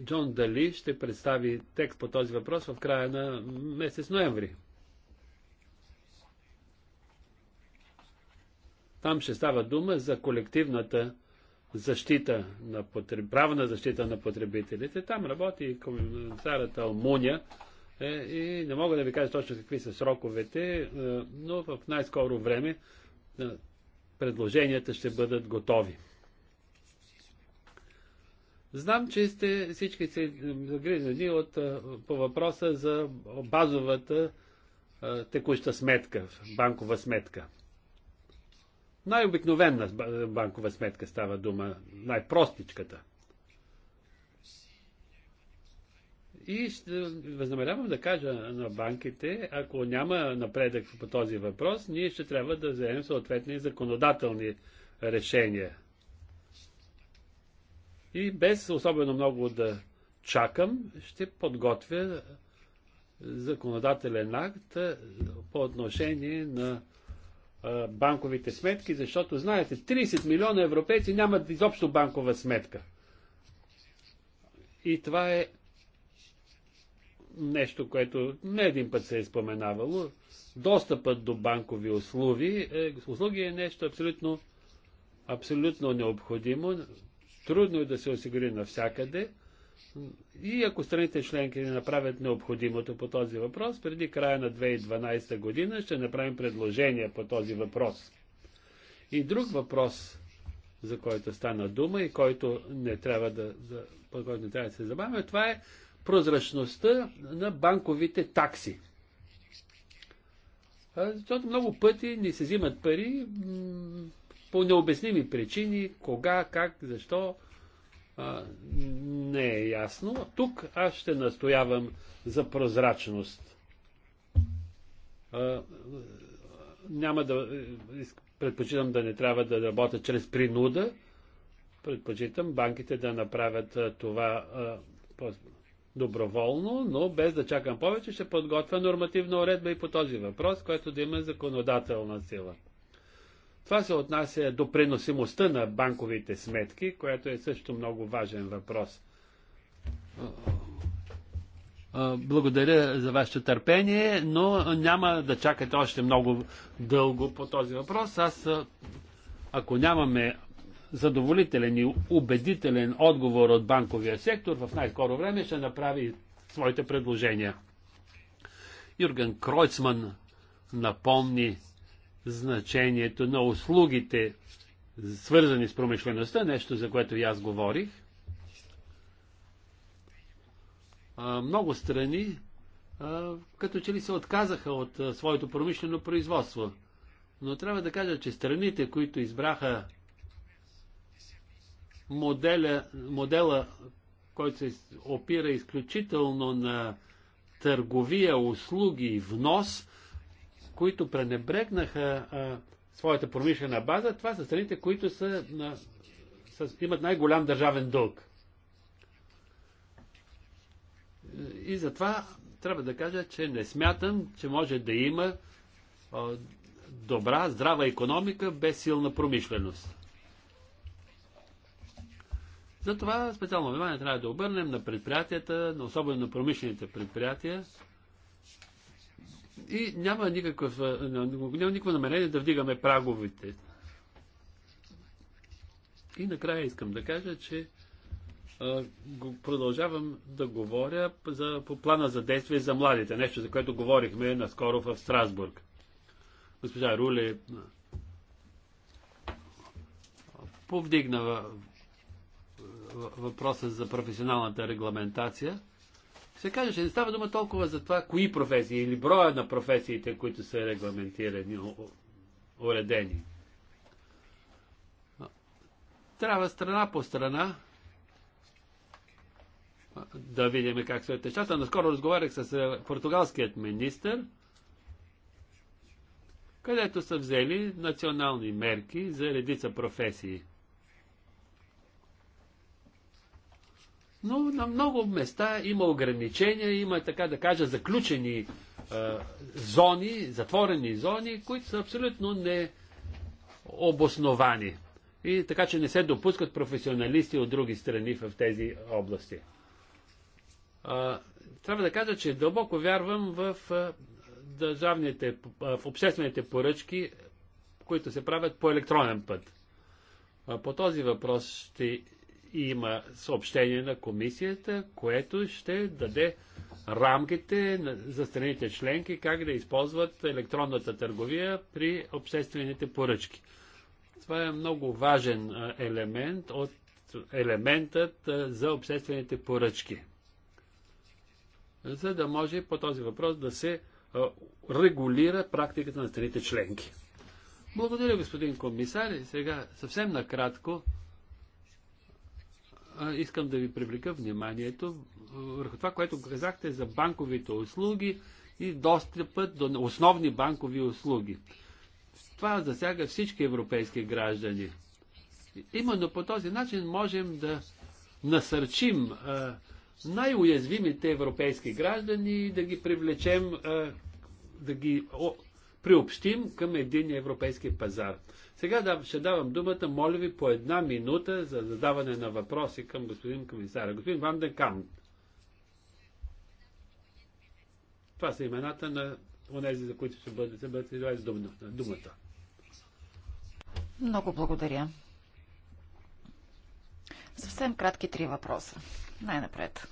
Джон Дали ще представи текст по този въпрос в края на месец ноември. Там ще става дума за колективната защита на потреб... правна защита на потребителите. Там работи комисарата Алмуня е, и не мога да ви кажа точно какви са сроковете, е, но в най-скоро време е, предложенията ще бъдат готови. Знам, че сте всички се загрижени от, е, по въпроса за базовата е, текуща сметка, банкова сметка. Най-обикновена банкова сметка става дума, най-простичката. И ще възнамерявам да кажа на банките, ако няма напредък по този въпрос, ние ще трябва да вземем съответни законодателни решения. И без особено много да чакам, ще подготвя законодателен акт по отношение на банковите сметки, защото, знаете, 30 милиона европейци нямат изобщо банкова сметка. И това е нещо, което не един път се е споменавало. Достъпът до банкови услуги, е, услуги е нещо абсолютно, абсолютно необходимо. Трудно е да се осигури навсякъде. И ако страните членки не направят необходимото по този въпрос, преди края на 2012 година ще направим предложение по този въпрос. И друг въпрос, за който стана дума и който не трябва да, да, по който не трябва да се забавяме, това е прозрачността на банковите такси. Защото много пъти ни се взимат пари по необясними причини, кога, как, защо не е ясно. Тук аз ще настоявам за прозрачност. Няма да. Е, предпочитам да не трябва да работя чрез принуда. Предпочитам банките да направят това доброволно, но без да чакам повече, ще подготвя нормативна уредба и по този въпрос, който да има законодателна сила. Това се отнася до преносимостта на банковите сметки, което е също много важен въпрос. Благодаря за вашето търпение, но няма да чакате още много дълго по този въпрос. Аз, ако нямаме задоволителен и убедителен отговор от банковия сектор, в най-скоро време ще направи своите предложения. Юрген Кройцман напомни значението на услугите, свързани с промишлеността, нещо за което и аз говорих. много страни като че ли се отказаха от своето промишлено производство. Но трябва да кажа, че страните, които избраха моделя, модела, който се опира изключително на търговия, услуги и внос, които пренебрегнаха а, своята промишлена база, това са страните, които са, на, са, имат най-голям държавен дълг. И затова трябва да кажа, че не смятам, че може да има а, добра, здрава економика без силна промишленост. Затова специално внимание трябва да обърнем на предприятията, на особено на промишлените предприятия, и няма никакъв, няма никакво намерение да вдигаме праговите. И накрая искам да кажа, че а, продължавам да говоря за, по плана за действие за младите. Нещо, за което говорихме наскоро в Страсбург. Госпожа Руле повдигна въпроса за професионалната регламентация – се каже, че не става дума толкова за това, кои професии или броя на професиите, които са регламентирани, уредени. Трябва страна по страна да видим как стоят нещата. Наскоро разговарях с е, португалският министр, където са взели национални мерки за редица професии – Но на много места има ограничения, има, така да кажа, заключени е, зони, затворени зони, които са абсолютно необосновани. И така, че не се допускат професионалисти от други страни в тези области. А, трябва да кажа, че дълбоко вярвам в а, държавните, в обществените поръчки, които се правят по електронен път. По този въпрос ще има съобщение на комисията, което ще даде рамките за страните членки как да използват електронната търговия при обществените поръчки. Това е много важен елемент от елементът за обществените поръчки. За да може по този въпрос да се регулира практиката на страните членки. Благодаря, господин комисар. И сега съвсем накратко искам да ви привлека вниманието върху това, което казахте за банковите услуги и достъпът до основни банкови услуги. Това засяга всички европейски граждани. Именно по този начин можем да насърчим най-уязвимите европейски граждани и да ги привлечем, да ги приобщим към един европейски пазар. Сега да, ще давам думата, моля ви, по една минута за задаване на въпроси към господин комисар. Господин Ван Декан. Това са имената на онези, за които ще бъдете, бъдете с думата. Много благодаря. Съвсем кратки три въпроса. Най-напред.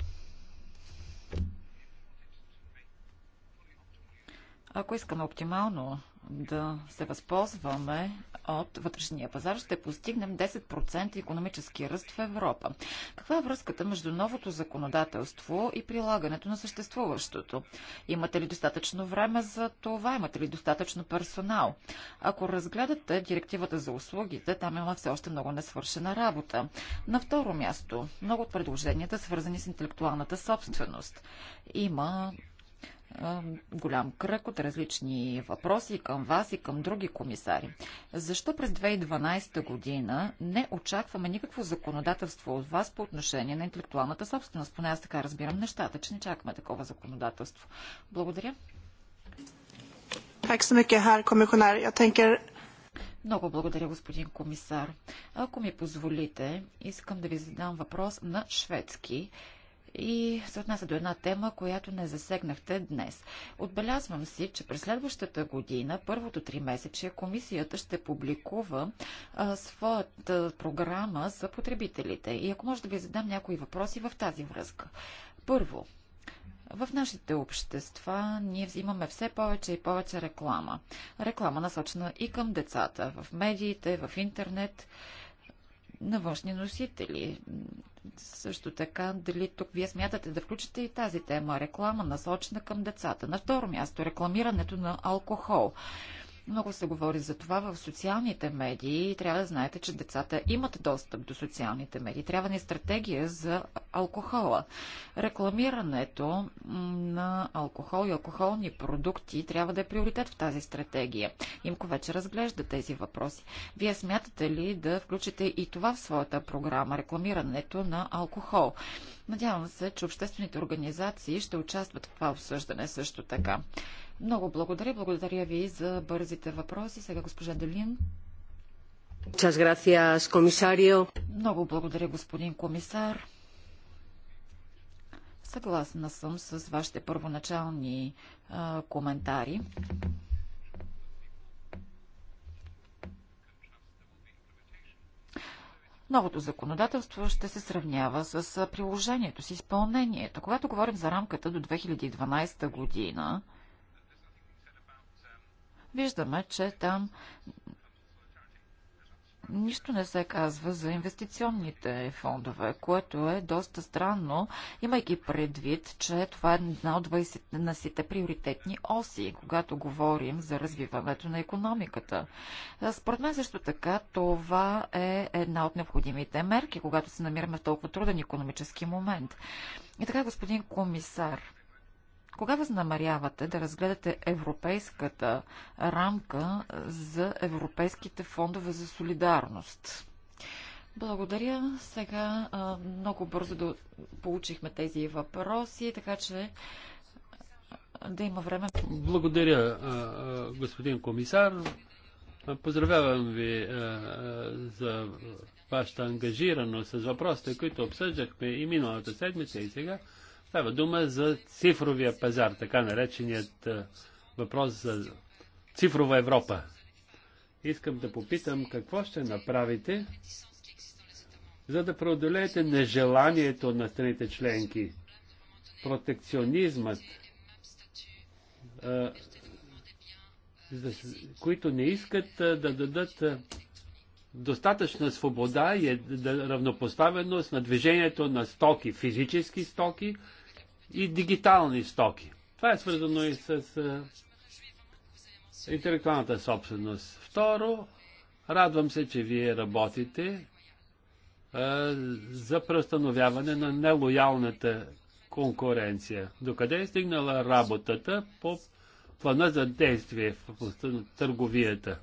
Ако искаме оптимално да се възползваме от вътрешния пазар, ще постигнем 10% економически ръст в Европа. Каква е връзката между новото законодателство и прилагането на съществуващото? Имате ли достатъчно време за това? Имате ли достатъчно персонал? Ако разгледате директивата за услугите, там има все още много несвършена работа. На второ място, много от предложенията свързани с интелектуалната собственост. Има голям кръг от различни въпроси към вас и към други комисари. Защо през 2012 година не очакваме никакво законодателство от вас по отношение на интелектуалната собственост? Поне аз така разбирам нещата, че не чакаме такова законодателство. Благодаря. Много благодаря, господин комисар. Ако ми позволите, искам да ви задам въпрос на шведски, и се отнася до една тема, която не засегнахте днес. Отбелязвам си, че през следващата година, първото три месече, комисията ще публикува а, своята програма за потребителите. И ако може да ви задам някои въпроси в тази връзка. Първо, в нашите общества ние взимаме все повече и повече реклама. Реклама насочена и към децата, в медиите, в интернет на външни носители. Също така, дали тук вие смятате да включите и тази тема реклама, насочена към децата. На второ място, рекламирането на алкохол. Много се говори за това в социалните медии. Трябва да знаете, че децата имат достъп до социалните медии. Трябва ни стратегия за алкохола. Рекламирането на алкохол и алкохолни продукти трябва да е приоритет в тази стратегия. Имко вече разглежда тези въпроси. Вие смятате ли да включите и това в своята програма, рекламирането на алкохол? Надявам се, че обществените организации ще участват в това обсъждане също така. Много благодаря. Благодаря ви за бързите въпроси. Сега госпожа Делин. Много благодаря, господин комисар. Съгласна съм с вашите първоначални а, коментари. Новото законодателство ще се сравнява с приложението, с изпълнението. Когато говорим за рамката до 2012 година, виждаме, че там нищо не се казва за инвестиционните фондове, което е доста странно, имайки предвид, че това е една от 20 насите приоритетни оси, когато говорим за развиването на економиката. Според мен също така това е една от необходимите мерки, когато се намираме в толкова труден економически момент. И така, господин комисар, кога възнамерявате да разгледате европейската рамка за европейските фондове за солидарност? Благодаря. Сега много бързо да получихме тези въпроси, така че да има време. Благодаря, господин комисар. Поздравявам ви за вашата ангажираност с въпросите, които обсъждахме и миналата седмица и сега. Става дума за цифровия пазар, така нареченият е, въпрос за цифрова Европа. Искам да попитам какво ще направите, за да преодолеете нежеланието на страните членки, протекционизмът, е, които не искат е, да дадат достатъчна свобода и равнопоставеност на движението на стоки, физически стоки и дигитални стоки. Това е свързано и с интелектуалната собственост. Второ, радвам се, че вие работите за преустановяване на нелоялната конкуренция. Докъде е стигнала работата по плана за действие в търговията?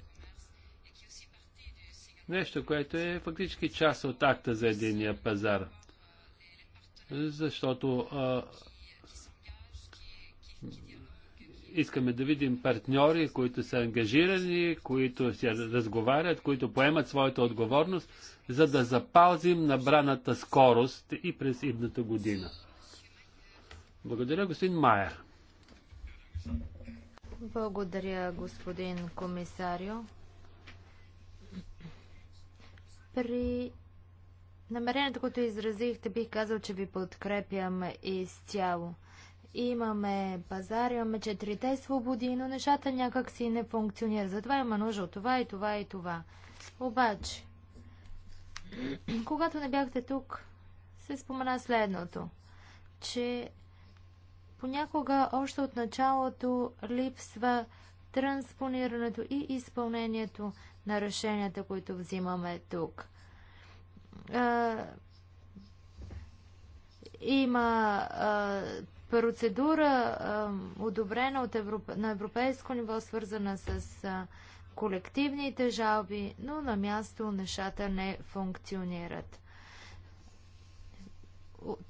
Нещо, което е фактически част от акта за единия пазар. Защото а, искаме да видим партньори, които са ангажирани, които се разговарят, които поемат своята отговорност, за да запазим набраната скорост и през идната година. Благодаря, господин Майер. Благодаря, господин комисарио. При намерението, което изразихте, бих казал, че ви подкрепям изцяло имаме пазар, имаме четирите свободи, но нещата някак си не функционират. Затова има нужда от това и това и това. Обаче, когато не бяхте тук, се спомена следното, че понякога още от началото липсва транспонирането и изпълнението на решенията, които взимаме тук. Има процедура, одобрена от Европ... на европейско ниво, свързана с колективните жалби, но на място нещата не функционират.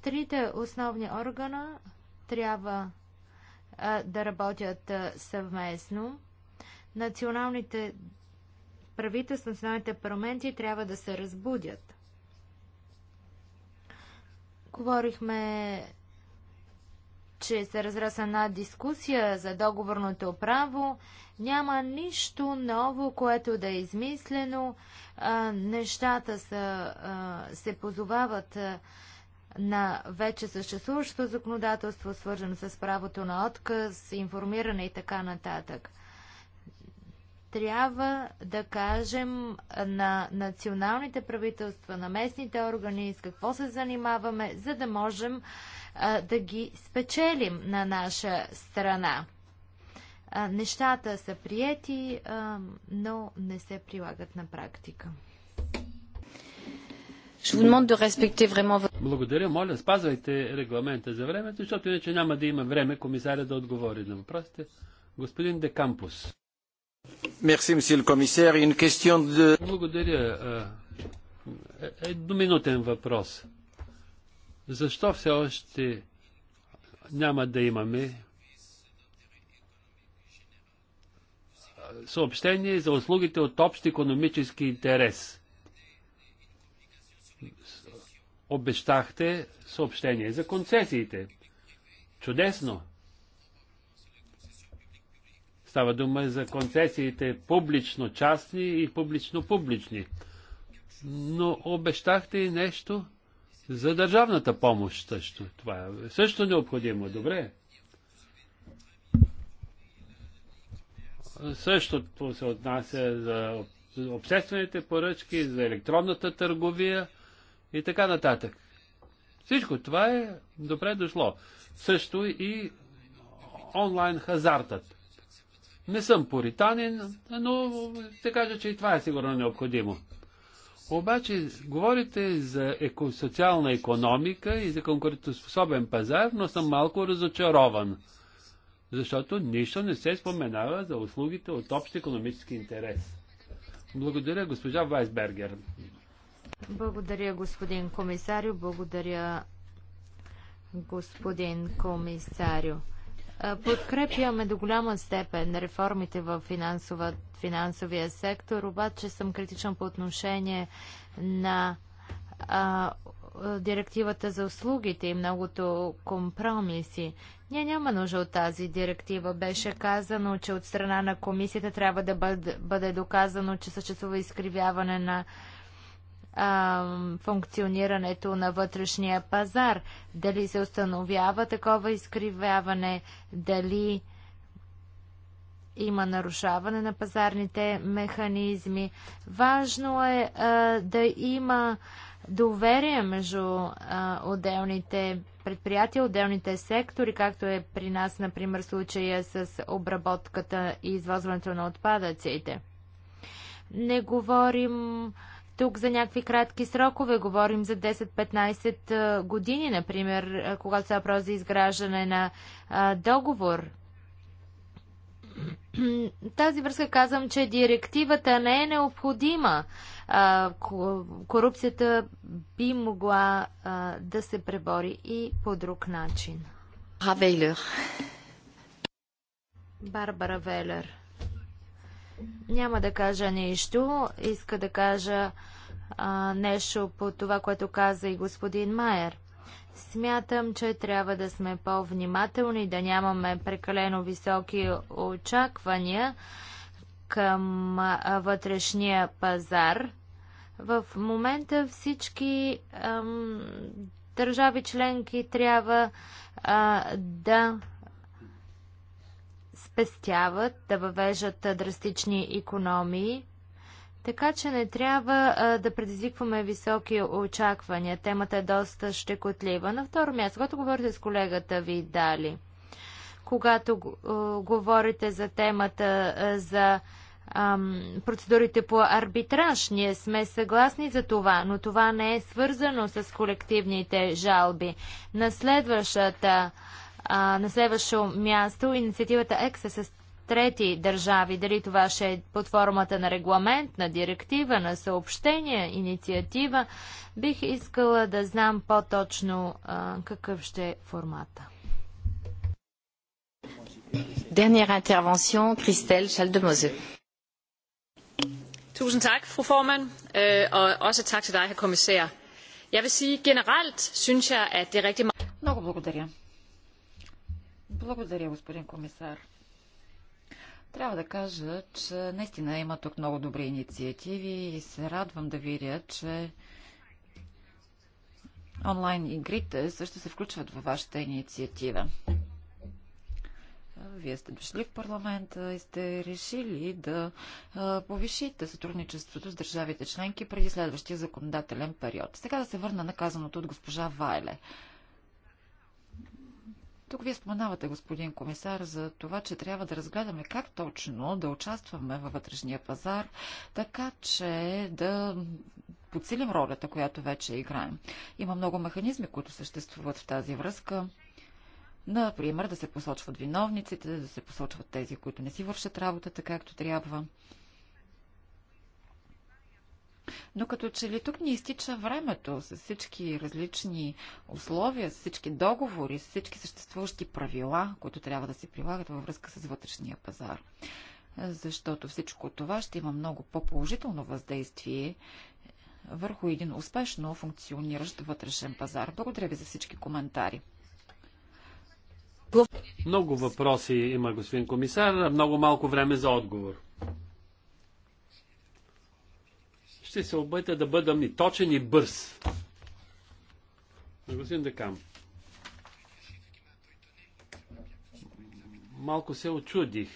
Трите основни органа трябва да работят съвместно. Националните правителства, националните парламенти трябва да се разбудят. Говорихме че се разраса една дискусия за договорното право. Няма нищо ново, което да е измислено. нещата са, се позовават на вече съществуващото законодателство, свързано с правото на отказ, информиране и така нататък. Трябва да кажем на националните правителства, на местните органи с какво се занимаваме, за да можем да ги спечелим на наша страна. нещата са приети, но не се прилагат на практика. Благодаря, моля, спазвайте регламента за времето, защото иначе няма да има време комисаря да отговори на въпросите. Господин Де Кампус. Благодаря. Е, е, едноминутен въпрос защо все още няма да имаме съобщение за услугите от общ економически интерес. Обещахте съобщение за концесиите. Чудесно! Става дума за концесиите публично-частни и публично-публични. Но обещахте и нещо – за държавната помощ също. Това е също необходимо. Добре. Същото се отнася за обществените поръчки, за електронната търговия и така нататък. Всичко това е добре дошло. Също и онлайн хазартът. Не съм поританин, но се кажа, че и това е сигурно необходимо. Обаче говорите за еко, социална економика и за конкурентоспособен пазар, но съм малко разочарован, защото нищо не се споменава за услугите от общ економически интерес. Благодаря, госпожа Вайсбергер. Благодаря, господин комисарю. Благодаря, господин комисарю. Подкрепяме до голяма степен реформите в финансовия сектор, обаче съм критична по отношение на а, директивата за услугите и многото компромиси. Ние няма нужда от тази директива. Беше казано, че от страна на комисията трябва да бъде, бъде доказано, че съществува изкривяване на а, функционирането на вътрешния пазар, дали се установява такова изкривяване, дали има нарушаване на пазарните механизми. Важно е а, да има доверие между а, отделните предприятия, отделните сектори, както е при нас, например, случая с обработката и извозването на отпадъците. Не говорим тук за някакви кратки срокове. Говорим за 10-15 години, например, когато става въпрос за изграждане на договор. Тази връзка казвам, че директивата не е необходима. корупцията би могла да се пребори и по друг начин. Барбара Велер. Няма да кажа нищо. Иска да кажа а, нещо по това, което каза и господин Майер. Смятам, че трябва да сме по-внимателни, да нямаме прекалено високи очаквания към а, вътрешния пазар. В момента всички ам, държави членки трябва а, да спестяват, да въвеждат драстични економии. Така че не трябва а, да предизвикваме високи очаквания. Темата е доста щекотлива. На второ място, когато говорите с колегата ви Дали, когато а, говорите за темата а, за процедурите по арбитраж. Ние сме съгласни за това, но това не е свързано с колективните жалби. На следващата на следващо място инициативата ЕКСА е с трети държави, дали това ще е под формата на регламент, на директива, на съобщение, инициатива, бих искала да знам по-точно какъв ще е формата. Dernière intervention, Кристел Шалдемозе. Tusind tak, fru formand, øh, og også tak til dig, herr kommissær. Jeg vil sige, generelt synes jeg, at det er rigtig meget... Много благодаря. Благодаря, господин комисар. Трябва да кажа, че наистина има тук много добри инициативи и се радвам да видя, че онлайн игрите също се включват във вашата инициатива. Вие сте дошли в парламента и сте решили да повишите сътрудничеството с държавите членки преди следващия законодателен период. Сега да се върна на казаното от госпожа Вайле. Тук вие споменавате, господин комисар, за това, че трябва да разгледаме как точно да участваме във вътрешния пазар, така че да подсилим ролята, която вече играем. Има много механизми, които съществуват в тази връзка. Например, да се посочват виновниците, да се посочват тези, които не си вършат работата както трябва. Но като че ли тук ни изтича времето с всички различни условия, с всички договори, с всички съществуващи правила, които трябва да се прилагат във връзка с вътрешния пазар. Защото всичко това ще има много по-положително въздействие върху един успешно функциониращ вътрешен пазар. Благодаря ви за всички коментари. Много въпроси има, господин комисар. Много малко време за отговор. Ще се опита да бъда и точен и бърз. Господин Декам. Малко се очудих.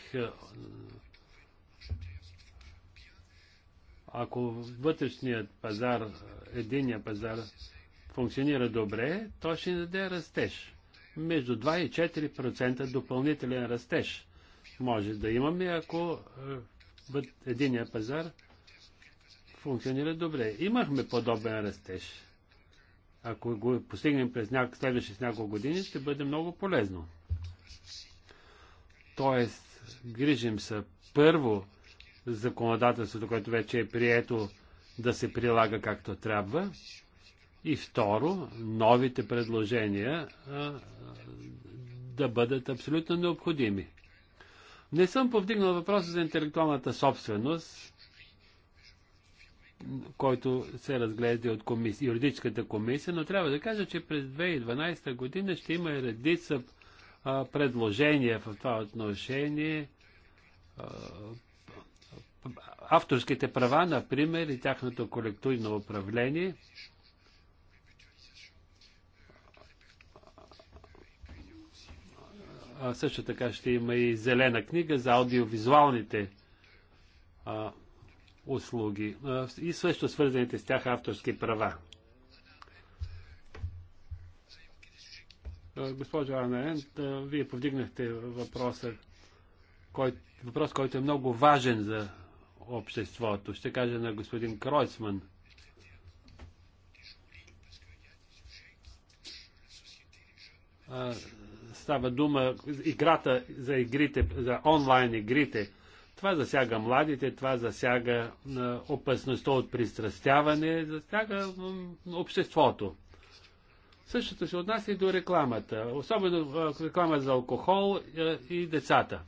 Ако вътрешният пазар, единия пазар функционира добре, то ще ни даде растеж. Между 2 и 4% допълнителен растеж може да имаме, ако е, единия пазар функционира добре. Имахме подобен растеж. Ако го постигнем през няк... следващите няколко години, ще бъде много полезно. Тоест, грижим се първо законодателството, което вече е прието да се прилага както трябва. И второ, новите предложения а, да бъдат абсолютно необходими. Не съм повдигнал въпроса за интелектуалната собственост, който се разглежда от комис... юридическата комисия, но трябва да кажа, че през 2012 година ще има и редица а, предложения в това отношение. А, авторските права, например, и тяхното колективно управление. А, също така ще има и зелена книга за аудиовизуалните а, услуги и също свързаните с тях авторски права. Госпожо Анен, вие повдигнахте въпроса, кой, въпрос, който е много важен за обществото. Ще кажа на господин Кройцман. Става дума играта за игрите, за онлайн игрите – това засяга младите, това засяга опасността от пристрастяване, засяга обществото. Същото се отнася и до рекламата, особено реклама за алкохол и децата.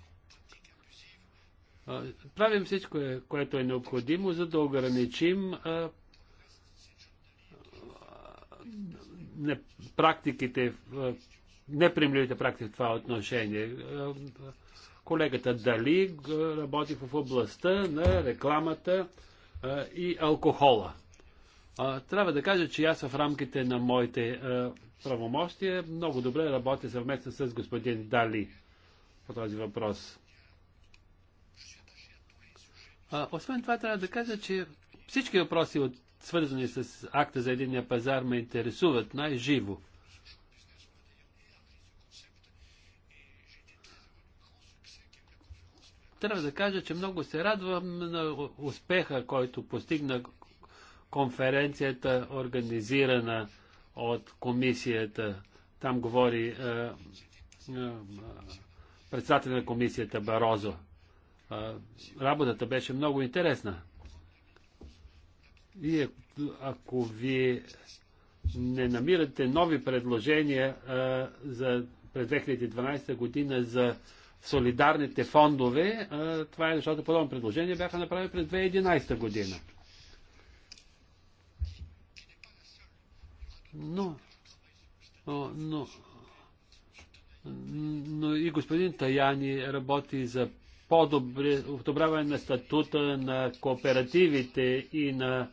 Правим всичко, е, което е необходимо, за да ограничим практиките, непримливите практики в това отношение. Колегата Дали работи в областта на рекламата а, и алкохола. А, трябва да кажа, че аз в рамките на моите а, правомощия много добре работя съвместно с господин Дали по този въпрос. А, освен това, трябва да кажа, че всички въпроси, от, свързани с акта за единния пазар, ме интересуват най-живо. Трябва да кажа, че много се радвам на успеха, който постигна конференцията, организирана от комисията. Там говори е, е, е председател на комисията Барозо. Е, работата беше много интересна. И е, ако ви не намирате нови предложения е, за през 2012 година за солидарните фондове. Това е защото подобно предложение бяха направени през 2011 година. Но, но, но и господин Таяни работи за по-добре на статута на кооперативите и на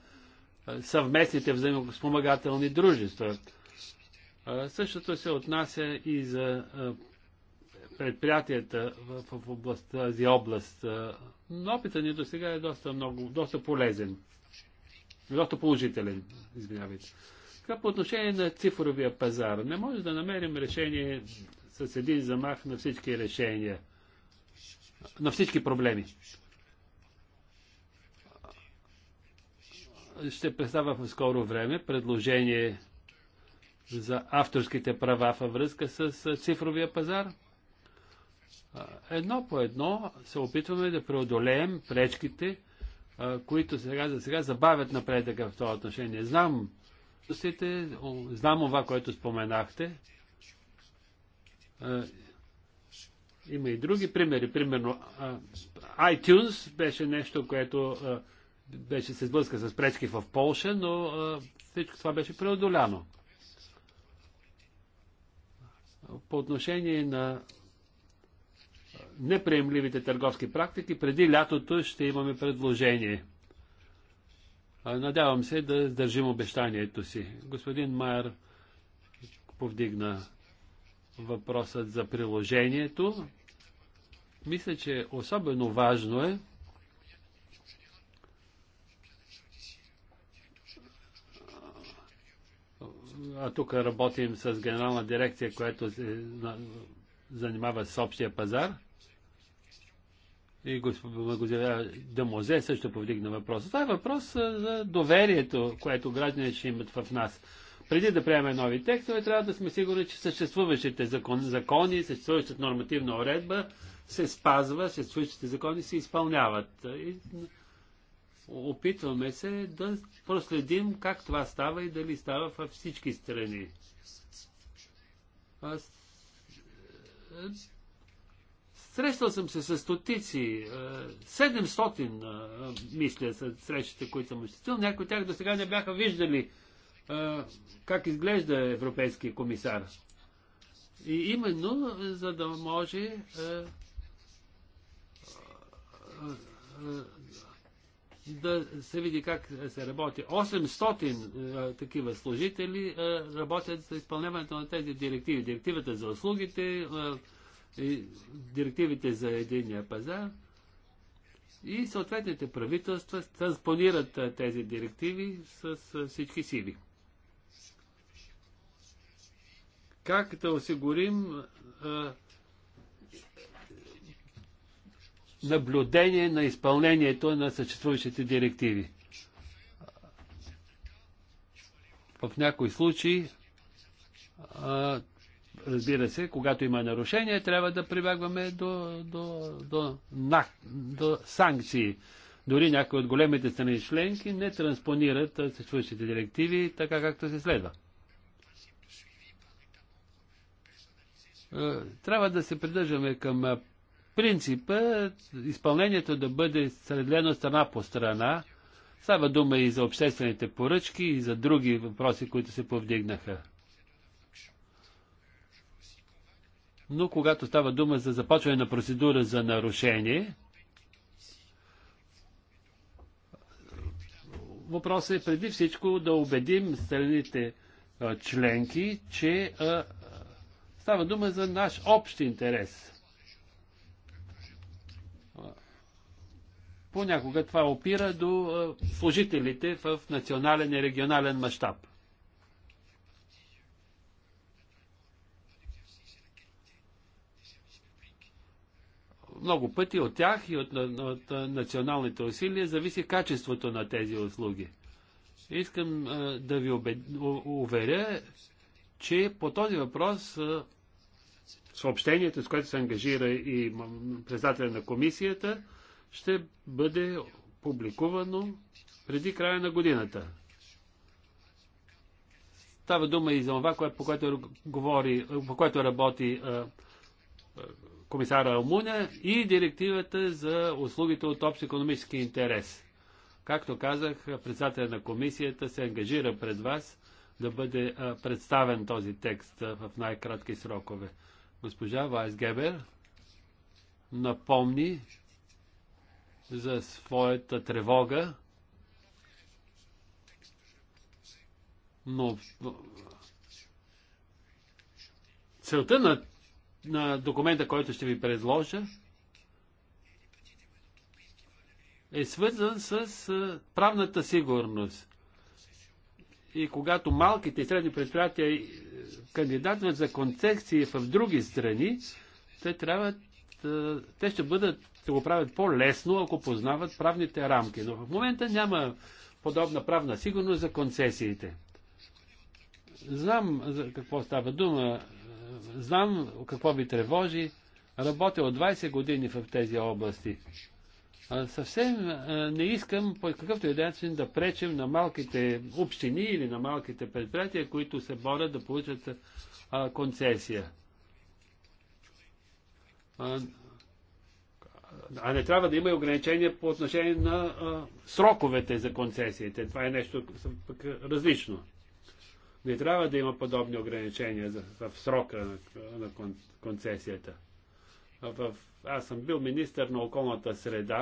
съвместните взаимоспомагателни дружества. Същото се отнася и за предприятията в, в област, тази област. Но опитът ни до сега е доста, много, доста полезен. Доста положителен, извинявайте. Така по отношение на цифровия пазар. Не може да намерим решение с един замах на всички решения, на всички проблеми. Ще представя в скоро време предложение за авторските права във връзка с цифровия пазар едно по едно се опитваме да преодолеем пречките, които сега за сега забавят напредъка в това отношение. Знам, знам това, което споменахте. Има и други примери. Примерно iTunes беше нещо, което беше се сблъска с пречки в Полша, но всичко това беше преодоляно. По отношение на неприемливите търговски практики, преди лятото ще имаме предложение. Надявам се да държим обещанието си. Господин Майер повдигна въпросът за приложението. Мисля, че особено важно е а тук работим с генерална дирекция, която се занимава с общия пазар, и благодаря Дамозе също повдигна въпроса. Това е въпрос за доверието, което гражданите ще имат в нас. Преди да приемем нови текстове, трябва да сме сигурни, че съществуващите закон, закони, съществуващата нормативна уредба се спазва, съществуващите закони се изпълняват. И опитваме се да проследим как това става и дали става във всички страни Срещал съм се с стотици, 700 е, е, мисля са срещите, които съм осъществил. Някои от тях до сега не бяха виждали е, как изглежда европейския комисар. И именно за да може да се види как се работи. 800 такива служители работят за изпълняването на тези директиви. Директивата за услугите, директивите за единния пазар и съответните правителства транспонират тези директиви с всички сили. Как да осигурим а, наблюдение на изпълнението на съществуващите директиви? В някои случаи а, разбира се, когато има нарушение, трябва да прибягваме до, до, до, до, до санкции. Дори някои от големите страни членки не транспонират съществуващите директиви така както се следва. Е, трябва да се придържаме към принципа изпълнението да бъде средлено страна по страна. Става дума и за обществените поръчки, и за други въпроси, които се повдигнаха. но когато става дума за започване на процедура за нарушение, въпросът е преди всичко да убедим страните членки, че става дума за наш общ интерес. Понякога това опира до служителите в национален и регионален мащаб. много пъти от тях и от, от, от националните усилия зависи качеството на тези услуги. Искам а, да ви обед... уверя, че по този въпрос а, съобщението, с което се ангажира и председателя на комисията, ще бъде публикувано преди края на годината. Става дума и за това, по което, говори, по което работи а, комисара Алмуня и директивата за услугите от общ економически интерес. Както казах, председателя на комисията се ангажира пред вас да бъде представен този текст в най-кратки срокове. Госпожа Вайсгебер напомни за своята тревога, но целта на на документа, който ще ви предложа, е свързан с правната сигурност. И когато малките и средни предприятия е, кандидатват за концесии в други страни, те трябва те ще бъдат, ще го правят по-лесно, ако познават правните рамки. Но в момента няма подобна правна сигурност за концесиите. Знам за какво става дума, знам какво ви тревожи. Работя от 20 години в тези области. съвсем не искам по какъвто и е начин да пречем на малките общини или на малките предприятия, които се борят да получат концесия. А, а не трябва да има и ограничения по отношение на а, сроковете за концесиите. Това е нещо различно. Не трябва да има подобни ограничения в срока на концесията. В... Аз съм бил министър на околната среда